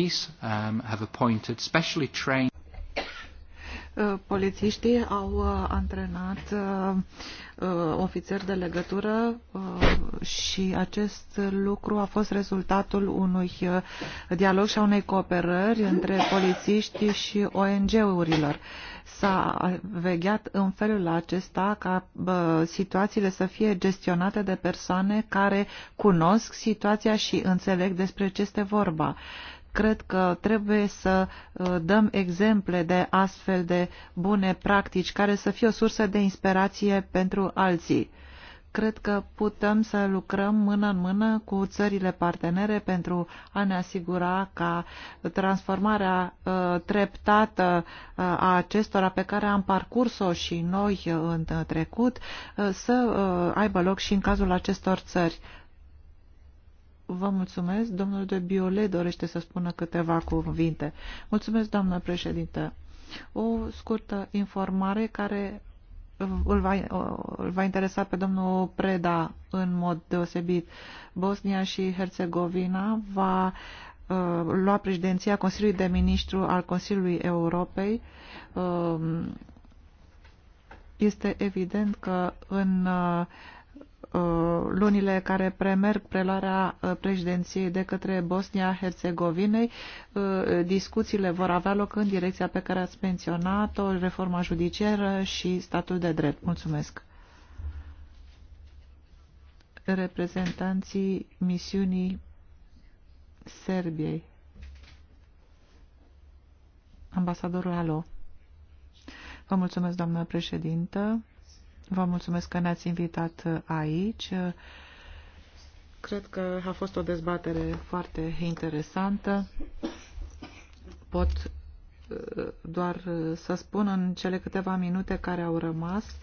um, have appointed specially trained Uh, polițiștii au uh, antrenat uh, ofițeri de legătură și acest lucru a fost rezultatul unui dialog și a unei cooperări între polițiști și ONG-urilor. S-a vegheat în felul acesta ca situațiile să fie gestionate de persoane care cunosc situația și înțeleg despre ce este vorba Cred că trebuie să uh, dăm exemple de astfel de bune practici care să fie o sursă de inspirație pentru alții. Cred că putem să lucrăm mână în mână cu țările partenere pentru a ne asigura ca transformarea uh, treptată uh, a acestora pe care am parcurs-o și noi în trecut să aibă loc și în cazul acestor țări Vă mulțumesc. Domnul de Biole dorește să spună câteva cuvinte. Mulțumesc, doamnă președinte. O scurtă informare care îl va, îl va interesa pe domnul Preda în mod deosebit. Bosnia și Herțegovina va uh, lua președinția Consiliului de Ministru al Consiliului Europei. Um, este evident că în uh, Uh, lunile care premerg preluarea uh, președinției de către Bosnia-Herzegovinei, uh, discuțiile vor avea loc în direcția pe care ați menționat-o, reforma judiciară și statul de drept. Mulțumesc! Reprezentanții misiunii Serbiei. Ambasadorul Alo. Vă mulțumesc, doamnă președintă. Vă mulțumesc că ne-ați invitat uh, aici. Cred că a fost o dezbatere foarte interesantă. Pot uh, doar uh, să spun în cele câteva minute care au rămas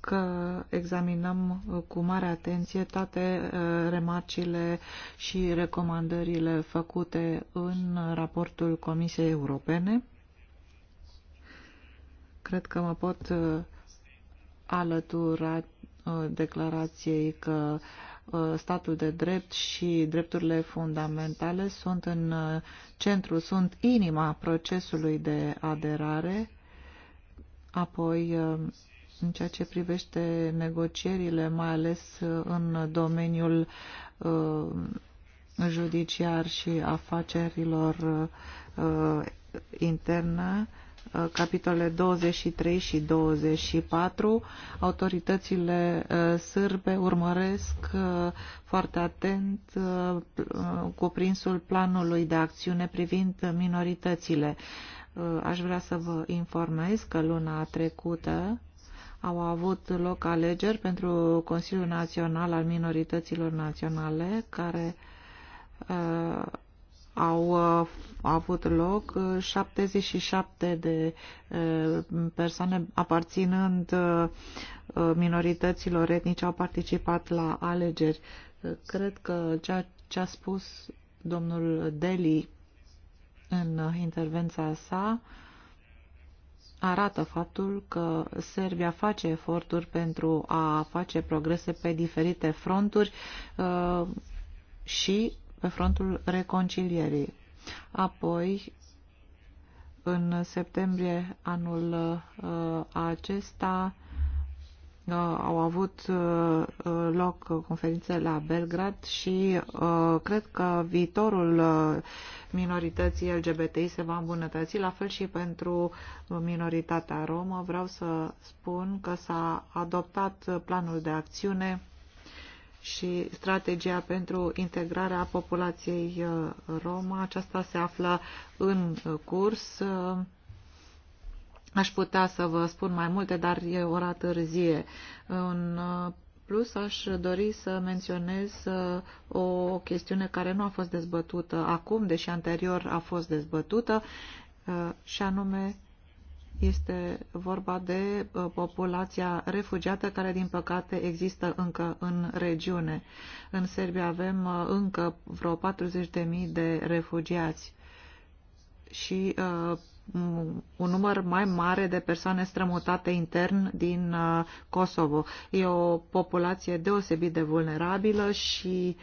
că examinăm cu mare atenție toate remarcile și recomandările făcute în raportul Comisiei Europene. Cred că mă pot alătura uh, declarației că uh, statul de drept și drepturile fundamentale sunt în uh, centru, sunt inima procesului de aderare. Apoi, în ceea ce privește negocierile, mai ales în domeniul judiciar și afacerilor interne, Uh, capitolele 23 și 24, autoritățile uh, sârbe urmăresc uh, foarte atent cuprinsul planului de acțiune privind minoritățile. Aș vrea să vă informez că luna trecută au avut loc alegeri pentru Consiliul Național al Minorităților Naționale, care Uh, au avut loc 77 uh, de uh, persoane aparținând minorităților etnice au participat la alegeri. Cred că ceea ce a spus domnul Deli în intervenția sa arată faptul că Serbia face eforturi pentru a face progrese pe diferite fronturi și pe frontul reconcilierii. Apoi, în septembrie anul uh, acesta, uh, au avut uh, loc conferințe la Belgrad și uh, cred că viitorul uh, minorității LGBTI se va îmbunătăți, la fel și pentru minoritatea romă. Vreau să spun că s-a adoptat planul de acțiune și strategia pentru integrarea populației uh, Roma. Aceasta se află în uh, curs. Uh, aș putea să vă spun mai multe, dar e ora târzie. În plus, aș dori să menționez o chestiune care nu a fost dezbătută acum, deși anterior a fost dezbătută, și anume este vorba de uh, populația refugiată care, din păcate, există încă în regiune. În Serbia avem uh, încă vreo 40.000 de refugiați și uh, un număr mai mare de persoane strămutate intern din uh, Kosovo. E o populație deosebit de vulnerabilă și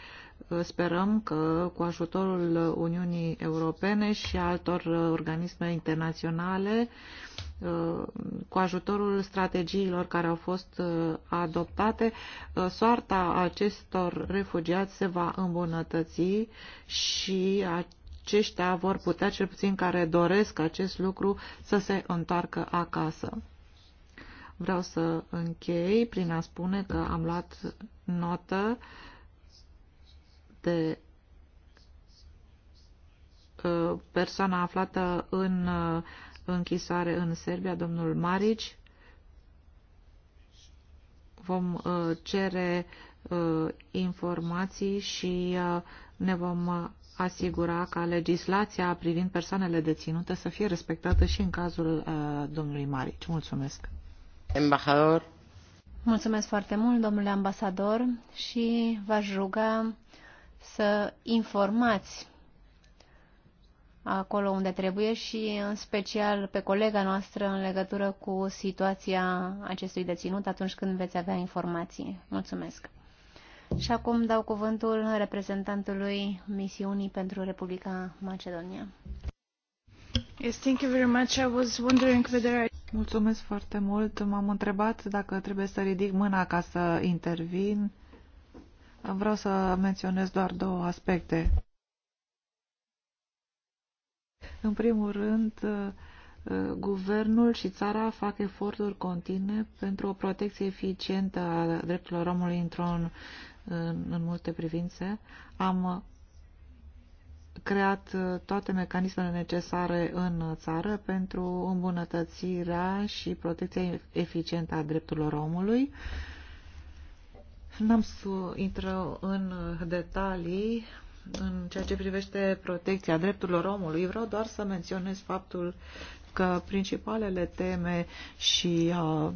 uh, sperăm că cu ajutorul Uniunii Europene și altor uh, organisme internaționale uh, Uh, cu ajutorul strategiilor care au fost uh, adoptate, uh, soarta acestor refugiați se va îmbunătăți și aceștia vor putea, cel puțin care doresc acest lucru, să se întoarcă acasă. Vreau să închei prin a spune că am luat notă de persoana aflată în închisoare în Serbia, domnul Marici. Vom uh, cere uh, informații și uh, ne vom asigura ca legislația privind persoanele deținute să fie respectată și în cazul domnului Marici. Mulțumesc! Embajador. Mulțumesc foarte mult, domnule ambasador, și v-aș ruga să informați acolo unde trebuie și în special pe colega noastră în legătură cu situația acestui deținut atunci când veți avea informații. Mulțumesc. Și acum dau cuvântul reprezentantului misiunii pentru Republica Macedonia. Yes, thank you very much. I was wondering whether I... Mulțumesc foarte mult. M-am întrebat dacă trebuie să ridic mâna ca să intervin. Vreau să menționez doar două aspecte. În primul rând, uh, uh, guvernul și țara fac eforturi continue pentru o protecție eficientă a drepturilor omului într-un, în, în multe privințe. Am uh, creat toate mecanismele necesare în țară pentru îmbunătățirea și protecția eficientă a drepturilor omului. N-am să intră în detalii în ceea ce privește protecția drepturilor omului, vreau doar să menționez faptul că principalele teme și uh,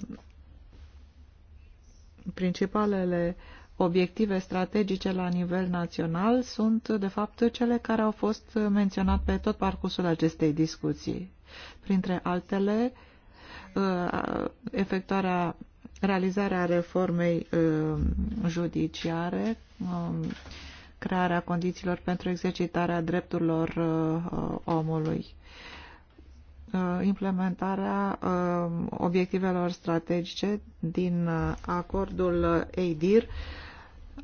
principalele obiective strategice la nivel național sunt, de fapt, cele care au fost menționate pe tot parcursul acestei discuții. Printre altele, uh, efectuarea, realizarea reformei uh, judiciare, um, crearea condițiilor pentru exercitarea drepturilor uh, omului uh, implementarea uh, obiectivelor strategice din acordul EIDIR,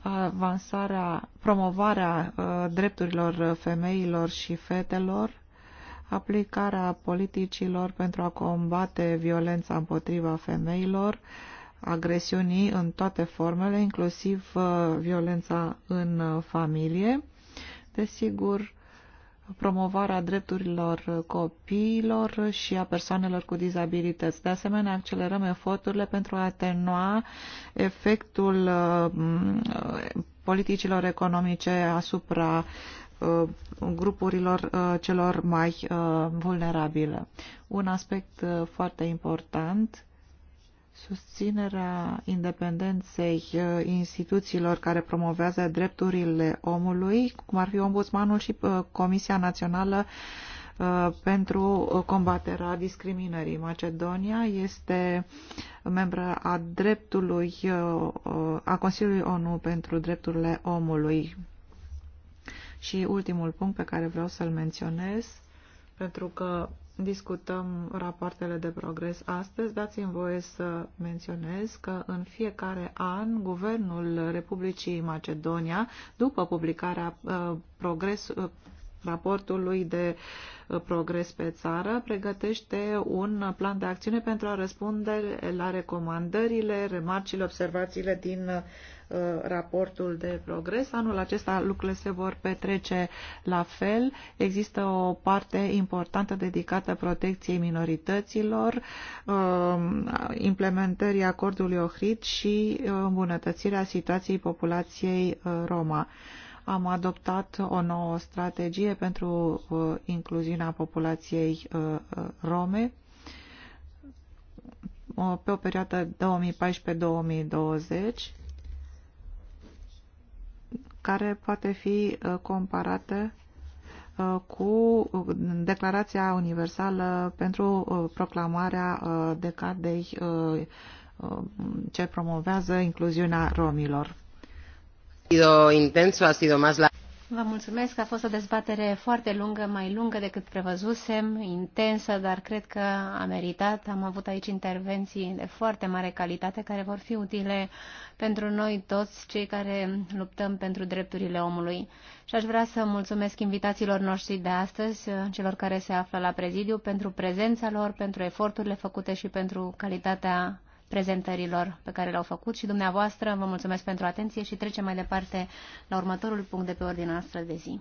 avansarea, promovarea drepturilor femeilor și fetelor, aplicarea politicilor pentru a combate violența împotriva femeilor, agresiunii în toate formele, inclusiv uh, violența în uh, familie. Desigur, promovarea drepturilor uh, copiilor și a persoanelor cu dizabilități. De asemenea, accelerăm eforturile pentru a atenua efectul mm, politicilor economice asupra grupurilor celor mai vulnerabile. Un aspect foarte important Susținerea independenței uh, instituțiilor care promovează drepturile omului, cum ar fi Ombudsmanul și uh, Comisia Națională uh, pentru combaterea discriminării. Macedonia este membră a dreptului a Consiliului ONU pentru drepturile omului. Și ultimul punct pe care vreau să-l menționez, pentru că discutăm rapoartele de progres astăzi, dați-mi voie să menționez că în fiecare an Guvernul Republicii Macedonia, după publicarea uh, progres, uh, raportului de uh, progres pe țară, pregătește un plan de acțiune pentru a răspunde la recomandările, remarcile, observațiile din Uh, raportul de progres. Anul acesta lucrurile se vor petrece la fel. Există o parte importantă dedicată protecției minorităților, uh, implementării acordului Ohrid și uh, îmbunătățirea situației populației Roma am adoptat o nouă strategie pentru incluziunea populației rome pe o perioadă 2014-2020 care poate fi uh, comparată uh, cu uh, Declarația Universală pentru proclamarea decadei ce promovează incluziunea romilor. intenso, sido más la... Vă mulțumesc, a fost o dezbatere foarte lungă, mai lungă decât prevăzusem, intensă, dar cred că a meritat. Am avut aici intervenții de foarte mare calitate care vor fi utile pentru noi toți cei care luptăm pentru drepturile omului. Și aș vrea să mulțumesc invitațiilor noștri de astăzi, celor care se află la prezidiu, pentru prezența lor, pentru eforturile făcute și pentru calitatea prezentărilor pe care le-au făcut și dumneavoastră vă mulțumesc pentru atenție și trecem mai departe la următorul punct de pe ordinea noastră de zi.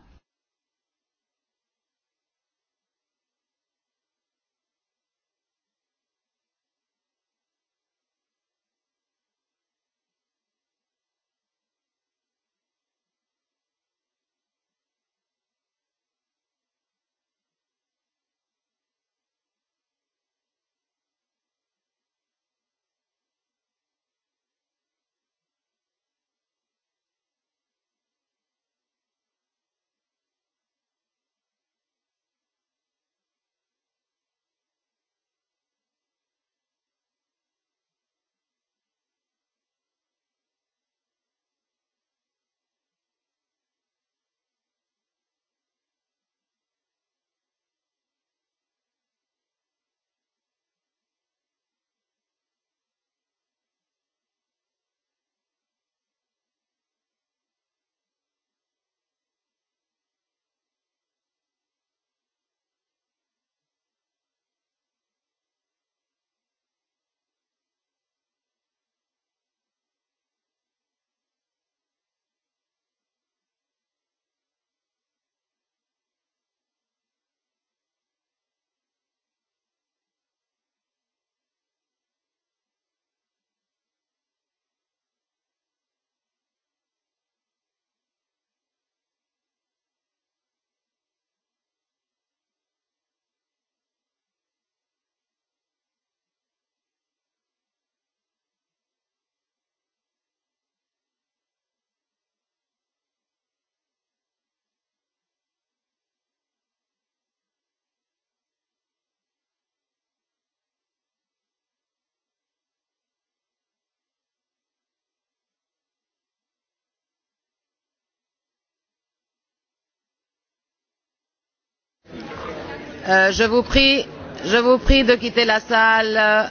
Euh, je vous prie je de quitter la salle euh,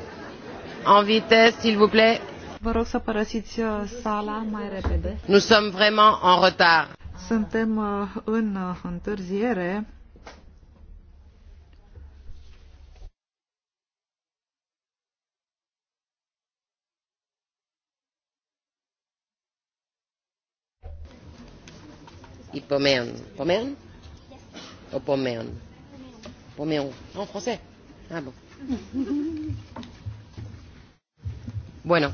en vitesse s'il vous plaît. Vă rog să părăsiți uh, sala mai repede. Nous sommes vraiment en retard. Suntem uh, în uh, întârziere. Ipomean. Pomean? Opomean. Roméo. En français Ah bon. Bueno,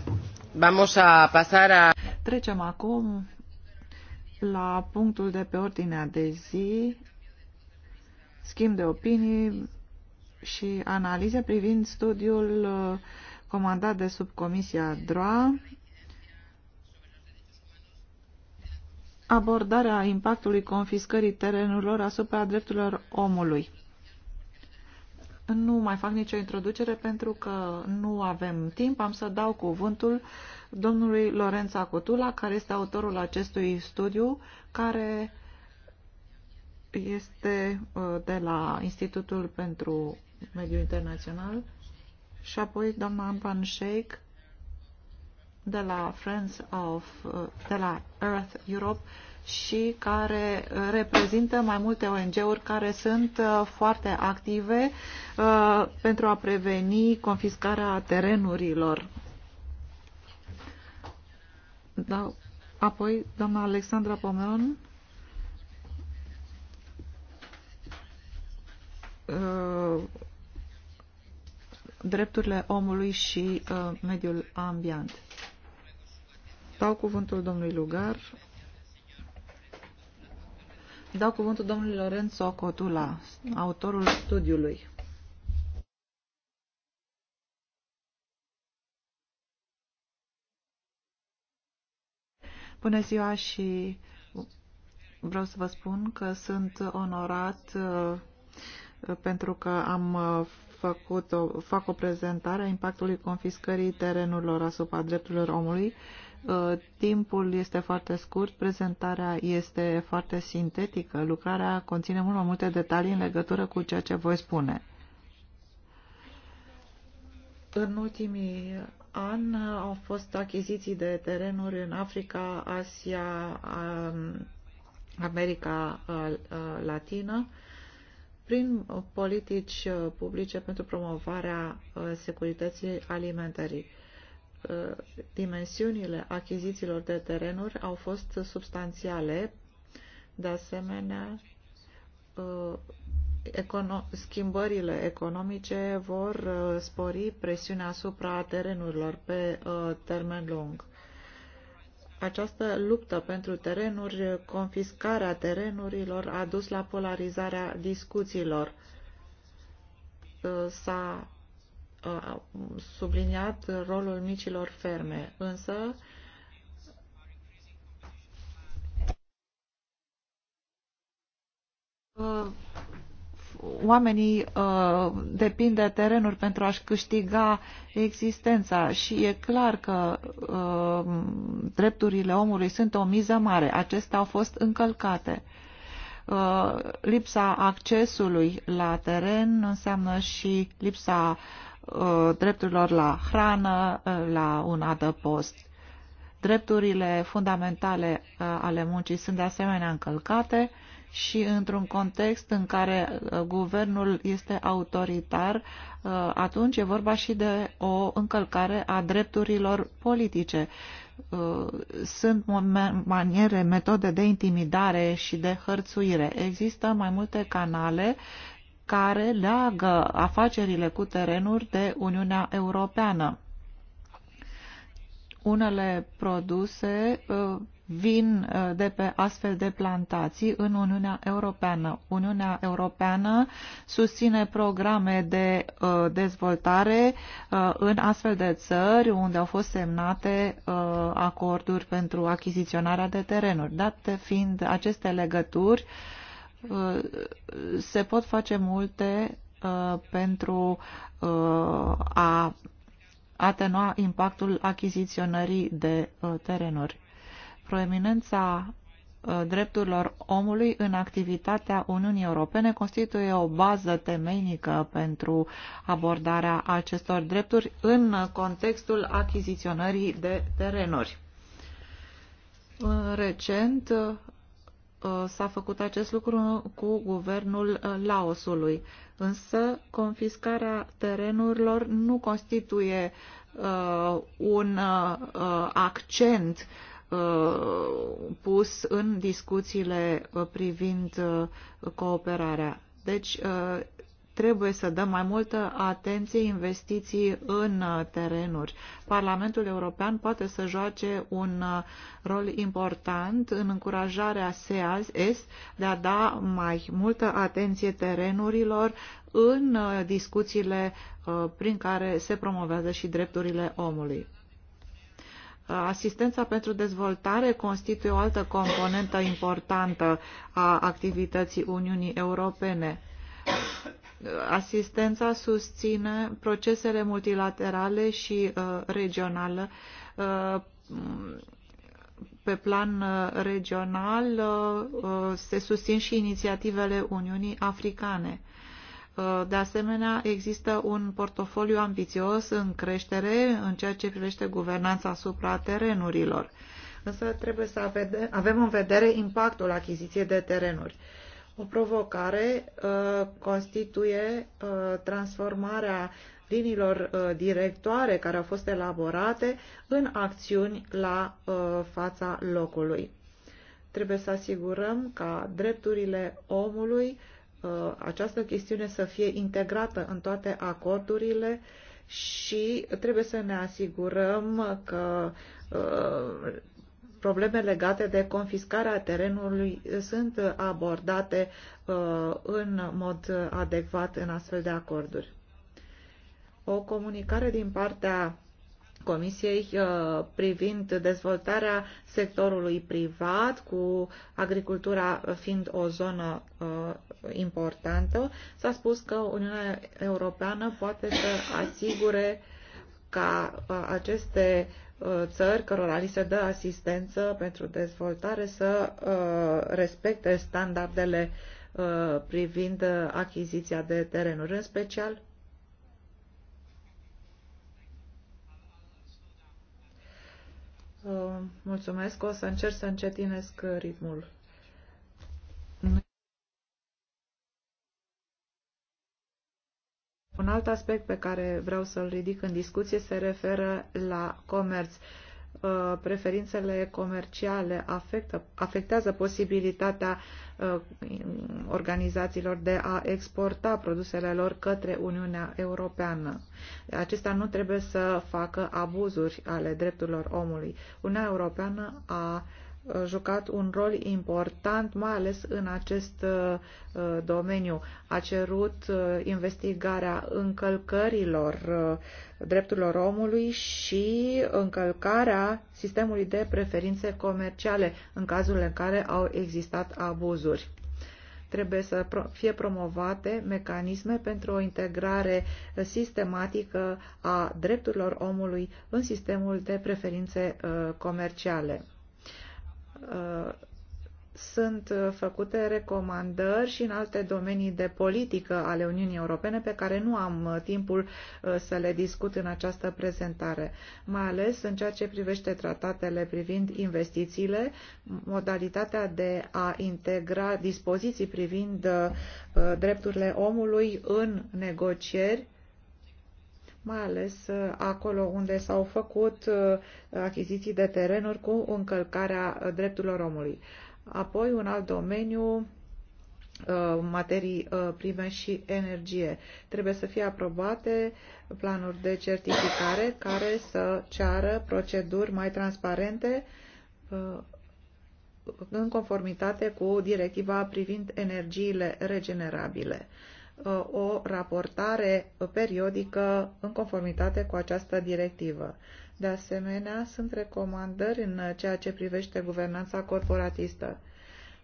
vamos a pasar a... Trecem acum la punctul de pe ordinea de zi, schimb de opinii și analize privind studiul uh, comandat de subcomisia DROA, abordarea impactului confiscării terenurilor asupra drepturilor omului. Nu mai fac nicio introducere pentru că nu avem timp. Am să dau cuvântul domnului Lorenza Cotula, care este autorul acestui studiu, care este uh, de la Institutul pentru Mediul Internațional și apoi doamna Ampan Sheikh de la Friends of, uh, de la Earth Europe, și care uh, reprezintă mai multe ONG-uri care sunt uh, foarte active uh, pentru a preveni confiscarea terenurilor. Da. Apoi, doamna Alexandra Pomeon. drepturile omului și mediul ambient. Dau cuvântul domnului Lugar Dau cuvântul domnului Lorenzo Cotula, autorul studiului. Bună ziua și vreau să vă spun că sunt onorat uh, pentru că am uh, făcut o, fac o prezentare a impactului confiscării terenurilor asupra drepturilor omului Uh, timpul este foarte scurt, prezentarea este foarte sintetică, lucrarea conține mult mai multe detalii în legătură cu ceea ce voi spune. În ultimii ani au fost achiziții de terenuri în Africa, Asia, um, America uh, uh, Latină prin politici publice pentru promovarea securității alimentării dimensiunile achizițiilor de terenuri au fost substanțiale. De asemenea, uh, schimbările economice vor uh, spori presiunea asupra terenurilor pe uh, termen lung. Această luptă pentru terenuri, confiscarea terenurilor a dus la polarizarea discuțiilor. S-a subliniat rolul micilor ferme, însă oamenii depind de terenuri pentru a-și câștiga existența și e clar că drepturile omului sunt o miză mare. Acestea au fost încălcate. Uh, lipsa accesului la teren înseamnă și lipsa Uh, drepturilor la hrană, uh, la un adăpost. Drepturile fundamentale uh, ale muncii sunt de asemenea încălcate și într-un context în care guvernul este autoritar, atunci e vorba și de o încălcare a drepturilor politice. Sunt maniere, metode de intimidare și de hărțuire. Există mai multe canale care leagă afacerile cu terenuri de Uniunea Europeană. Unele produse uh, vin uh, de pe astfel de plantații în Uniunea Europeană. Uniunea Europeană susține programe de uh, dezvoltare în astfel de țări unde au fost semnate acorduri pentru achiziționarea de terenuri. Date fiind aceste legături, Uh, se pot face multe uh, pentru uh, a atenua impactul achiziționării de terenuri. Proeminența drepturilor omului în activitatea Uniunii Europene constituie o bază temeinică pentru abordarea acestor drepturi în contextul achiziționării de terenuri. Recent, Uh, s-a făcut acest lucru cu guvernul uh, Laosului. Însă confiscarea terenurilor nu constituie uh, un uh, uh accent uh, pus în discuțiile privind cooperarea. Deci trebuie să dăm mai multă atenție investiții în uh, terenuri. Parlamentul European poate să joace un uh, rol important în încurajarea SEAS de a da mai multă atenție terenurilor în uh, discuțiile prin care se promovează și drepturile omului. Asistența pentru dezvoltare constituie o altă componentă importantă a activității Uniunii Europene Asistența susține procesele multilaterale și uh, regionale uh, pe plan uh, regional se susțin și inițiativele Uniunii Africane. De asemenea, există un portofoliu ambițios în creștere în ceea ce privește guvernanța asupra terenurilor. Însă trebuie să avem în vedere impactul achiziției de terenuri. O provocare uh, constituie uh, transformarea liniilor uh, directoare care au fost elaborate în acțiuni la uh, fața locului. Trebuie să asigurăm ca drepturile omului, uh, această chestiune să fie integrată în toate acordurile și trebuie să ne asigurăm că uh, probleme legate de confiscarea terenului sunt abordate uh, în mod adecvat în astfel de acorduri. O comunicare din partea Comisiei uh, privind dezvoltarea sectorului privat, cu agricultura fiind o zonă uh, importantă. S-a spus că Uniunea Europeană poate să asigure ca aceste Uh, țări cărora li se dă asistență pentru dezvoltare să uh, respecte standardele uh, privind achiziția de terenuri, în special Mulțumesc, o să încerc să încetinesc ritmul. Un alt aspect pe care vreau să-l ridic în discuție se referă la comerț. Uh, preferințele comerciale afectă, afectează posibilitatea uh, organizațiilor de a exporta produsele lor către Uniunea Europeană. Acestea nu trebuie să facă abuzuri ale drepturilor omului. Uniunea Europeană a Uh, jucat un rol important, mai ales în acest uh, uh, domeniu. A cerut investigarea încălcărilor drepturilor omului și încălcarea sistemului de preferințe comerciale în cazul în care au existat abuzuri trebuie să fie promovate mecanisme pentru o integrare sistematică a drepturilor omului în sistemul de preferințe comerciale. Uh, sunt făcute recomandări și în alte domenii de politică ale Uniunii Europene pe care nu am uh, timpul uh, să le discut în această prezentare, mai ales în ceea ce privește tratatele privind investițiile, modalitatea de a integra dispoziții privind drepturile omului în negocieri mai ales uh, acolo unde s-au făcut uh, achiziții de terenuri cu încălcarea uh, drepturilor omului. Apoi, un alt domeniu materii prime și energie. Trebuie să fie aprobate planuri de certificare care să ceară proceduri mai transparente în conformitate cu directiva privind energiile regenerabile o raportare periodică în conformitate cu această directivă. De asemenea, sunt recomandări în ceea ce privește guvernanța corporatistă.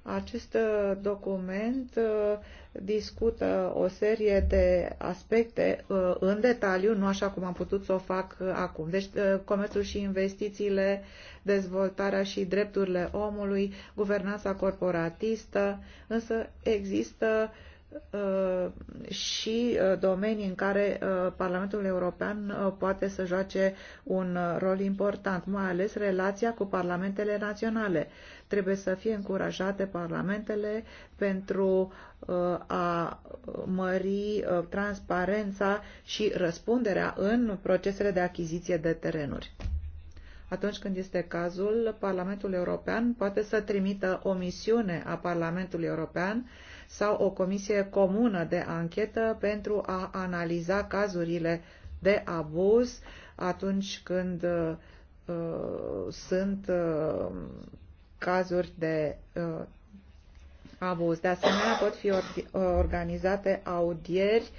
Acest document uh, discută o serie de aspecte uh, în detaliu, nu așa cum am putut să o fac uh, acum. Deci comerțul și investițiile, dezvoltarea și drepturile omului, guvernanța corporatistă, însă există Uh, și uh, domenii în care uh, Parlamentul European poate să joace un rol important, mai ales relația cu parlamentele naționale. Trebuie să fie încurajate parlamentele pentru a mări transparența și răspunderea în procesele de achiziție de terenuri. Atunci când este cazul, Parlamentul European poate să trimită o misiune a Parlamentului European sau o comisie comună de anchetă pentru a analiza cazurile de abuz atunci când uh, uh sunt uh, cazuri de uh, abuz. De asemenea, pot fi uh, organizate audieri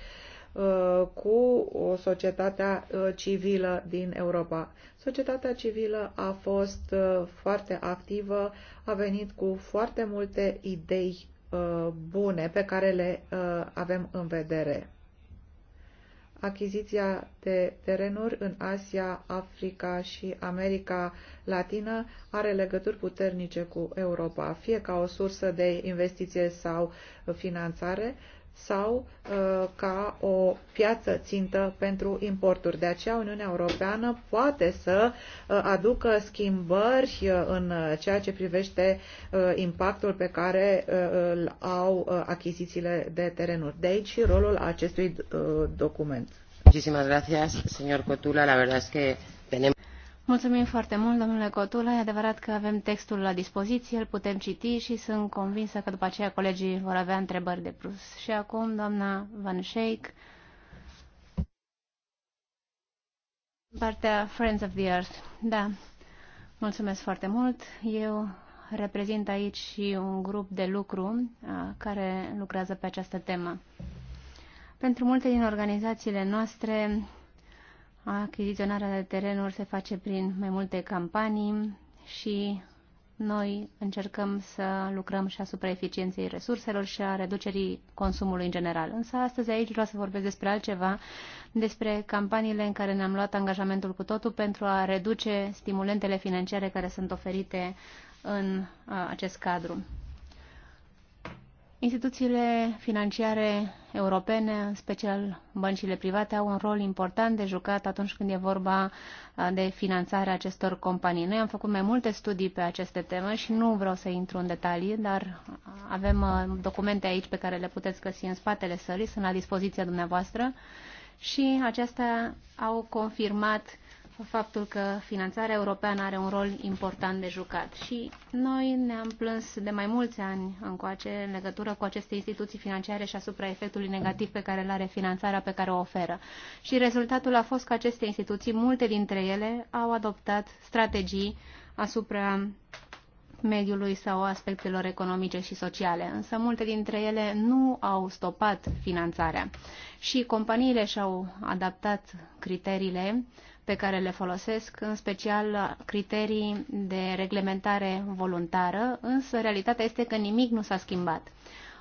uh, cu o societatea civilă din Europa. Societatea civilă a fost foarte activă, a venit cu foarte multe idei Uh, bune pe care le uh, avem în vedere. Achiziția de terenuri în Asia, Africa și America Latină are legături puternice cu Europa, fie ca o sursă de investiție sau finanțare, sau uh, ca o piață țintă pentru importuri. De aceea Uniunea Europeană poate să uh, aducă schimbări uh, în ceea ce privește uh, impactul pe care uh, îl au uh, achizițiile de terenuri. De aici rolul acestui document. Muchísimas gracias, señor Cotula. La verdad es que tenemos... Mulțumim foarte mult, domnule Cotula. E adevărat că avem textul la dispoziție, îl putem citi și sunt convinsă că după aceea colegii vor avea întrebări de plus. Și acum, doamna Van Sheik, partea Friends of the Earth. Da, mulțumesc foarte mult. Eu reprezint aici și un grup de lucru care lucrează pe această temă. Pentru multe din organizațiile noastre, Achiziționarea de terenuri se face prin mai multe campanii și noi încercăm să lucrăm și asupra eficienței resurselor și a reducerii consumului în general. Însă astăzi aici vreau să vorbesc despre altceva, despre campaniile în care ne-am luat angajamentul cu totul pentru a reduce stimulentele financiare care sunt oferite în acest cadru. Instituțiile financiare europene, în special băncile private, au un rol important de jucat atunci când e vorba de finanțarea acestor companii. Noi am făcut mai multe studii pe aceste teme și nu vreau să intru în detalii, dar avem documente aici pe care le puteți găsi în spatele sării, sunt la dispoziția dumneavoastră și acestea au confirmat faptul că finanțarea europeană are un rol important de jucat și noi ne-am plâns de mai mulți ani încoace în legătură cu aceste instituții financiare și asupra efectului negativ pe care îl are finanțarea pe care o oferă. Și rezultatul a fost că aceste instituții, multe dintre ele, au adoptat strategii asupra mediului sau aspectelor economice și sociale, însă multe dintre ele nu au stopat finanțarea. Și companiile și-au adaptat criteriile pe care le folosesc, în special criterii de reglementare voluntară, însă realitatea este că nimic nu s-a schimbat.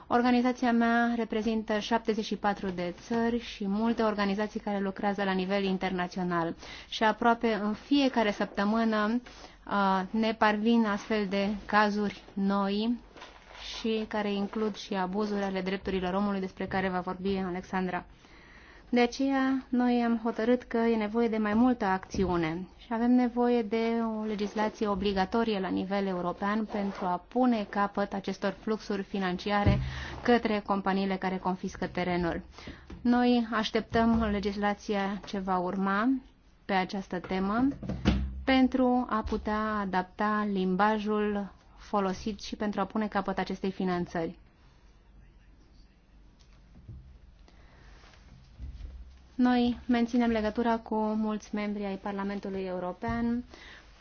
Organizația mea reprezintă 74 de țări și multe organizații care lucrează la nivel internațional și aproape în fiecare săptămână ne parvin astfel de cazuri noi și care includ și abuzurile drepturilor omului despre care va vorbi Alexandra. De aceea, noi am hotărât că e nevoie de mai multă acțiune și avem nevoie de o legislație obligatorie la nivel european pentru a pune capăt acestor fluxuri financiare către companiile care confiscă terenul. Noi așteptăm legislația ce va urma pe această temă pentru a putea adapta limbajul folosit și pentru a pune capăt acestei finanțări. Noi menținem legătura cu mulți membri ai Parlamentului European,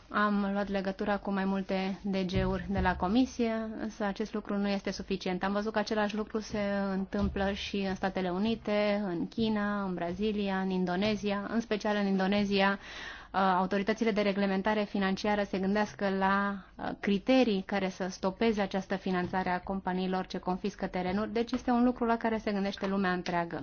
am luat legătura cu mai multe DG-uri de la Comisie, însă acest lucru nu este suficient. Am văzut că același lucru se întâmplă și în Statele Unite, în China, în Brazilia, în Indonezia, în special în Indonezia. Uh, autoritățile de reglementare financiară se gândească la uh, criterii care să stopeze această finanțare a companiilor ce confiscă terenuri, deci este un lucru la care se gândește lumea întreagă.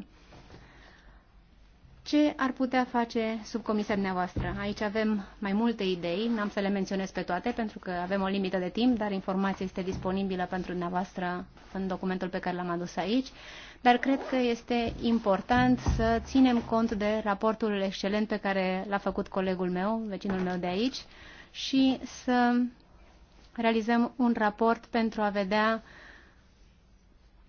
Ce ar putea face subcomisia dumneavoastră? Aici avem mai multe idei, n-am să le menționez pe toate pentru că avem o limită de timp, dar informația este disponibilă pentru dumneavoastră în documentul pe care l-am adus aici. Dar cred că este important să ținem cont de raportul excelent pe care l-a făcut colegul meu, vecinul meu de aici, și să realizăm un raport pentru a vedea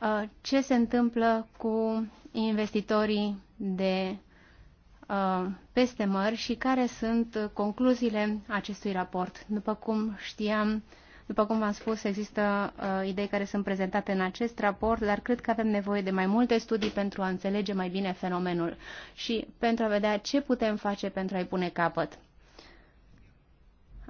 uh, ce se întâmplă cu investitorii de Uh, peste mări și care sunt concluziile acestui raport. După cum știam, după cum v-am spus, există uh, idei care sunt prezentate în acest raport, dar cred că avem nevoie de mai multe studii pentru a înțelege mai bine fenomenul și pentru a vedea ce putem face pentru a-i pune capăt.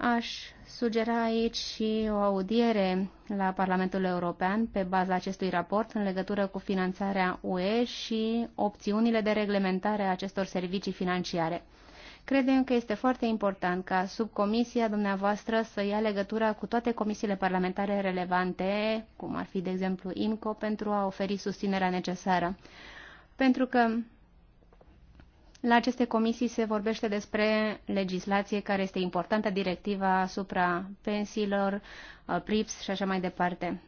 Aș sugera aici și o audiere la Parlamentul European pe baza acestui raport în legătură cu finanțarea UE și opțiunile de reglementare a acestor servicii financiare. Credem că este foarte important ca subcomisia dumneavoastră să ia legătura cu toate comisiile parlamentare relevante, cum ar fi, de exemplu, INCO, pentru a oferi susținerea necesară. Pentru că la aceste comisii se vorbește despre legislație care este importantă, directiva asupra pensiilor, uh, PRIPS și așa mai departe.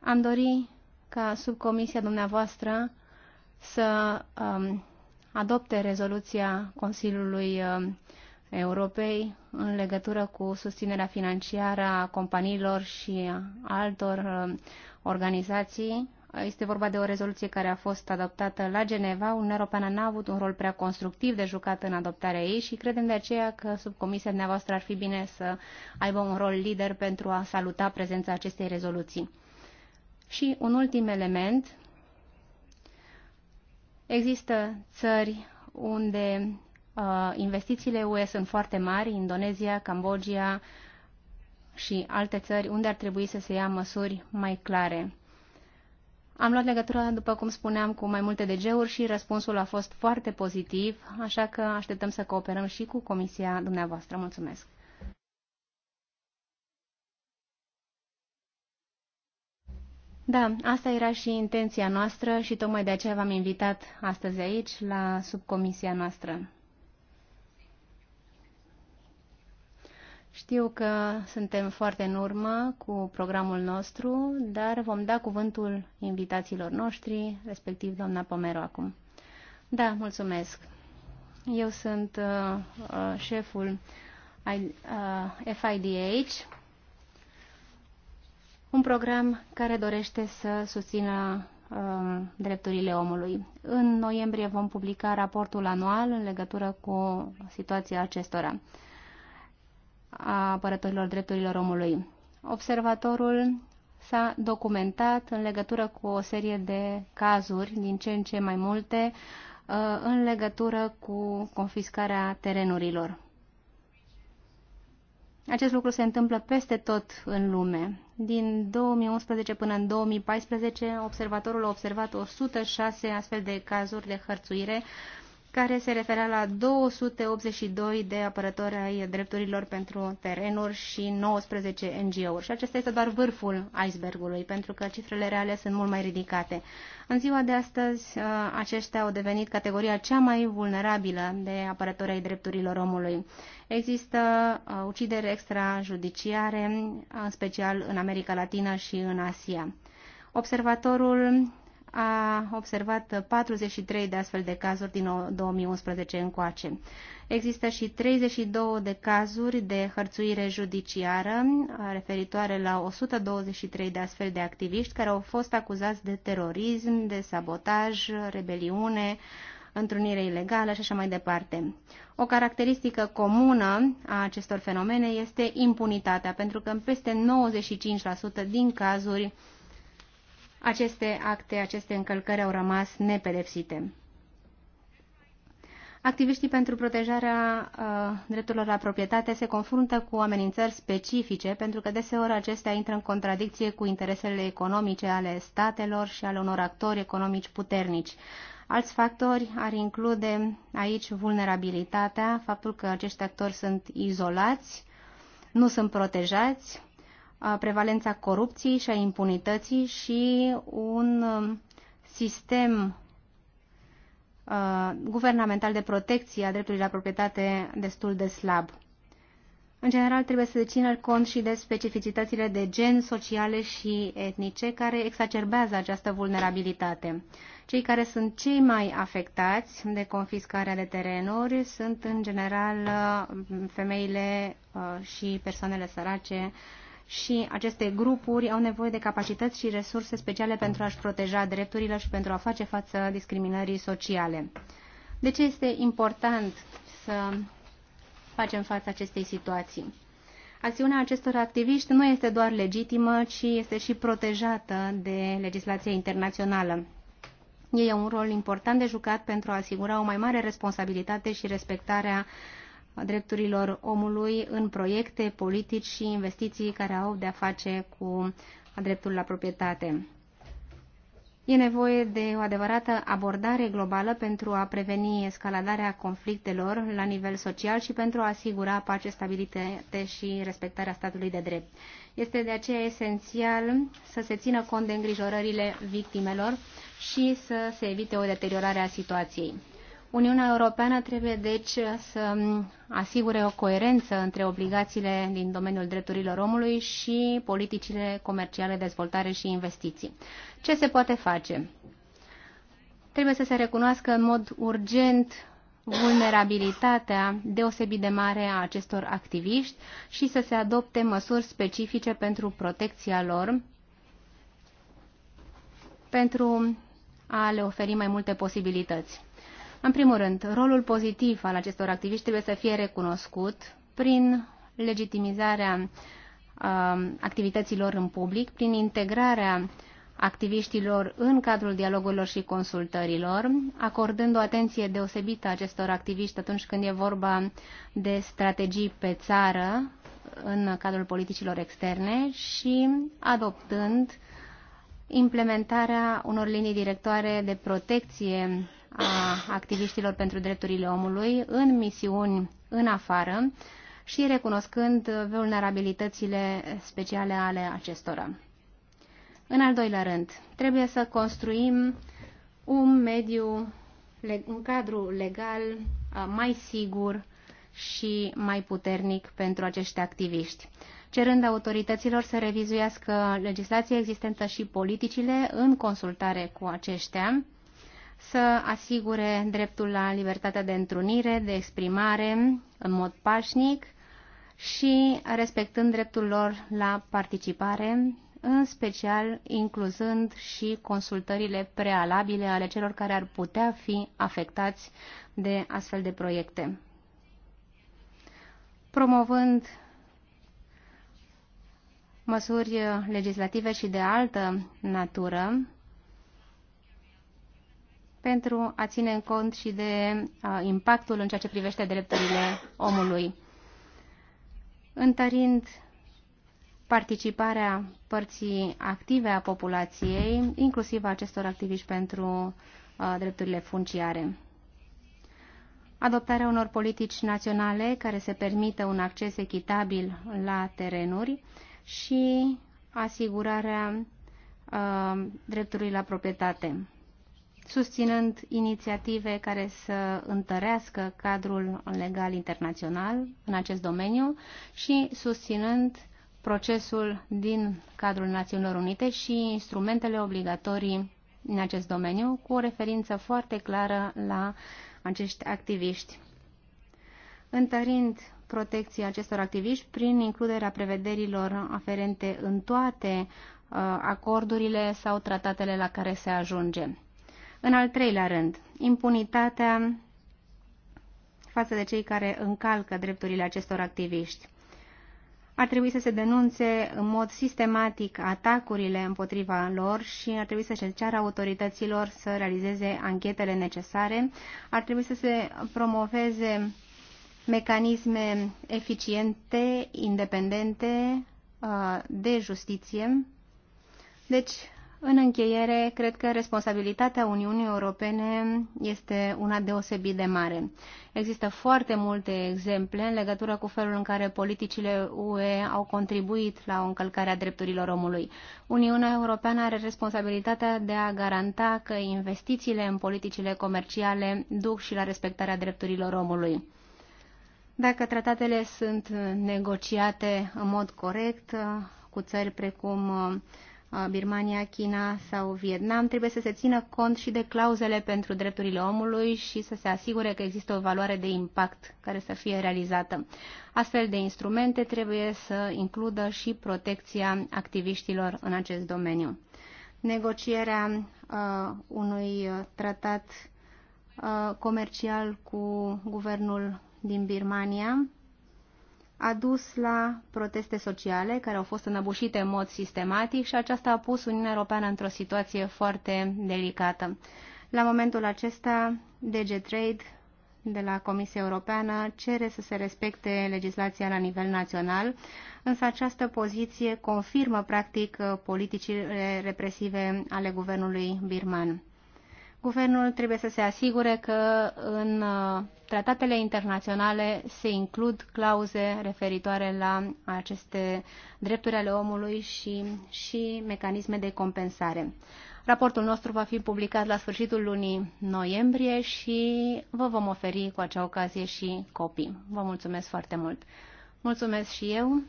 Am dori ca subcomisia dumneavoastră să um, adopte rezoluția Consiliului um, Europei în legătură cu susținerea financiară a companiilor și altor um, organizații este vorba de o rezoluție care a fost adoptată la Geneva. Uniunea Europeană n-a avut un rol prea constructiv de jucat în adoptarea ei și credem de aceea că sub comisia dumneavoastră ar fi bine să aibă un rol lider pentru a saluta prezența acestei rezoluții. Și un ultim element. Există țări unde uh, investițiile UE sunt foarte mari, Indonezia, Cambodgia și alte țări unde ar trebui să se ia măsuri mai clare am luat legătura, după cum spuneam, cu mai multe DG-uri și răspunsul a fost foarte pozitiv, așa că așteptăm să cooperăm și cu comisia dumneavoastră. Mulțumesc! Da, asta era și intenția noastră și tocmai de aceea v-am invitat astăzi aici la subcomisia noastră. Știu că suntem foarte în urmă cu programul nostru, dar vom da cuvântul invitațiilor noștri, respectiv doamna Pomero acum. Da, mulțumesc. Eu sunt uh, uh, șeful I, uh, FIDH, un program care dorește să susțină uh, drepturile omului. În noiembrie vom publica raportul anual în legătură cu situația acestora a apărătorilor drepturilor omului. Observatorul s-a documentat în legătură cu o serie de cazuri, din ce în ce mai multe, uh, în legătură cu confiscarea terenurilor. Acest lucru se întâmplă peste tot în lume. Din 2011 până în 2014, observatorul a observat 106 astfel de cazuri de hărțuire care se referea la 282 de apărători ai drepturilor pentru terenuri și 19 NGO-uri. Și acesta este doar vârful icebergului, pentru că cifrele reale sunt mult mai ridicate. În ziua de astăzi, uh, aceștia au devenit categoria cea mai vulnerabilă de apărători ai drepturilor omului. Există uh, ucideri extrajudiciare, în special în America Latină și în Asia. Observatorul a observat 43 de astfel de cazuri din 2011 încoace. Există și 32 de cazuri de hărțuire judiciară referitoare la 123 de astfel de activiști care au fost acuzați de terorism, de sabotaj, rebeliune, întrunire ilegală și așa mai departe. O caracteristică comună a acestor fenomene este impunitatea, pentru că în peste 95% din cazuri aceste acte, aceste încălcări au rămas nepedepsite. Activiștii pentru protejarea uh, drepturilor la proprietate se confruntă cu amenințări specifice, pentru că deseori acestea intră în contradicție cu interesele economice ale statelor și ale unor actori economici puternici. Alți factori ar include aici vulnerabilitatea, faptul că acești actori sunt izolați, nu sunt protejați prevalența corupției și a impunității și un um, sistem uh, guvernamental de protecție a dreptului la proprietate destul de slab. În general, trebuie să țină cont și de specificitățile de gen, sociale și etnice, care exacerbează această vulnerabilitate. Cei care sunt cei mai afectați de confiscarea de terenuri sunt, în general, uh, femeile uh, și persoanele sărace și aceste grupuri au nevoie de capacități și resurse speciale pentru a-și proteja drepturile și pentru a face față discriminării sociale. De ce este important să facem față acestei situații? Acțiunea acestor activiști nu este doar legitimă, ci este și protejată de legislația internațională. Ei au un rol important de jucat pentru a asigura o mai mare responsabilitate și respectarea uh, drepturilor omului în proiecte, politici și investiții care au de-a face cu dreptul la proprietate. E nevoie de o adevărată abordare globală pentru a preveni escaladarea conflictelor la nivel social și pentru a asigura pace, stabilitate și respectarea statului de drept. Este de aceea esențial să se țină cont de îngrijorările victimelor și să se evite o deteriorare a situației. Uniunea Europeană trebuie deci să asigure o coerență între obligațiile din domeniul drepturilor omului și politicile comerciale, dezvoltare și investiții. Ce se poate face? Trebuie să se recunoască în mod urgent vulnerabilitatea deosebit de mare a acestor activiști și să se adopte măsuri specifice pentru protecția lor, pentru a le oferi mai multe posibilități. În primul rând, rolul pozitiv al acestor activiști trebuie să fie recunoscut prin legitimizarea uh, activităților în public, prin integrarea activiștilor în cadrul dialogurilor și consultărilor, acordând o atenție deosebită acestor activiști atunci când e vorba de strategii pe țară în cadrul politicilor externe și adoptând implementarea unor linii directoare de protecție a activiștilor pentru drepturile omului în misiuni în afară și recunoscând vulnerabilitățile speciale ale acestora. În al doilea rând, trebuie să construim un mediu, un cadru legal mai sigur și mai puternic pentru acești activiști, cerând autorităților să revizuiască legislația existentă și politicile în consultare cu aceștia, să asigure dreptul la libertatea de întrunire, de exprimare în mod pașnic și respectând dreptul lor la participare, în special incluzând și consultările prealabile ale celor care ar putea fi afectați de astfel de proiecte. Promovând măsuri legislative și de altă natură, pentru a ține în cont și de uh, impactul în ceea ce privește drepturile omului, întărind participarea părții active a populației, inclusiv a acestor activiști pentru uh, drepturile funciare. Adoptarea unor politici naționale care se permită un acces echitabil la terenuri și asigurarea uh, dreptului la proprietate susținând inițiative care să întărească cadrul legal internațional în acest domeniu și susținând procesul din cadrul Națiunilor Unite și instrumentele obligatorii în acest domeniu, cu o referință foarte clară la acești activiști. Întărind protecția acestor activiști prin includerea prevederilor aferente în toate uh, acordurile sau tratatele la care se ajunge. În al treilea rând, impunitatea față de cei care încalcă drepturile acestor activiști. Ar trebui să se denunțe în mod sistematic atacurile împotriva lor și ar trebui să se ceară autorităților să realizeze anchetele necesare. Ar trebui să se promoveze mecanisme eficiente, independente uh, de justiție. Deci, în încheiere, cred că responsabilitatea Uniunii Europene este una deosebit de mare. Există foarte multe exemple în legătură cu felul în care politicile UE au contribuit la o încălcare a drepturilor omului. Uniunea Europeană are responsabilitatea de a garanta că investițiile în politicile comerciale duc și la respectarea drepturilor omului. Dacă tratatele sunt negociate în mod corect cu țări precum Birmania, China sau Vietnam, trebuie să se țină cont și de clauzele pentru drepturile omului și să se asigure că există o valoare de impact care să fie realizată. Astfel de instrumente trebuie să includă și protecția activiștilor în acest domeniu. Negocierea uh, unui tratat uh, comercial cu guvernul din Birmania a dus la proteste sociale care au fost înăbușite în mod sistematic și aceasta a pus Uniunea Europeană într-o situație foarte delicată. La momentul acesta, DG Trade de la Comisia Europeană cere să se respecte legislația la nivel național, însă această poziție confirmă practic politicile represive ale guvernului birman. Guvernul trebuie să se asigure că în uh, tratatele internaționale se includ clauze referitoare la aceste drepturi ale omului și, și mecanisme de compensare. Raportul nostru va fi publicat la sfârșitul lunii noiembrie și vă vom oferi cu acea ocazie și copii. Vă mulțumesc foarte mult! Mulțumesc și eu!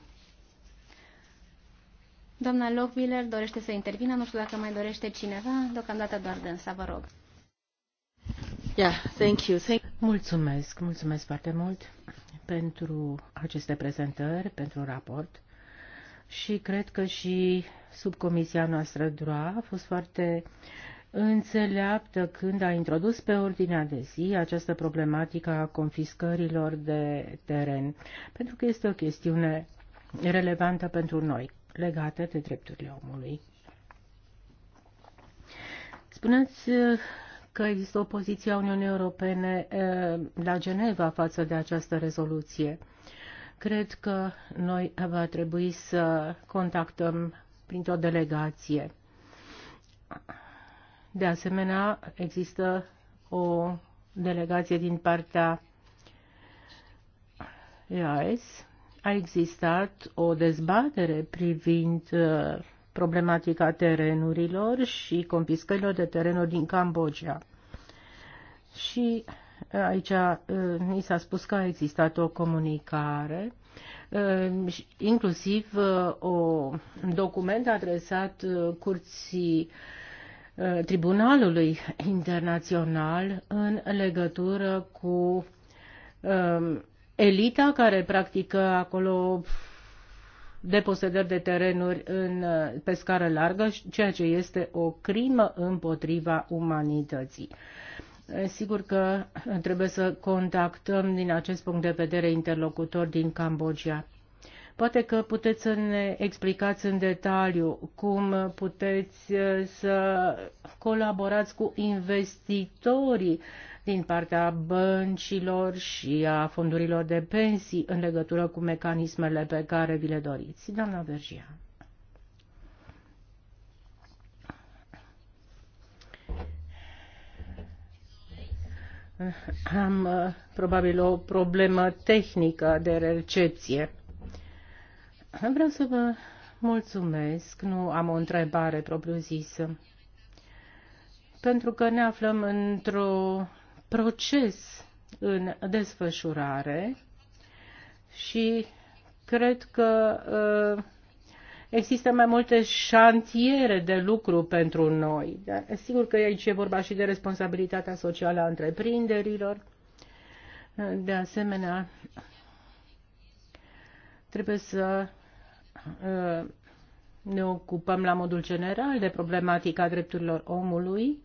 Doamna Lochbiller dorește să intervină, nu știu dacă mai dorește cineva, deocamdată doar dânsa, vă rog mulțumesc, mulțumesc foarte mult pentru aceste prezentări, pentru raport și cred că și subcomisia noastră DROA a fost foarte înțeleaptă când a introdus pe ordinea de zi această problematică a confiscărilor de teren, pentru că este o chestiune relevantă pentru noi, legată de drepturile omului. Spuneți că există o poziție a Uniunii Europene eh, la Geneva față de această rezoluție. Cred că noi va trebui să contactăm printr-o delegație. De asemenea, există o delegație din partea EAS. A existat o dezbatere privind eh, problematica terenurilor și confiscărilor de terenuri din Cambodgia. Și uh, aici mi uh, s-a spus că a existat o comunicare, uh, inclusiv o document adresat curții Tribunalului Internațional în legătură cu um, elita care practică acolo de posedări de terenuri în, uh, pe scară largă, ceea ce este o crimă împotriva umanității. Uh, sigur că uh, trebuie să contactăm din acest punct de vedere interlocutor din Cambodgia. Poate că puteți să ne explicați în detaliu cum puteți să colaborați cu investitorii din partea băncilor și a fondurilor de pensii în legătură cu mecanismele pe care vi le doriți. Doamna Vergia. Am uh, probabil o problemă tehnică de recepție. Vreau să vă mulțumesc, nu am o întrebare propriu-zisă, pentru că ne aflăm într-o proces în desfășurare și cred că uh, există mai multe șantiere de lucru pentru noi. Dar sigur că aici e vorba și de responsabilitatea socială a întreprinderilor. Uh, de asemenea, trebuie să uh, ne ocupăm la modul general de problematica drepturilor omului,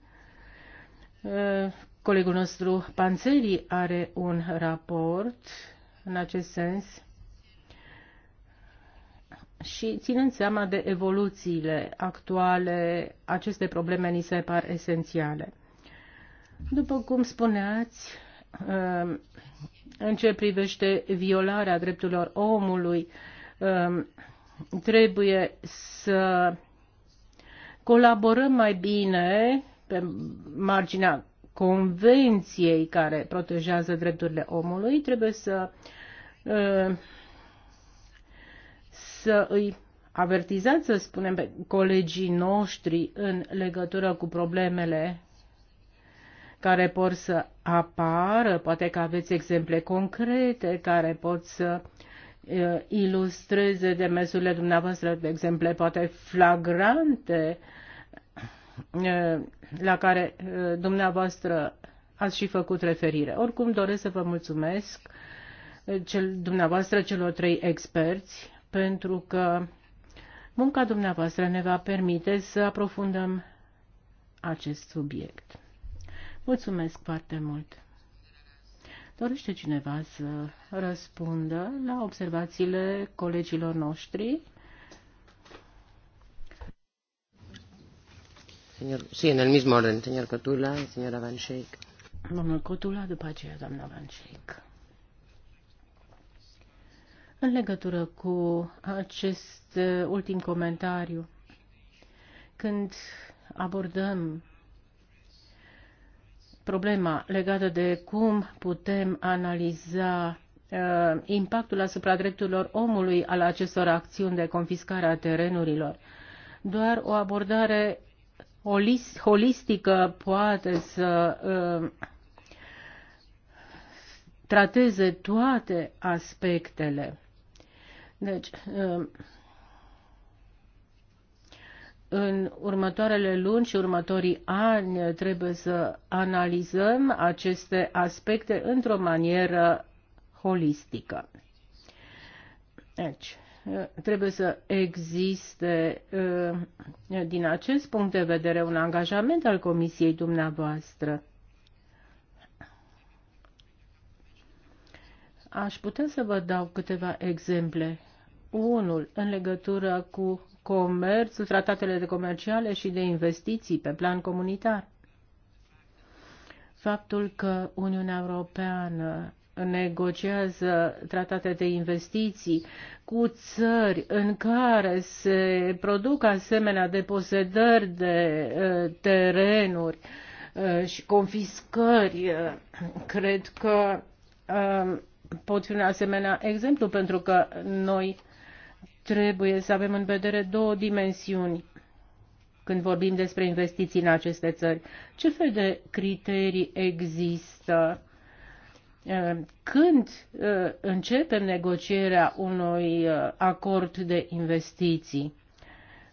Colegul nostru Panțeri are un raport în acest sens și ținând seama de evoluțiile actuale, aceste probleme ni se par esențiale. După cum spuneați, um, în ce privește violarea drepturilor omului, um, trebuie să colaborăm mai bine pe marginea convenției care protejează drepturile omului, trebuie să, să îi avertizați, să spunem, pe colegii noștri în legătură cu problemele care pot să apară, poate că aveți exemple concrete care pot să ilustreze demersurile dumneavoastră, de exemple poate flagrante, uh, la care dumneavoastră ați și făcut referire. Oricum doresc să vă mulțumesc cel, dumneavoastră celor trei experți pentru că munca dumneavoastră ne va permite să aprofundăm acest subiect. Mulțumesc foarte mult! Dorește cineva să răspundă la observațiile colegilor noștri? Señor, sí, en el mismo orden, señor Cotula y señora Van Sheik. Domnul Cotula, după aceea doamna Van Sheik. În legătură cu acest uh, ultim comentariu, când abordăm problema legată de cum putem analiza uh, impactul asupra drepturilor omului al acestor acțiuni de confiscare a terenurilor. Doar o abordare holistică poate să uh, trateze toate aspectele. Deci, uh, în următoarele luni și următorii ani trebuie să analizăm aceste aspecte într-o manieră holistică. Deci, Eh, trebuie să existe eh, din acest punct de vedere un angajament al comisiei dumneavoastră. Aș putea să vă dau câteva exemple. Unul în legătură cu comerțul, tratatele de comerciale și de investiții pe plan comunitar. Faptul că Uniunea Europeană negociază tratate de investiții cu țări în care se produc asemenea posedări de uh, terenuri uh, și confiscări, uh, cred că um, pot fi un asemenea exemplu, pentru că noi trebuie să avem în vedere două dimensiuni când vorbim despre investiții în aceste țări. Ce fel de criterii există Uh, când uh, începem negocierea unui uh, acord de investiții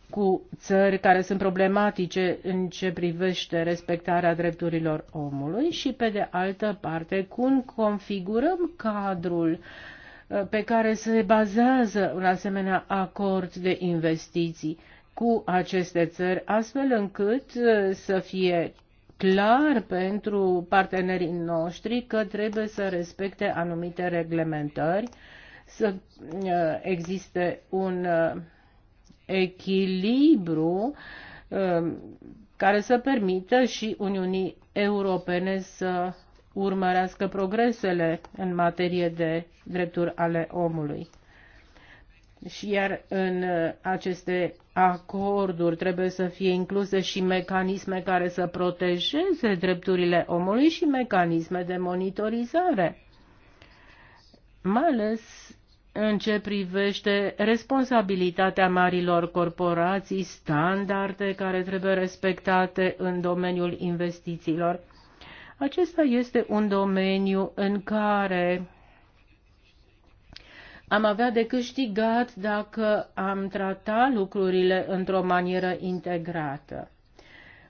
cu țări care sunt problematice în ce privește respectarea drepturilor omului și, pe de altă parte, cum configurăm cadrul pe care se bazează un asemenea acord de investiții cu aceste țări, astfel încât să fie clar pentru partenerii noștri că trebuie să respecte anumite reglementări, să uh, existe un uh, echilibru uh, care să permită și Uniunii Europene să urmărească progresele în materie de drepturi ale omului. Și iar în uh, aceste acorduri trebuie să fie incluse și mecanisme care să protejeze drepturile omului și mecanisme de monitorizare, mai ales în ce privește responsabilitatea marilor corporații, standarde care trebuie respectate în domeniul investițiilor. Acesta este un domeniu în care am avea de câștigat dacă am trata lucrurile într-o manieră integrată.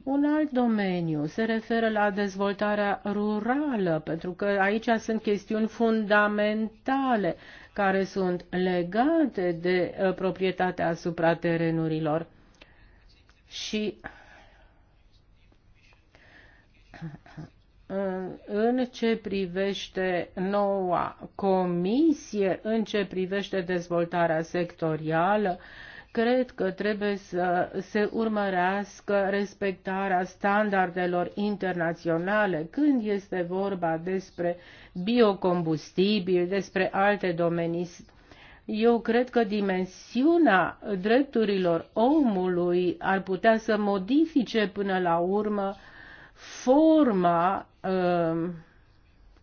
Un alt domeniu se referă la dezvoltarea rurală, pentru că aici sunt chestiuni fundamentale care sunt legate de uh, proprietatea asupra terenurilor. Și în ce privește noua comisie, în ce privește dezvoltarea sectorială, cred că trebuie să se urmărească respectarea standardelor internaționale când este vorba despre biocombustibil, despre alte domenii. Eu cred că dimensiunea drepturilor omului ar putea să modifice până la urmă uh, forma um,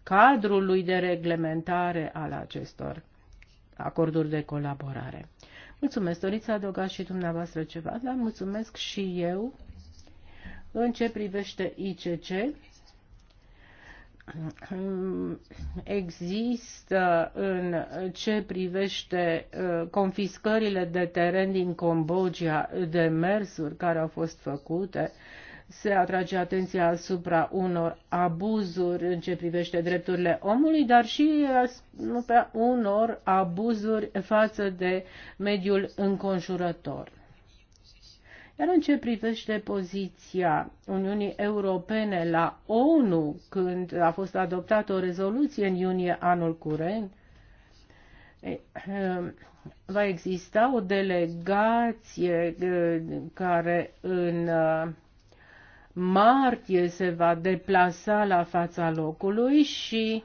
cadrului de reglementare al acestor acorduri de colaborare. Mulțumesc, doriți să adăugați și dumneavoastră ceva, dar mulțumesc și eu în ce privește ICC. Există în ce privește uh, confiscările de teren din Cambodgia de mersuri care au fost făcute se atrage atenția asupra unor abuzuri în ce privește drepturile omului, dar și asupra unor abuzuri față de mediul înconjurător. Iar în ce privește poziția Uniunii Europene la ONU, când a fost adoptată o rezoluție în iunie anul curent, um, va exista o delegație uh, care în uh, martie se va deplasa la fața locului și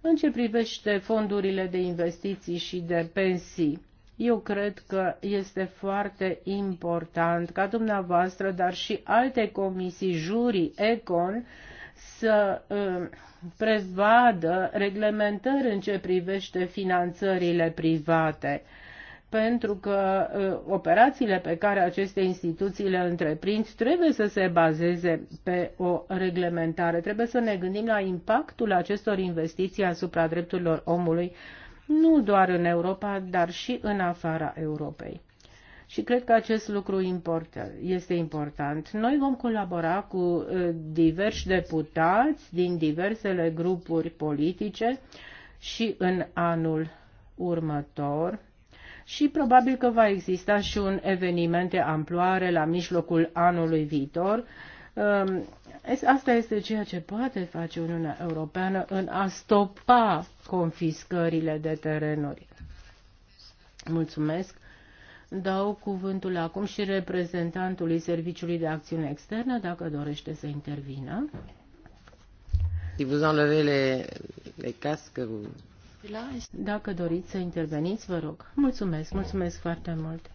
în ce privește fondurile de investiții și de pensii. Eu cred că este foarte important ca dumneavoastră, dar și alte comisii, jurii, ECON, să um, prevadă reglementări în ce privește finanțările private pentru că uh, operațiile pe care aceste instituții le întreprind trebuie să se bazeze pe o reglementare. Trebuie să ne gândim la impactul acestor investiții asupra drepturilor omului, nu doar în Europa, dar și în afara Europei. Și cred că acest lucru este important. Noi vom colabora cu uh, diversi deputați din diversele grupuri politice și în anul următor și probabil că va exista și un eveniment de amploare la mijlocul anului viitor. Um, asta este ceea ce poate face Uniunea Europeană în a stopa confiscările de terenuri. Mulțumesc. Dau cuvântul acum și reprezentantului Serviciului de Acțiune Externă, dacă dorește să intervină. Si vous enlevez les, les casques, vous dacă doriți să interveniți, vă rog. Mulțumesc, mulțumesc foarte mult.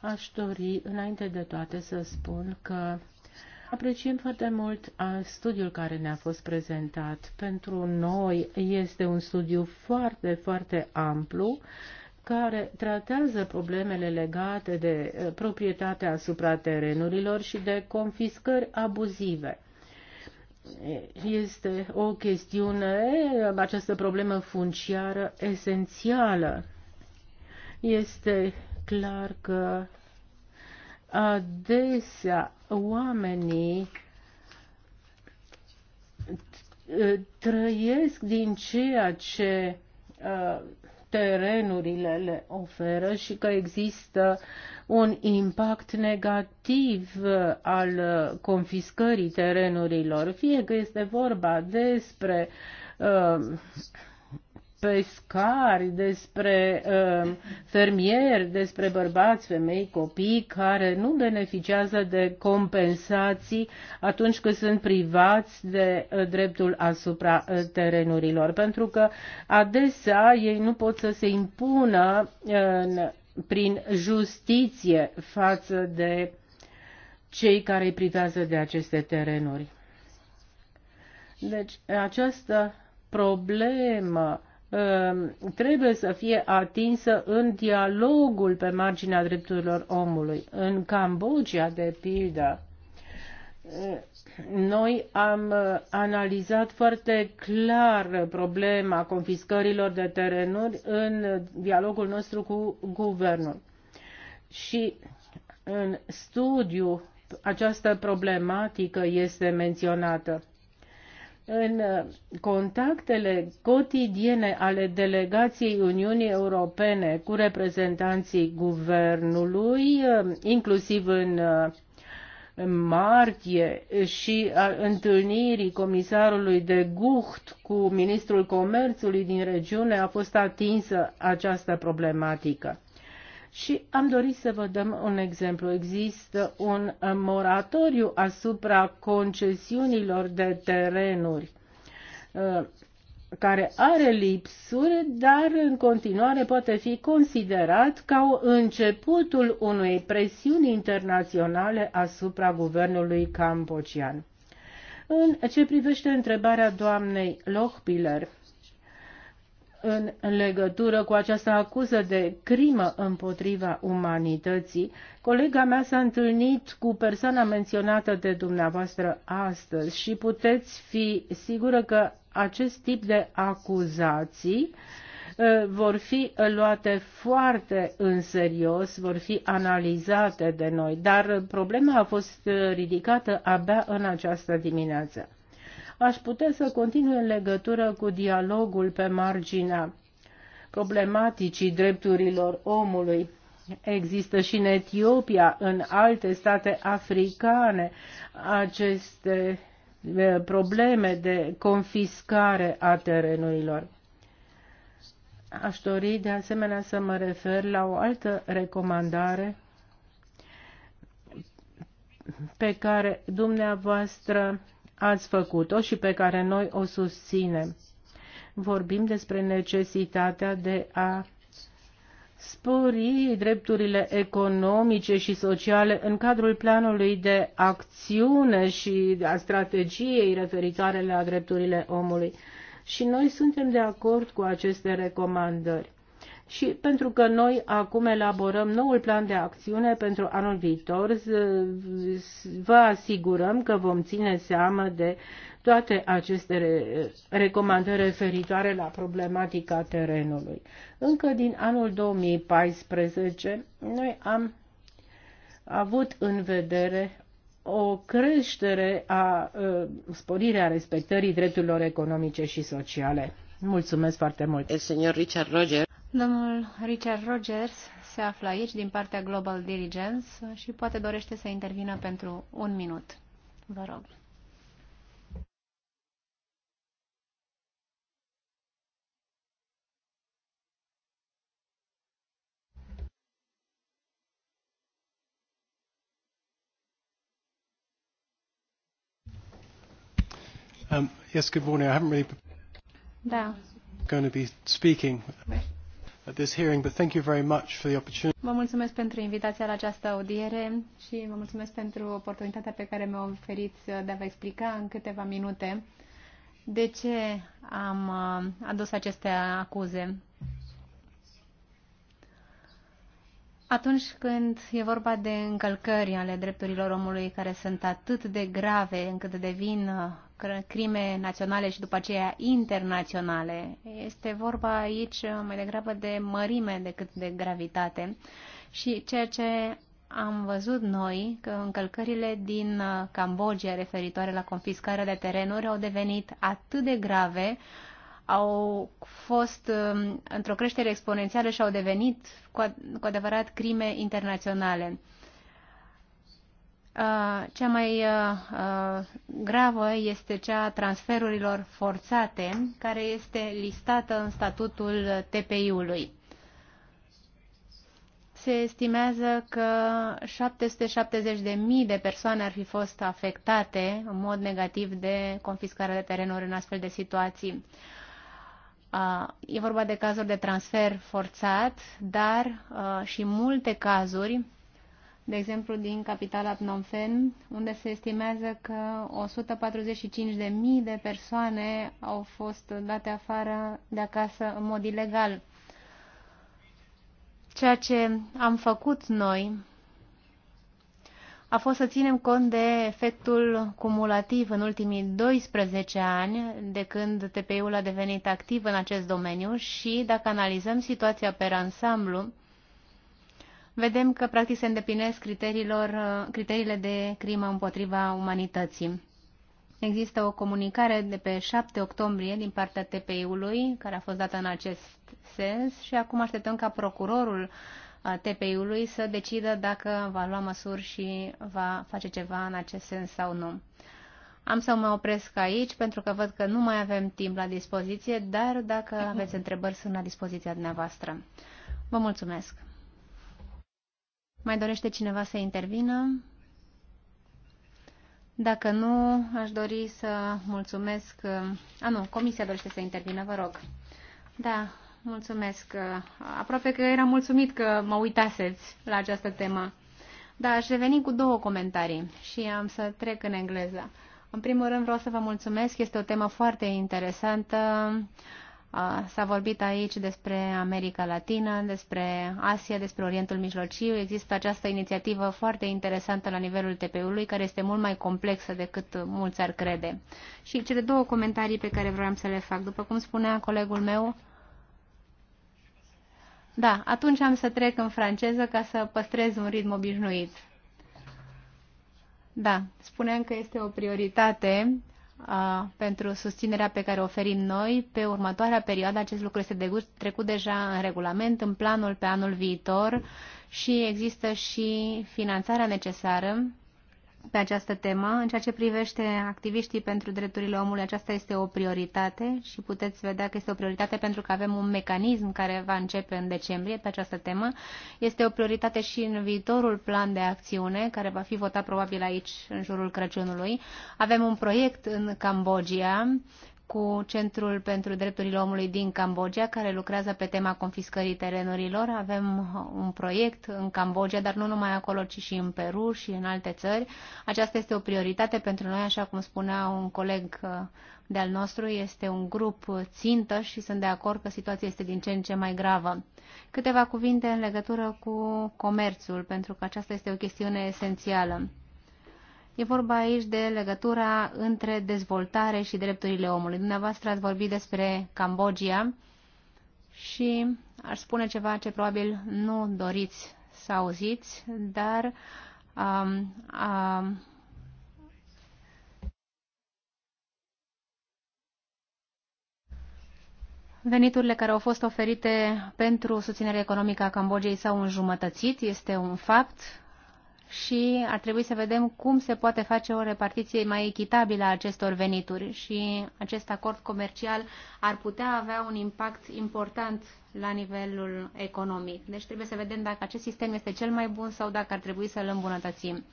Aș dori, înainte de toate, să spun că Apreciem foarte mult studiul care ne-a fost prezentat. Pentru noi este un studiu foarte, foarte amplu care tratează problemele legate de proprietatea asupra terenurilor și de confiscări abuzive este o chestiune, această problemă funciară esențială. Este clar că adesea oamenii uh, trăiesc din ceea ce uh, terenurile le oferă și că există un impact negativ al confiscării terenurilor, fie că este vorba despre uh, pescari, despre uh, fermieri, despre bărbați, femei, copii care nu beneficiază de compensații atunci când sunt privați de uh, dreptul asupra uh, terenurilor, pentru că adesea ei nu pot să se impună uh, prin justiție față de cei care îi privează de aceste terenuri. Deci această problemă Um, trebuie să fie atinsă în dialogul pe marginea drepturilor omului. În Cambodgia, de pildă, uh, noi am uh, analizat foarte clar problema confiscărilor de terenuri în dialogul nostru cu guvernul. Și în studiu această problematică este menționată în uh, contactele cotidiene ale delegației Uniunii Europene cu reprezentanții guvernului, uh, inclusiv uh, în martie și a întâlnirii comisarului de Gucht cu ministrul comerțului din regiune a fost atinsă această problematică. Și am dorit să vă dăm un exemplu. Există un moratoriu asupra concesiunilor de terenuri uh, care are lipsuri, dar în continuare poate fi considerat ca începutul unei presiuni internaționale asupra guvernului cambocian. În ce privește întrebarea doamnei Lochpiller, în legătură cu această acuză de crimă împotriva umanității, colega mea s-a întâlnit cu persoana menționată de dumneavoastră astăzi și puteți fi sigură că acest tip de acuzații uh, vor fi luate foarte în serios, vor fi analizate de noi, dar problema a fost uh, ridicată abia în această dimineață aș putea să continui în legătură cu dialogul pe marginea problematicii drepturilor omului. Există și în Etiopia, în alte state africane, aceste probleme de confiscare a terenurilor. Aș dori de asemenea să mă refer la o altă recomandare pe care dumneavoastră ați făcut-o și pe care noi o susținem. Vorbim despre necesitatea de a spori drepturile economice și sociale în cadrul planului de acțiune și a strategiei referitoare la drepturile omului. Și noi suntem de acord cu aceste recomandări și pentru că noi acum elaborăm noul plan de acțiune pentru anul viitor, vă asigurăm că vom ține seamă de toate aceste recomandări referitoare la problematica terenului. Încă din anul 2014, noi am avut în vedere o creștere a sporirea respectării drepturilor economice și sociale. Mulțumesc foarte mult. El Richard Roger. Domnul Richard Rogers se află aici din partea Global Diligence și poate dorește să intervină pentru un minut. Vă rog. Um, yes, good morning. I haven't really. Da. Going to be speaking at this hearing, but thank you very much for the opportunity. Vă mulțumesc pentru invitația la această audiere și vă mulțumesc pentru oportunitatea pe care mi-o oferiți de a vă explica în câteva minute de ce am uh, adus aceste acuze. Atunci când e vorba de încălcări ale drepturilor omului care sunt atât de grave încât devin uh, crime naționale și după aceea internaționale. Este vorba aici mai degrabă de mărime decât de gravitate. Și ceea ce am văzut noi că încălcările din uh, Cambodgia referitoare la confiscarea de terenuri au devenit atât de grave, au fost um, într-o creștere exponențială și au devenit cu adevărat crime internaționale. Uh, cea mai uh, uh, gravă este cea a transferurilor forțate, care este listată în statutul TPI-ului. Se estimează că 770.000 de persoane ar fi fost afectate în mod negativ de confiscarea de terenuri în astfel de situații. E vorba de cazuri de transfer forțat, dar și multe cazuri de exemplu din capitala Phnom Penh, unde se estimează că 145.000 de persoane au fost date afară de acasă în mod ilegal. Ceea ce am făcut noi a fost să ținem cont de efectul cumulativ în ultimii 12 ani, de când TPI-ul a devenit activ în acest domeniu și, dacă analizăm situația pe ansamblu, vedem că practic se îndeplinesc criteriilor, uh, criteriile de crimă împotriva umanității. Există o comunicare de pe 7 octombrie din partea TPI-ului, care a fost dată în acest sens și acum așteptăm ca procurorul uh, TPI-ului să decidă dacă va lua măsuri și va face ceva în acest sens sau nu. Am să mă opresc aici pentru că văd că nu mai avem timp la dispoziție, dar dacă aveți întrebări, sunt la dispoziția dumneavoastră. Vă mulțumesc! Mai dorește cineva să intervină? Dacă nu, aș dori să mulțumesc... A, nu, comisia dorește să intervină, vă rog. Da, mulțumesc. Aproape că era mulțumit că mă uitaseți la această temă. Da, aș reveni cu două comentarii și am să trec în engleză. În primul rând vreau să vă mulțumesc, este o temă foarte interesantă S-a vorbit aici despre America Latină, despre Asia, despre Orientul Mijlociu. Există această inițiativă foarte interesantă la nivelul TPU-ului, care este mult mai complexă decât mulți ar crede. Și cele două comentarii pe care vreau să le fac. După cum spunea colegul meu, da, atunci am să trec în franceză ca să păstrez un ritm obișnuit. Da, spuneam că este o prioritate pentru susținerea pe care o oferim noi pe următoarea perioadă. Acest lucru este trecut deja în regulament, în planul pe anul viitor și există și finanțarea necesară pe această temă. În ceea ce privește activiștii pentru drepturile omului, aceasta este o prioritate și puteți vedea că este o prioritate pentru că avem un mecanism care va începe în decembrie pe această temă. Este o prioritate și în viitorul plan de acțiune, care va fi votat probabil aici în jurul Crăciunului. Avem un proiect în Cambodgia cu Centrul pentru Drepturile Omului din Cambodgia, care lucrează pe tema confiscării terenurilor. Avem un proiect în Cambodgia, dar nu numai acolo, ci și în Peru și în alte țări. Aceasta este o prioritate pentru noi, așa cum spunea un coleg uh, de-al nostru, este un grup țintă și sunt de acord că situația este din ce în ce mai gravă. Câteva cuvinte în legătură cu comerțul, pentru că aceasta este o chestiune esențială. E vorba aici de legătura între dezvoltare și drepturile omului. Dumneavoastră ați vorbit despre Cambodgia și aș spune ceva ce probabil nu doriți să auziți, dar um, um, Veniturile care au fost oferite pentru susținerea economică a Cambodgiei s-au înjumătățit, este un fapt și ar trebui să vedem cum se poate face o repartiție mai echitabilă a acestor venituri și acest acord comercial ar putea avea un impact important la nivelul economic. Deci trebuie să vedem dacă acest sistem este cel mai bun sau dacă ar trebui să îl îmbunătățim.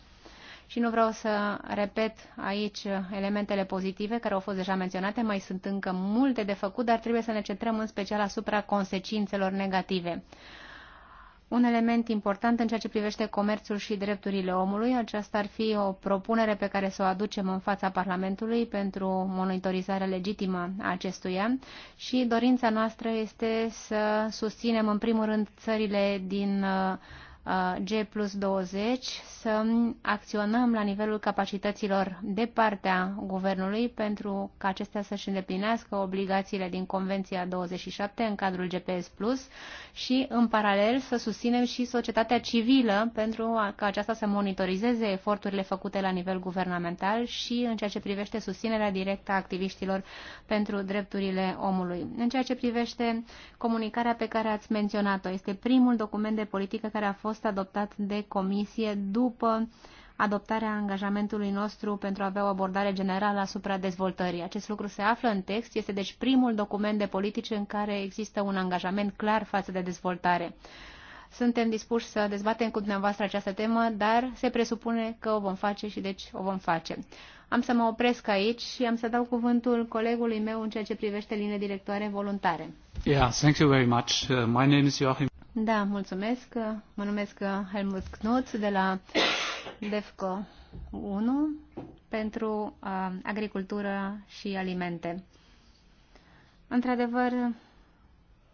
Și nu vreau să repet aici elementele pozitive care au fost deja menționate, mai sunt încă multe de făcut, dar trebuie să ne centrăm în special asupra consecințelor negative un element important în ceea ce privește comerțul și drepturile omului. Aceasta ar fi o propunere pe care să o aducem în fața Parlamentului pentru monitorizarea legitimă a acestuia și dorința noastră este să susținem în primul rând țările din uh, G plus 20 să acționăm la nivelul capacităților de partea guvernului pentru ca acestea să-și îndeplinească obligațiile din Convenția 27 în cadrul GPS plus și în paralel să susținem și societatea civilă pentru ca aceasta să monitorizeze eforturile făcute la nivel guvernamental și în ceea ce privește susținerea directă a activiștilor pentru drepturile omului. În ceea ce privește comunicarea pe care ați menționat-o, este primul document de politică care a fost fost adoptat de comisie după adoptarea angajamentului nostru pentru a avea o abordare generală asupra dezvoltării. Acest lucru se află în text, este deci primul document de politici în care există un angajament clar față de dezvoltare. Suntem dispuși să dezbatem cu dumneavoastră această temă, dar se presupune că o vom face și deci o vom face. Am să mă opresc aici și am să dau cuvântul colegului meu în ceea ce privește linie directoare voluntare. Yeah, thank you very much. Uh, my name is Joachim. Da, mulțumesc. Mă numesc Helmut Knut de la DEFCO 1 pentru agricultură și alimente. Într-adevăr,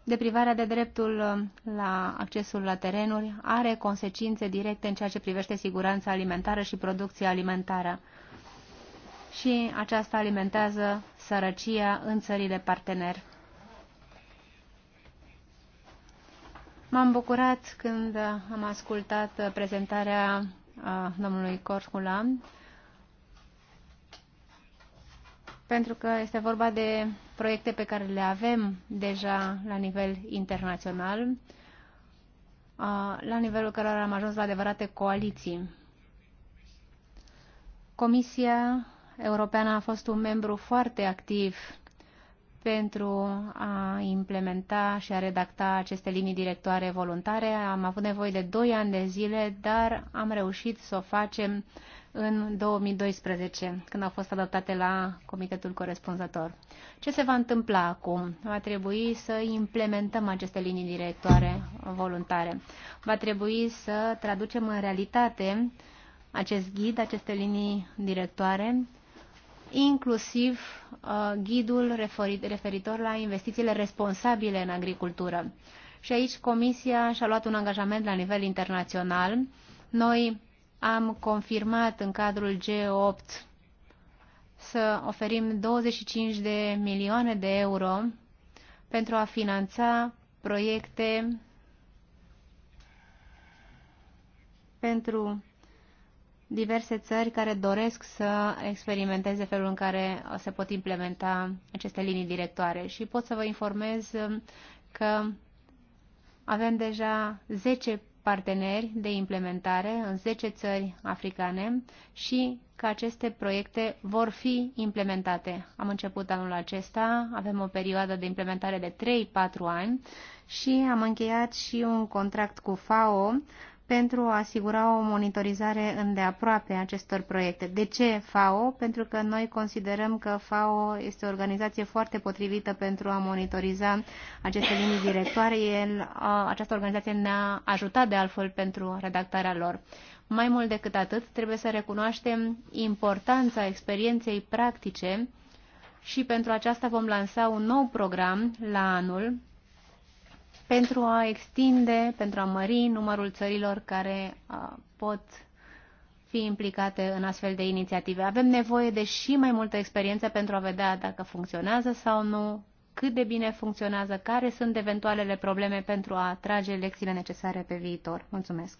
deprivarea de dreptul la accesul la terenuri are consecințe directe în ceea ce privește siguranța alimentară și producția alimentară. Și aceasta alimentează sărăcia în țările partener. M-am bucurat când am ascultat prezentarea domnului Corcula, pentru că este vorba de proiecte pe care le avem deja la nivel internațional, la nivelul cărora am ajuns la adevărate coaliții. Comisia Europeană a fost un membru foarte activ pentru a implementa și a redacta aceste linii directoare voluntare. Am avut nevoie de 2 ani de zile, dar am reușit să o facem în 2012, când au fost adoptate la comitetul corespunzător. Ce se va întâmpla acum? Va trebui să implementăm aceste linii directoare voluntare. Va trebui să traducem în realitate acest ghid, aceste linii directoare inclusiv uh, ghidul referitor la investițiile responsabile în agricultură. Și aici Comisia și-a luat un angajament la nivel internațional. Noi am confirmat în cadrul G8 să oferim 25 de milioane de euro pentru a finanța proiecte pentru diverse țări care doresc să experimenteze felul în care se pot implementa aceste linii directoare. Și pot să vă informez um, că avem deja 10 parteneri de implementare în 10 țări africane și că aceste proiecte vor fi implementate. Am început anul acesta, avem o perioadă de implementare de 3-4 ani și am încheiat și un contract cu FAO pentru a asigura o monitorizare îndeaproape a acestor proiecte. De ce FAO? Pentru că noi considerăm că FAO este o organizație foarte potrivită pentru a monitoriza aceste linii directoare. El, această organizație ne-a ajutat de altfel pentru redactarea lor. Mai mult decât atât, trebuie să recunoaștem importanța experienței practice și pentru aceasta vom lansa un nou program la anul pentru a extinde, pentru a mări numărul țărilor care pot fi implicate în astfel de inițiative. Avem nevoie de și mai multă experiență pentru a vedea dacă funcționează sau nu, cât de bine funcționează, care sunt eventualele probleme pentru a trage lecțiile necesare pe viitor. Mulțumesc!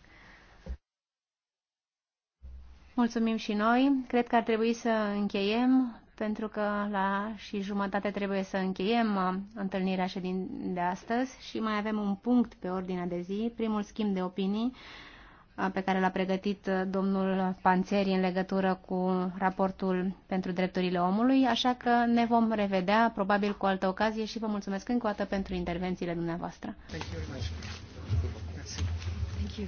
Mulțumim și noi. Cred că ar trebui să încheiem pentru că la și jumătate trebuie să încheiem uh, întâlnirea ședin de astăzi și mai avem un punct pe ordinea de zi, primul schimb de opinii uh, pe care l-a pregătit uh, domnul Panțeri în legătură cu raportul pentru drepturile omului, așa că ne vom revedea probabil cu altă ocazie și vă mulțumesc încă o dată pentru intervențiile dumneavoastră. Thank you very much. Thank you.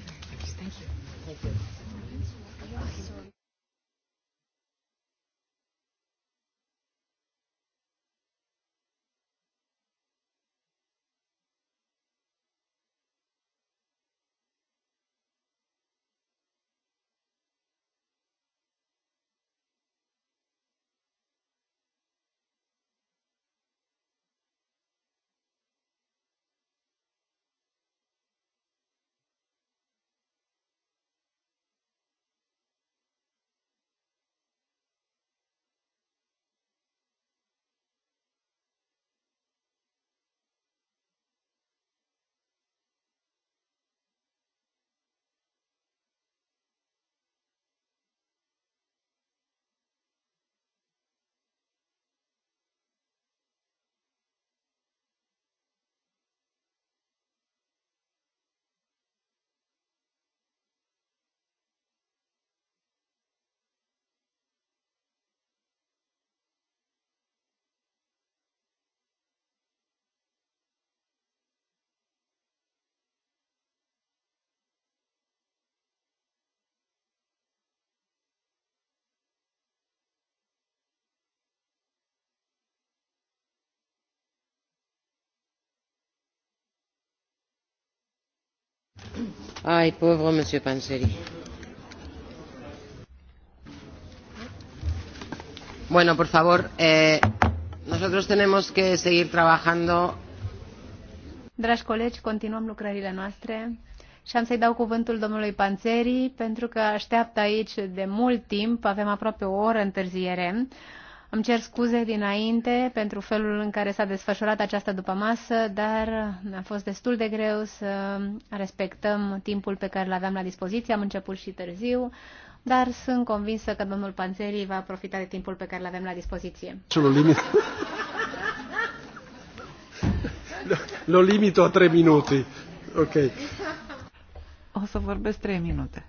Ai, pauvre monsieur Panzeri. Bueno, por favor, eh, nosotros tenemos que seguir trabajando. Dragi colegi, continuăm lucrările noastre și am să-i dau cuvântul domnului Panzeri pentru că așteaptă aici de mult timp, avem aproape o oră întârziere. Îmi cer scuze dinainte pentru felul în care s-a desfășurat această dupămasă, dar a fost destul de greu să respectăm timpul pe care îl aveam la dispoziție. Am început și târziu, dar sunt convinsă că domnul Panțeri va profita de timpul pe care îl avem la dispoziție. Lo, limit... lo limito a trei minute. Ok. O să vorbesc trei minute.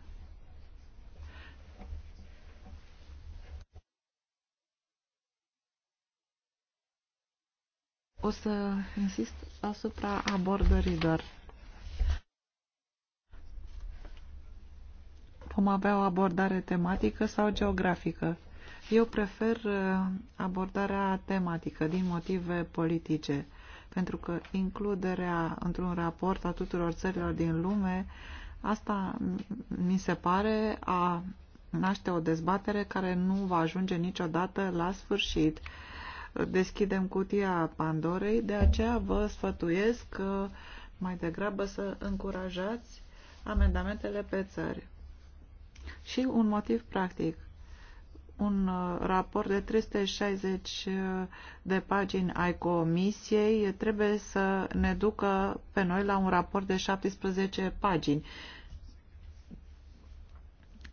O să insist asupra abordărilor. Vom avea o abordare tematică sau geografică? Eu prefer uh, abordarea tematică din motive politice, pentru că includerea într-un raport a tuturor țărilor din lume, asta mi se pare a naște o dezbatere care nu va ajunge niciodată la sfârșit deschidem cutia Pandorei, de aceea vă sfătuiesc uh, mai degrabă să încurajați amendamentele pe țări. Și un motiv practic. Un uh, raport de 360 uh, de pagini ai comisiei trebuie să ne ducă pe noi la un raport de 17 pagini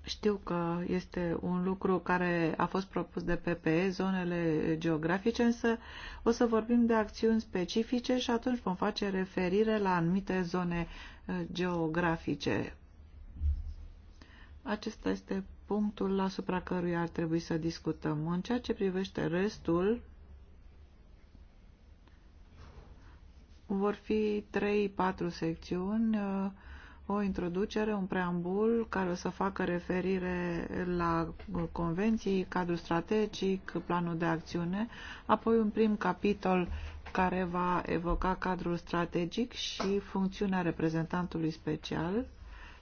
știu că este un lucru care a fost propus de PPE, zonele geografice, însă o să vorbim de acțiuni specifice și atunci vom face referire la anumite zone uh, geografice. Acesta este punctul asupra căruia ar trebui să discutăm. În ceea ce privește restul, vor fi 3-4 secțiuni uh, o introducere, un preambul care o să facă referire la convenții, cadrul strategic, planul de acțiune, apoi un prim capitol care va evoca cadrul strategic și funcțiunea reprezentantului special,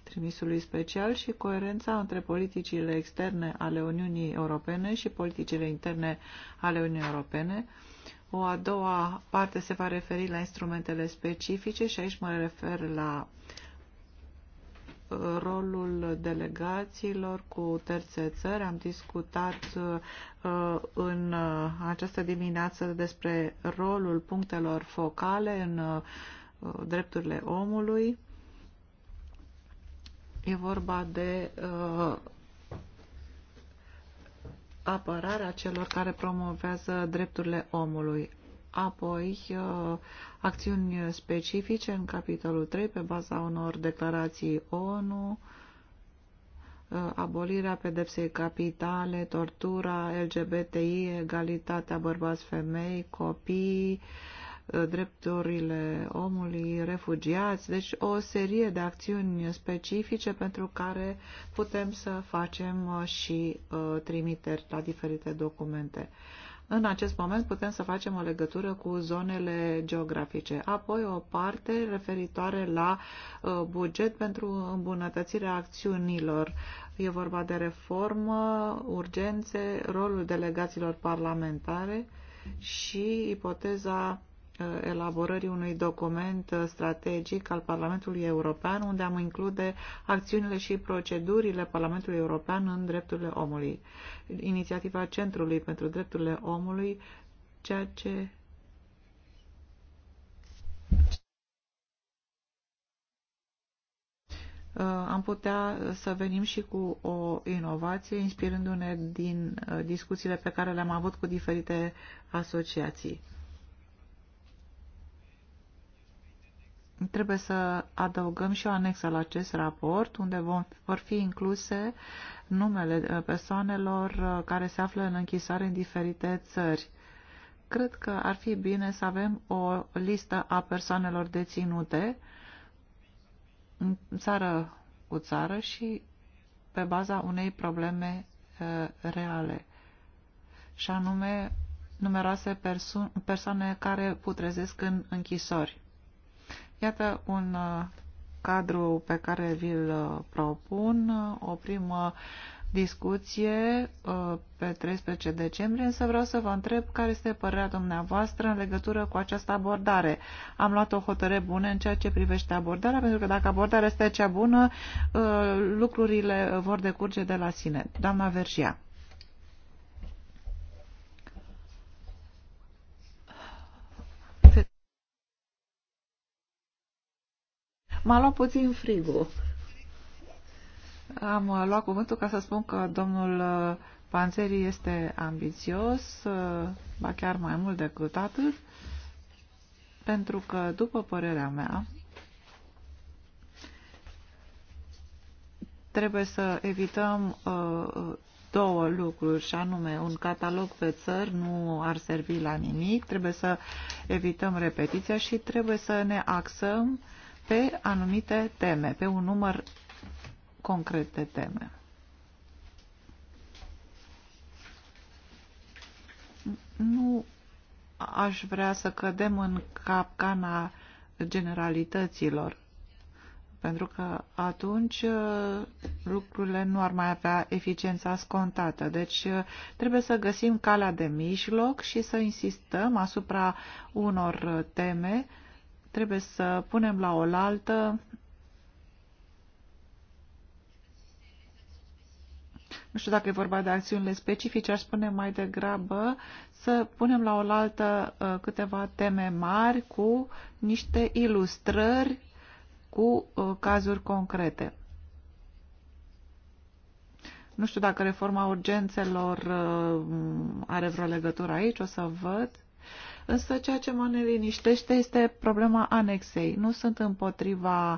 trimisului special și coerența între politicile externe ale Uniunii Europene și politicile interne ale Uniunii Europene. O a doua parte se va referi la instrumentele specifice și aici mă refer la uh, rolul delegațiilor cu terțe țări. Am discutat uh, în uh, această dimineață despre rolul punctelor focale în uh, drepturile omului. E vorba de apărarea celor care promovează drepturile omului apoi uh, acțiuni specifice în capitolul 3 pe baza unor declarații ONU, uh, abolirea pedepsei capitale, tortura, LGBTI, egalitatea bărbați-femei, copii, uh, drepturile omului, refugiați, deci o serie de acțiuni specifice pentru care putem să facem și trimiteri la diferite documente. În acest moment putem să facem o legătură cu zonele geografice. Apoi o parte referitoare la uh, buget pentru îmbunătățirea acțiunilor. E vorba de reformă, urgențe, rolul delegaților parlamentare și ipoteza elaborării unui document strategic al Parlamentului European, unde am include acțiunile și procedurile Parlamentului European în drepturile omului. Inițiativa Centrului pentru Drepturile Omului, ceea ce uh, am putea să venim și cu o inovație, inspirându-ne din uh, discuțiile pe care le-am avut cu diferite asociații. trebuie să adăugăm și o anexă la acest raport, unde vom, vor fi incluse numele uh, persoanelor uh, care se află în închisoare în diferite țări. Cred că ar fi bine să avem o listă a persoanelor deținute, țară cu țară și pe baza unei probleme uh, reale, și anume numeroase perso persoane care putrezesc în închisori. Iată un uh, cadru pe care vi-l uh, propun, uh, o primă discuție pe 13 decembrie, însă vreau să vă întreb care este părerea dumneavoastră în legătură cu această abordare. Am luat o hotărâre bună în ceea ce privește abordarea, pentru că dacă abordarea este cea bună, lucrurile vor decurge de la sine. Doamna Verșia. M-a luat puțin frigul. Am uh, luat cuvântul ca să spun că domnul uh, Panzeri este ambițios, uh, ba chiar mai mult decât atât, pentru că, după părerea mea, trebuie să evităm uh, două lucruri, și anume un catalog pe țări nu ar servi la nimic, trebuie să evităm repetiția și trebuie să ne axăm uh, pe anumite teme, pe un număr concret de teme. Nu aș vrea să cădem în capcana generalităților, pentru că atunci uh, lucrurile nu ar mai avea eficiența scontată. Deci uh, trebuie să găsim calea de mijloc și să insistăm asupra unor uh, teme Trebuie să punem la oaltă nu știu dacă e vorba de acțiunile specifice, aș spune mai degrabă să punem la oaltă uh, câteva teme mari cu niște ilustrări cu uh, cazuri concrete. Nu știu dacă reforma urgențelor uh, are vreo legătură aici, o să văd. Însă ceea ce mă neliniștește este problema anexei. Nu sunt împotriva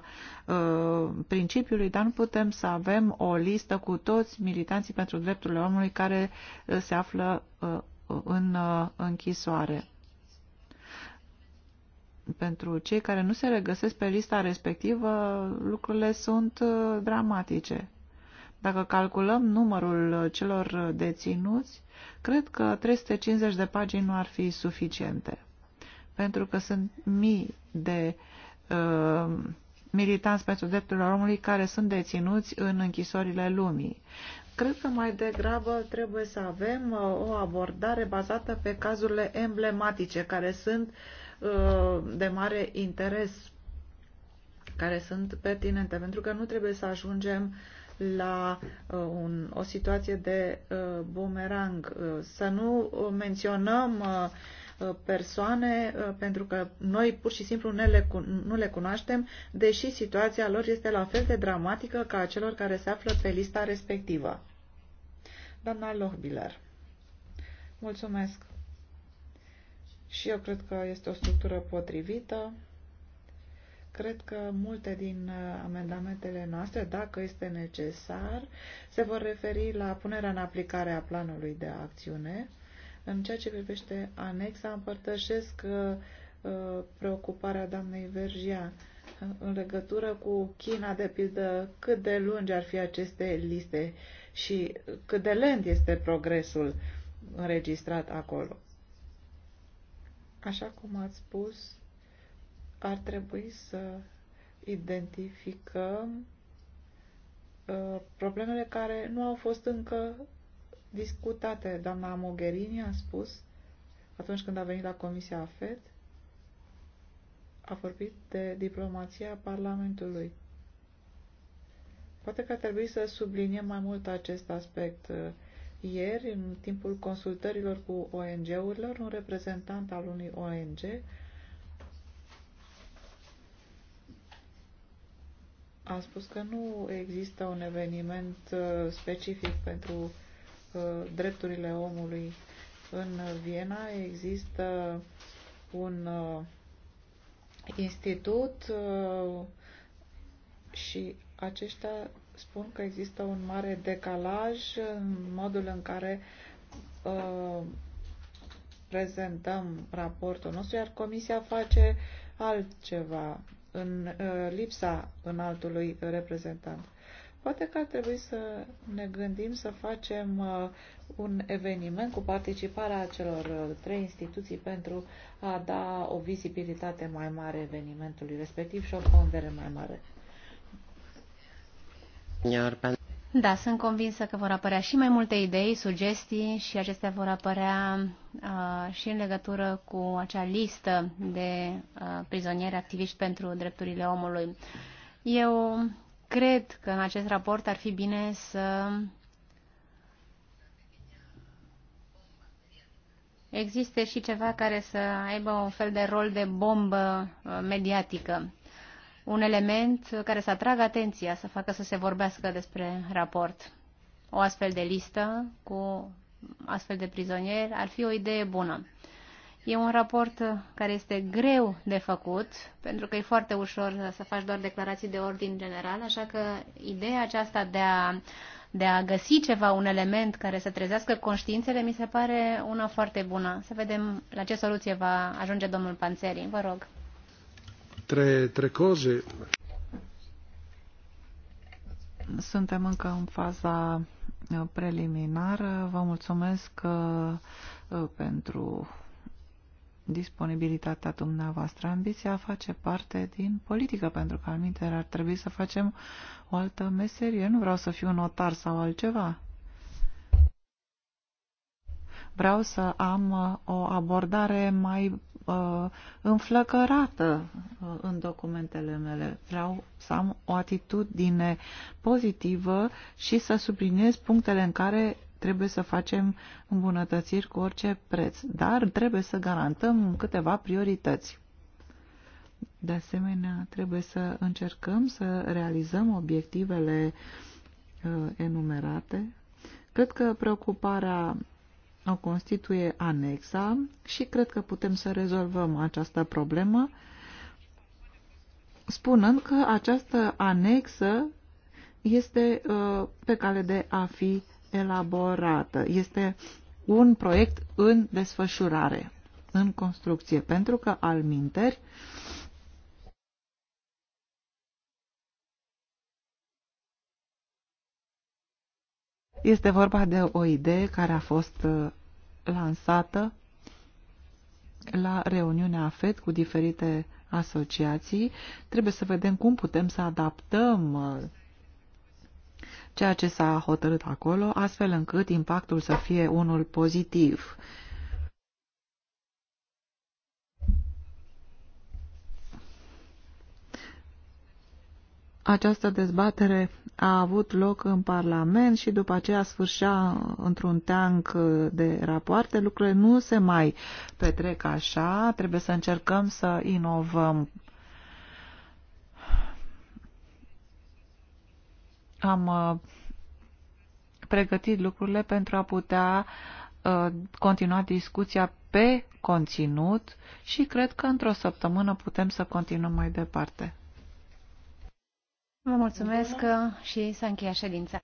uh, principiului, dar nu putem să avem o listă cu toți militanții pentru drepturile omului care uh, se află uh, uh în uh, închisoare. Pentru cei care nu se regăsesc pe lista respectivă, lucrurile sunt uh, dramatice dacă calculăm numărul celor deținuți, cred că 350 de pagini nu ar fi suficiente, pentru că sunt mii de uh, militanți pentru drepturile omului care sunt deținuți în închisorile lumii. Cred că mai degrabă trebuie să avem uh, o abordare bazată pe cazurile emblematice, care sunt uh, de mare interes, care sunt pertinente, pentru că nu trebuie să ajungem uh, la uh, un, o situație de uh, bumerang. Uh, să nu menționăm uh, uh persoane uh, pentru că noi pur și simplu ne le, nu le cunoaștem, deși situația lor este la fel de dramatică ca a celor care se află pe lista respectivă. Doamna Lohbiller, mulțumesc. Și eu cred că este o structură potrivită. Cred că multe din uh, amendamentele noastre, dacă este necesar, se vor referi la punerea în aplicare a planului de acțiune. În ceea ce privește anexa, împărtășesc uh, uh, preocuparea doamnei Vergia în legătură cu China, de pildă, cât de lungi ar fi aceste liste și cât de lent este progresul înregistrat acolo. Așa cum ați spus, ar trebui să identificăm uh, problemele care nu au fost încă discutate. Doamna Mogherini a spus, atunci când a venit la Comisia AFET, a vorbit de diplomația Parlamentului. Poate că ar trebui să subliniem mai mult acest aspect. Ieri, în timpul consultărilor cu ONG-urilor, un reprezentant al unui ONG am spus că nu există un eveniment uh, specific pentru uh, drepturile omului în Viena. Există un uh, institut și aceștia spun că există un mare decalaj în modul în care prezentăm raportul nostru, iar Comisia face altceva în uh, lipsa înaltului reprezentant. Poate că ar trebui să ne gândim să facem uh, un eveniment cu participarea celor uh, trei instituții pentru a da o vizibilitate mai mare evenimentului respectiv și o pondere mai mare. Iar pentru da, sunt convinsă că vor apărea și mai multe idei, sugestii și acestea vor apărea uh, și în legătură cu acea listă de uh, prizonieri activiști pentru drepturile omului. Eu cred că în acest raport ar fi bine să existe și ceva care să aibă un fel de rol de bombă uh, mediatică un element care să atragă atenția, să facă să se vorbească despre raport. O astfel de listă cu astfel de prizonieri ar fi o idee bună. E un raport care este greu de făcut, pentru că e foarte ușor să faci doar declarații de ordin general, așa că ideea aceasta de a, de a găsi ceva, un element care să trezească conștiințele, mi se pare una foarte bună. Să vedem la ce soluție va ajunge domnul Panțeri. Vă rog tre, tre cose. Suntem încă în faza uh, preliminară. Vă mulțumesc uh, uh, pentru disponibilitatea dumneavoastră. Ambiția face parte din politică, pentru că aminte ar trebui să facem o altă meserie. nu vreau să fiu notar sau altceva. Vreau să am o abordare mai uh, înflăcărată uh, în documentele mele. Vreau să am o atitudine pozitivă și să subliniez punctele în care trebuie să facem îmbunătățiri cu orice preț, dar trebuie să garantăm câteva priorități. De asemenea, trebuie să încercăm să realizăm obiectivele uh, enumerate. Cred că preocuparea o constituie anexa și cred că putem să rezolvăm această problemă spunând că această anexă este uh, pe cale de a fi elaborată. Este un proiect în desfășurare, în construcție, pentru că al minteri, uh, Este vorba de o idee care a fost uh, lansată la reuniunea AFET cu diferite asociații. Trebuie să vedem cum putem să adaptăm uh, ceea ce s-a hotărât acolo, astfel încât impactul să fie unul pozitiv Această dezbatere a avut loc în Parlament și după aceea sfârșea într-un teanc de rapoarte. Lucrurile nu se mai petrec așa, trebuie să încercăm să inovăm. Am uh, pregătit lucrurile pentru a putea uh, continua discuția pe conținut și cred că într-o săptămână putem să continuăm mai departe. Vă mulțumesc și s-a încheiat ședința.